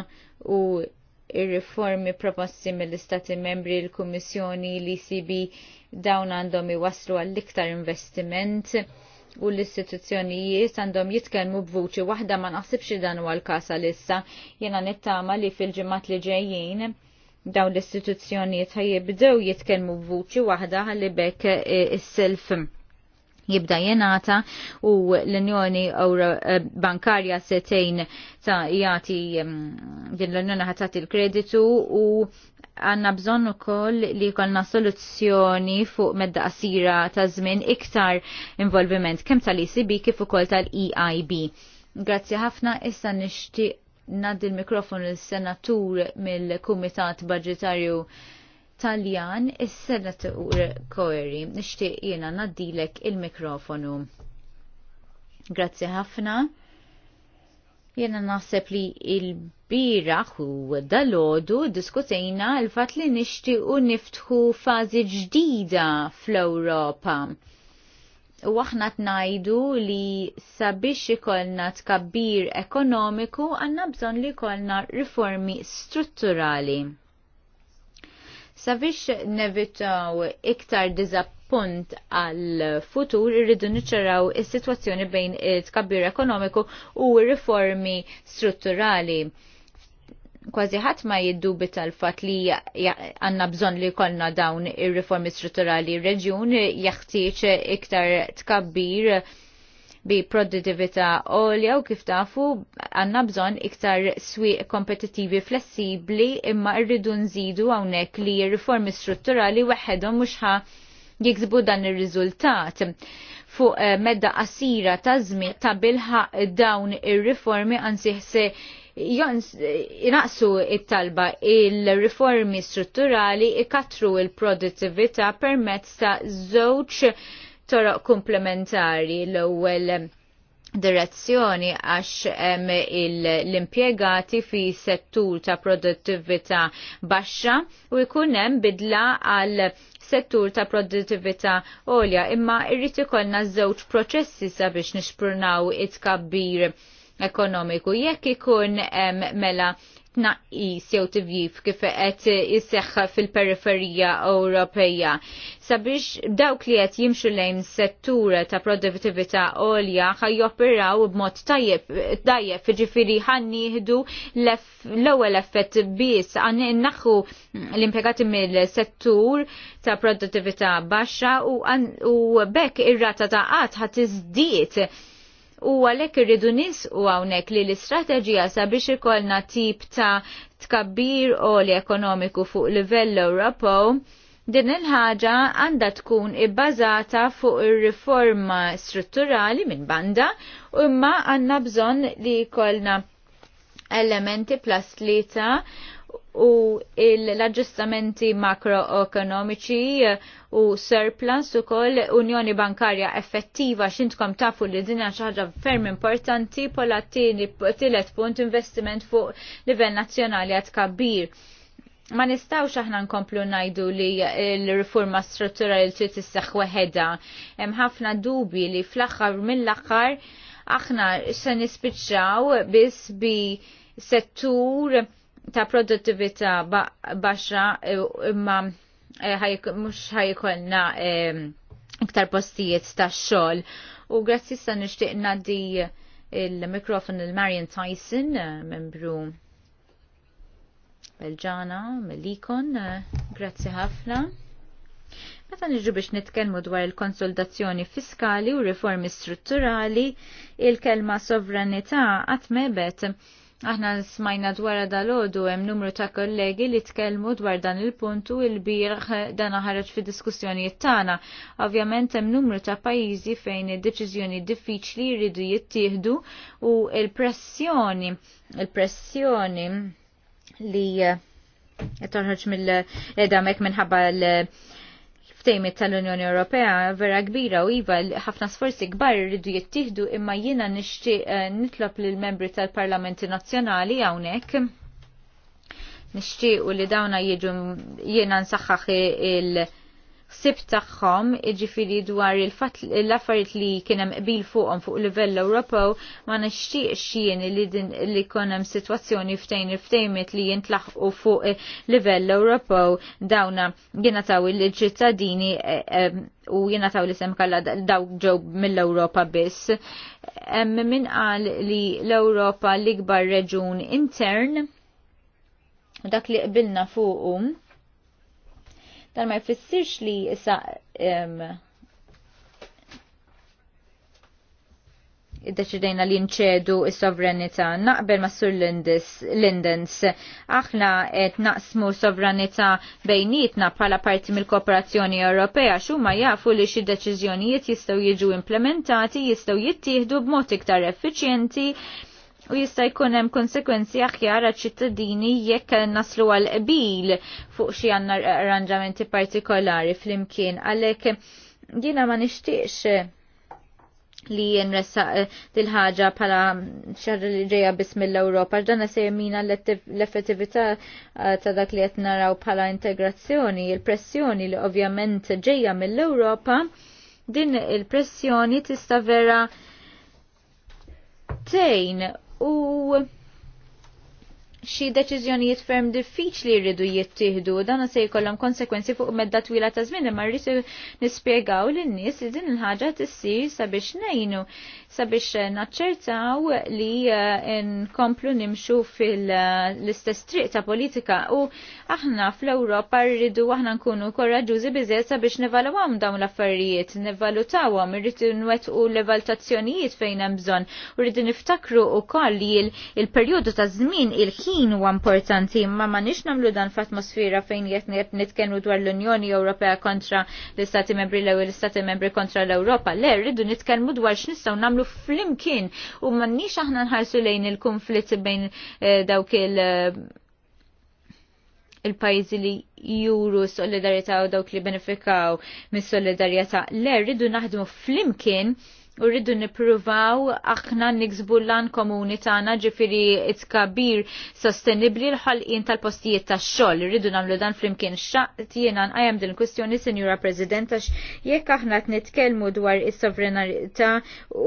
u ir-riformi proposti mill-Istati membri l-Kummissjoni li sibi dawn għandhom iwaslu għall-iktar investiment u l-istituzzjonijiet għandhom jitkellmu b'vuċi waħda ma naħsibx dan huwa l-każ għalissa jiena nittama li fil-ġimgħat li ġejjin daw l-istituzzjonijiet ħajibdew jitkellmu b'vuċi waħda għalli bekk e, is-self jibda jenata u l-Unjoni e, Bankarja setejn ta' jati mm, din l-Unjoni ħatati l-kreditu u għanna bżonn ukoll li jkollna soluzzjoni fuq medda qasira ta' żmien iktar involviment kemm tal-ECB kif ukoll tal-EIB. Grazzi ħafna issa nixtieq naddi l-mikrofon il-senatur mill-Kumitat Budgetarju Taljan, il-senatur Koeri. Nishtiq jena naddilek il-mikrofonu. Grazzi ħafna. Jena naħseb li il-biraħ u dal-ħodu diskutejna l-fat li u niftħu fazi ġdida fl-Europa u aħna tnajdu li sabiex ikollna tkabbir ekonomiku għanna bżon li kollna riformi strutturali. Sabiex nevitaw iktar dizappunt għal futur irridu niċċaraw is-sitwazzjoni bejn it-tkabbir ekonomiku u riformi strutturali kważi ħadd ma jiddubita l-fatt li għandna bżonn li kollna dawn ir-riformi strutturali reġjun jaħtieġ iktar tkabbir bi produttività għolja u kif tafu għandna bżonn iktar swieq kompetittivi flessibbli imma rridu nżidu hawnhekk li r-riformi strutturali waħedhom mhux ħa jiksbu dan ir-riżultat fuq eh, medda qasira ta' żmien ta' bilħaq dawn ir-riformi anzi se Jinaqsu it-talba il-riformi strutturali ikatru il-produttività permezz ta' żewġ toroq komplementari l-ewwel direzzjoni għax hemm l-impjegati fi settur ta' produttività baxxa u jkun hemm bidla għal settur ta' produttività għolja imma irrid ikollna żewġ proċessi sabiex nixprunaw it-kabbir ekonomiku. Jekk ikun mela tnaqqis jew tivjif kif qed isseħħa fil-periferija Ewropeja. Sabiex dawk li qed jimxu lejn settura ta' produttività għolja ħaj joperaw b'mod tajjeb tajjeb jiġifieri ħannieħdu l-ewwel effett biss għan naħħu l-impjegati mill-settur ta' produttività baxxa u bekk ir-rata ta' qatt ħad iżdied u għalhekk irridu u hawnhekk li l-istrateġija sabiex ikollna tip ta' tkabbir li ekonomiku fuq livell Ewropew din il-ħaġa għandha tkun ibbażata fuq ir-riforma strutturali minn banda u imma għandna bżonn li jkollna elementi plastlita u l-aġġustamenti makroekonomiċi eh, u surplus u koll unjoni bankarja effettiva xintkom tafu li dinja ċaħġa ferm importanti pola tilet punt investiment fuq livell nazjonali għat kabir. Ma nistaw aħna nkomplu najdu li l-riforma strutturali li trid tisseħ weħeda. Hemm ħafna dubi li fl-aħħar mill-aħħar aħna se nispiċċaw biss bi settur ta' produttività baxxa e, imma e, mhux ħajkolna e, iktar postijiet ta' xogħol. U grazzi sa' nixtieq ngħaddi il-mikrofon il-Marian Tyson, membru Belġana, Melikon, grazzi ħafna. Meta niġu biex nitkellmu dwar il konsultazzjoni fiskali u riformi strutturali, il-kelma sovranità għatmebet mebet Aħna smajna dwar dal-ħodu hemm numru ta' kollegi li tkellmu dwar dan il-puntu il-birħ dan ħareġ fi diskussjonijiet tagħna. Ovvjament hemm numru ta' pajjiżi fejn id-deċiżjoni diffiċli jridu jittieħdu u il-pressjoni il-pressjoni li qed toħroġ mill-edamek minħabba l- Ftejmi tal-Unjoni Ewropea vera kbira u iva ħafna sforzi kbar irridu jittieħdu imma jiena nixtieq uh, nitlob lil membri tal-Parlamenti Nazzjonali hawnhekk nixtiequ li dawna jiġu jiena nsaħħaħ il- Sibt tagħhom jiġifieri dwar l-affarijiet li kien hemm qbil fuqhom fuq livell Ewropew ma nixtieqx xien li din li jkun hemm sitwazzjoni ftejn ftejmet li jintlaħqu fuq livell Ewropew dawna jingħataw il-ċittadini e, e, u jena taw li sem kalla daw ġew mill-Europa biss. Min qal li l-Europa l-ikbar reġun intern, dak li qbilna fuqum, Dan ma jfissirx li issa id-deċidejna li nċedu s-sovranità naqbel ma' Sur Lindens. Aħna qed naqsmu sovranità bejnietna bħala parti mill-Kooperazzjoni Ewropea x'huma jafu li xi deċiżjonijiet jistgħu jiġu implementati, jistgħu jittieħdu b'mod iktar effiċjenti u jista' jkun hemm konsekwenzi aħjar ċittadini jekk naslu għal qbil fuq xi għandna arranġamenti partikolari flimkien għalhekk jiena ma nixtieqx li jenressa eh, dil-ħaġa pala xarri li ġeja bismill mill-Europa, ġdana se jemina l-effettività eh, ta' dak li qed naraw pala integrazzjoni, il-pressjoni li ovvjament ġeja mill-Europa, din il-pressjoni tista' vera tejn u xi deċiżjonijiet ferm diffiċli jridu jittieħdu dan se jkollhom konsekwenzi fuq medda twila ta' żmien imma rrid nispjegaw lin-nies li din il-ħaġa tissir sabiex ngħinu sabiex naċċertaw li eh, nkomplu nimxu fil-istess triq ta' politika u aħna fl-Ewropa rridu aħna nkunu korraġużi biżgħet sabiex nevalawhom dawn l-affarijiet, nevalutawhom, irrid nwettqu l evaltazzjonijiet fejn hemm bżonn, u rridu niftakru wkoll li il-perjodu ta' żmien il-ħin ħin huwa importanti, imma ma nix namlu dan f'atmosfera fejn qed nitkellmu dwar l-Unjoni Ewropea kontra l-Istati Membri l l-Istati Membri kontra l-Ewropa. Le, rridu nitkellmu dwar x'nistgħu namlu flimkien u ma nix aħna nħarsu lejn il-konflitt bejn eh, dawk il- eh, il-pajzi li juru solidarjetà u dawk li benefikaw mis-solidarjetà. Le, rridu naħdmu flimkien u rridu nippruvaw aħna niksbu lan komuni tagħna ġifieri it-kabir sostenibbli l ħalqin tal-postijiet tax-xogħol. Irridu nagħmlu dan flimkien xaqt jiena nqajjem din il-kwistjoni, Sinjura President, għax jekk aħna qed nitkellmu dwar is-sovranità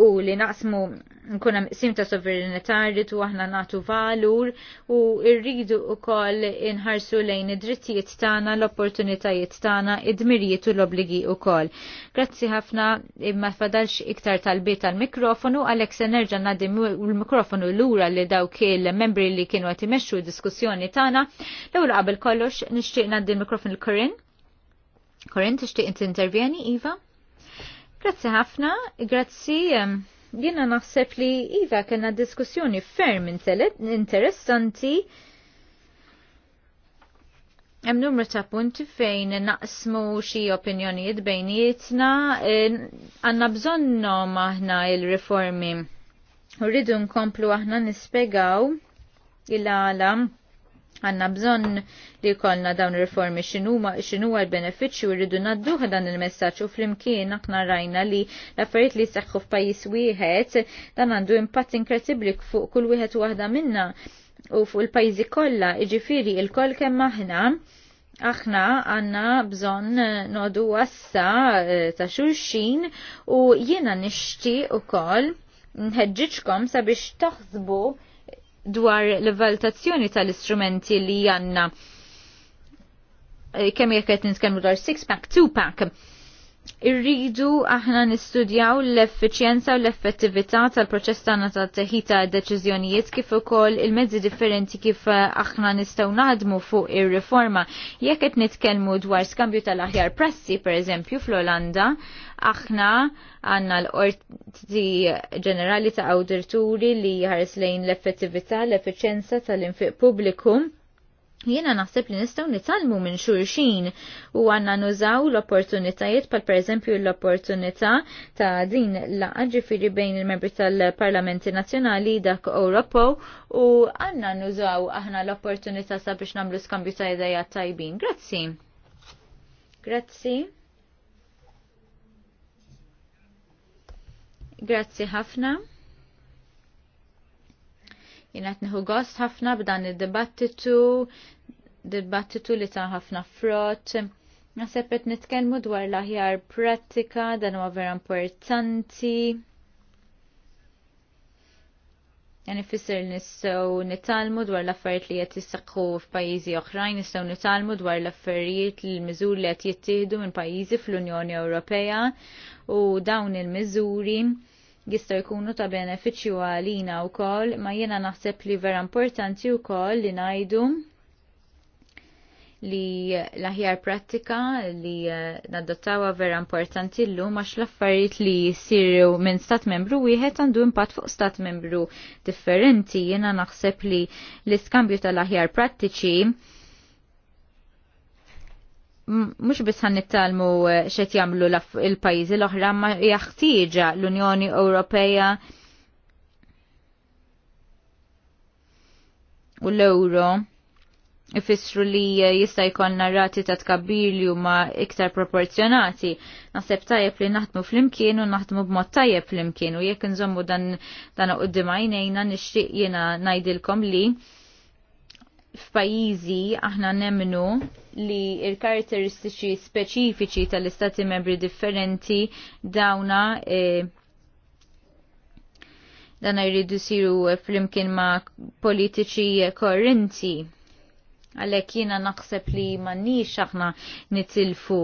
u li naqsmu nkun hemm ta' sovranità rridu aħna nagħtu valur u rridu wkoll inħarsu lejn id-drittijiet tagħna, l-opportunitajiet tagħna, id-dmirijiet u l-obligi wkoll. Grazzi ħafna imma fadalx iktar talbiet tal-mikrofonu għalhekk se nerġa' nagħdi l-mikrofonu lura li dawk il-membri li kienu qed imexxu d-diskussjoni tagħna. L-ewwel qabel kollox nixtieq ngħaddi l-mikrofon l Corin. Corin tixtieq intervjeni, Iva? Grazzi ħafna, grazzi ehm, Jiena naħseb li iva kena diskussjoni ferm interessanti Hemm numru ta' punti fejn naqsmu xi opinjonijiet bejnietna eh, għandna bżonnhom aħna il-riformi. Rridu nkomplu aħna nispegaw il-għalam għanna bżon li kolna dawn riformi xinuwa l-beneficju rridu nadduħ dan il-messagġ u flimkien aħna rajna li l-affarijiet li seħħu f'pajjiż wieħed dan għandu impatt inkredibbli fuq kull wieħed waħda minna u fuq il-pajjiżi kollha, jiġifieri il-koll kemm aħna aħna għanna bżon nodu għassa eh, ta' xulxin u jiena nishti u koll nħedġiċkom sabiex taħzbu dwar l-valutazzjoni tal-istrumenti li janna eh, kemm jekk qed nitkellmu dwar six pack, two pack irridu aħna nistudjaw l-effiċjenza u l-effettività tal-proċess tagħna ta' teħita deċiżjonijiet kif ukoll il-mezzi differenti kif aħna nistgħu naħdmu fuq ir-riforma. Jekk qed nitkellmu dwar skambju tal-aħjar prassi, pereżempju fl-Olanda, aħna għandna l-Qorti Ġenerali ta' Awdirturi li jħares lejn l-effettività, l-effiċjenza tal-infiq pubbliku Jiena naħseb li nistgħu nitalmu minn xulxin u għanna nużaw l-opportunitajiet pal pereżempju l-opportunità ta' din laqa ġifiri bejn il-membri tal-Parlamenti Nazzjonali dak Ewropo u għanna nużaw aħna l-opportunità sabiex nagħmlu skambju ta' idejja tajbin. Grazzi. Grazzi. Grazzi ħafna qed nħu gost ħafna b'dan id-dibattitu, dibattitu li ta' ħafna frott. Naseb qed nitkellmu dwar l-aħjar prattika dan huwa vera importanti. Jani fisser nistgħu nitalmu dwar l-affarijiet li qed jissaqħu f'pajjiżi oħrajn, nistgħu nitalmu dwar l-affarijiet li l-miżuri li qed jittieħdu minn pajjiżi fl-Unjoni Ewropea u dawn il-miżuri jistgħu jkunu ta' benefiċċju għalina wkoll, ma jiena naħseb li vera importanti wkoll li ngħidu li l-aħjar pratika li eh, nadottawa vera importanti l lu għax l-affarijiet li jisiru minn stat membru wieħed għandu impatt fuq stat membru differenti jena naħseb li l-iskambju tal-aħjar prattiċi mux biss ħan nittalmu eh, xet jamlu il-pajizi l-oħra ma jaħtieġa l-Unjoni Ewropeja u l-Euro ifissru li eh, jista' jkollna narrati ta' tkabbir li huma iktar proporzjonati. Naħseb tajjeb li naħdmu flimkien u naħdmu b'mod tajjeb flimkien u jekk nżommu dan dan qudiem għajnejna nixtieq jiena ngħidilkom li f'pajjiżi aħna nemnu li il-karakteristiċi speċifiċi tal-istati membri differenti dawna e, eh, dan jridu siru flimkien ma' politiċi korrenti Għalek jina naħseb li ma nix aħna nitilfu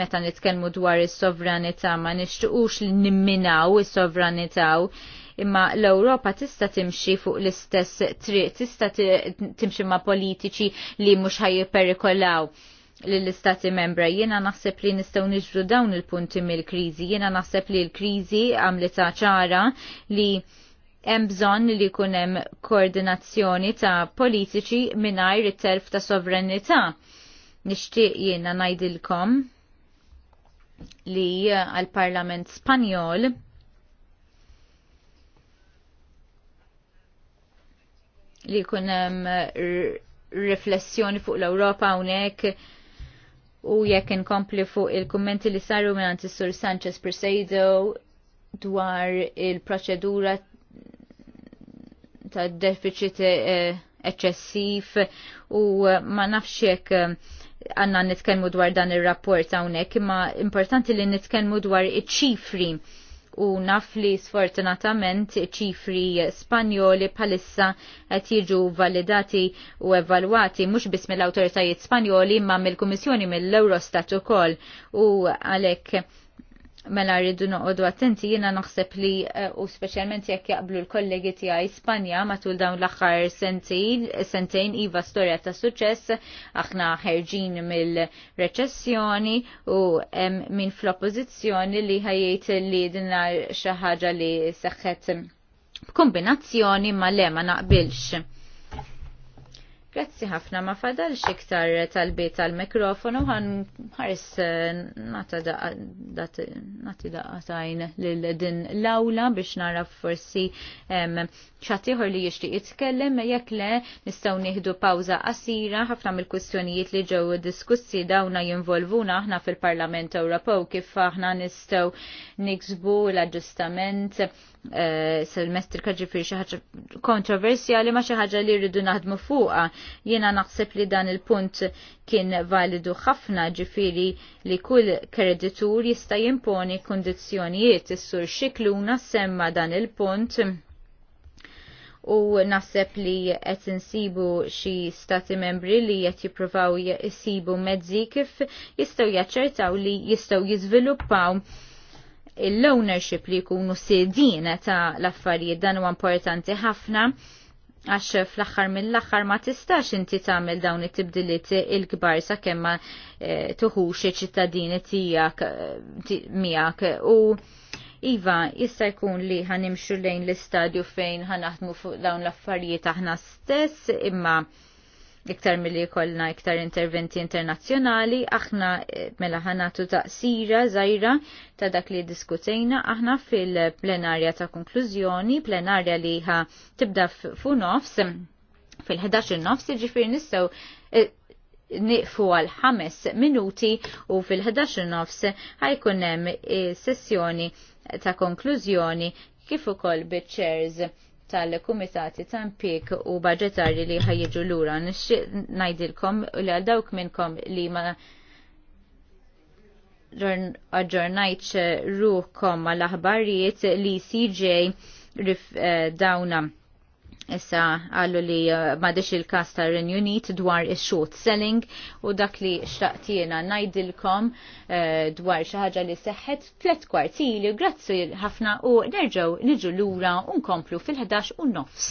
meta nitkelmu dwar is-sovranità ma nishtuqux li nimminaw is-sovranità imma l-Ewropa tista' timxi fuq l-istess triq, tista' timxi ma' politiċi li mhux ħajperikolaw l-istati membra. Jiena naħseb li nistgħu niġru dawn il-punti mill-kriżi. Jiena naħseb li l-kriżi għamlita ċara li hemm bżonn li jkun hemm koordinazzjoni ta' politiċi mingħajr it-terf ta' sovranità. Nixtieq jiena ngħidilkom li għal-Parlament Spanjol li jkun hemm riflessjoni fuq l-Ewropa hawnhekk u jekk inkompli fuq il-kummenti li saru minn Sur Sanchez Perseido dwar il-proċedura ta' deficit eh, eċessif u eh, ma nafxiek eh, għanna nitkelmu dwar dan il-rapport għawnek, imma importanti li nitkelmu dwar iċifri. u naf li sfortunatament ċifri spanjoli palissa qed jiġu validati u evalwati mhux biss mill-awtoritajiet spanjoli imma mill-Kummissjoni mill-Eurostat ukoll u għalhekk mela rridu noqogħdu attenti jiena naħseb li eh, u speċjalment jekk jaqblu l-kollegi tiegħi Spanja matul dawn l-aħħar sentejn sentejn iva storja ta' suċċess aħna ħerġin mill-reċessjoni u minn fl-oppożizzjoni li ħajjejt li dinna xi ħaġa li seħħet b'kombinazzjoni ma le ma naqbilx Grazzi ħafna ma fadalx iktar tal-bit tal-mikrofonu għan ħaris eh, nati daqatajn l-din l-awla biex nara forsi ċatiħor li jishti jitkellem jekk le nistaw nieħdu pawza qasira ħafna mill-kwistjonijiet li ġew diskussi dawna jinvolvuna aħna fil-Parlament Ewropew kif aħna nistaw niksbu l-aġġustament eh, semestri kaġi xi ħaġa kontroversjali ma xi ħaġa li rridu naħdmu fuqha Jiena naħseb li dan il-punt kien validu ħafna ġifiri li kull kreditur jista' jimponi kondizjonijiet is-sur xikluna semma dan il-punt u naħseb li qed insibu xi stati membri li qed jippruvaw jisibu mezzi kif jistgħu jaċċertaw li jistgħu jiżviluppaw il ownership li jkunu sedin ta' l-affarijiet dan huwa importanti ħafna għax fl-axar mill-axar ma tistax inti tagħmel dawn it-tibdiliet il-kbar sa ma eh, tuħux iċ-ċittadini tiegħek miegħek u Iva, jista' jkun li ħanimxu lejn l-istadju fejn ħanaħdmu fuq dawn l-affarijiet aħna stess imma iktar milli kollna iktar interventi internazzjonali, aħna eh, mela ħanatu taqsira zaħira ta' dak li diskutejna, aħna fil-plenarja ta' konklużjoni, plenarja li ħa tibda fu nofs, fil-11 nofs, ġifir nistaw eh, niqfu għal ħames minuti u fil-11 nofs ħajkun hemm eh, sessjoni ta' konklużjoni kif ukoll bit chairs tal-Kumitati ta' impjeg u baġetari li ħajjiġu lura. najdilkom ngħidilkom li għal dawk minnkom li ma aġġornajtx ruhkom mal aħbarijiet li CJ eh, dawna Issa għallu li uh, madix il-kas ta' Renunit dwar il-short selling u dak li xtaqtijena najdilkom uh, dwar xaħġa li seħħet tlet kwartili grazzi ħafna u nerġaw niġu l-ura unkomplu fil-11 u nofs.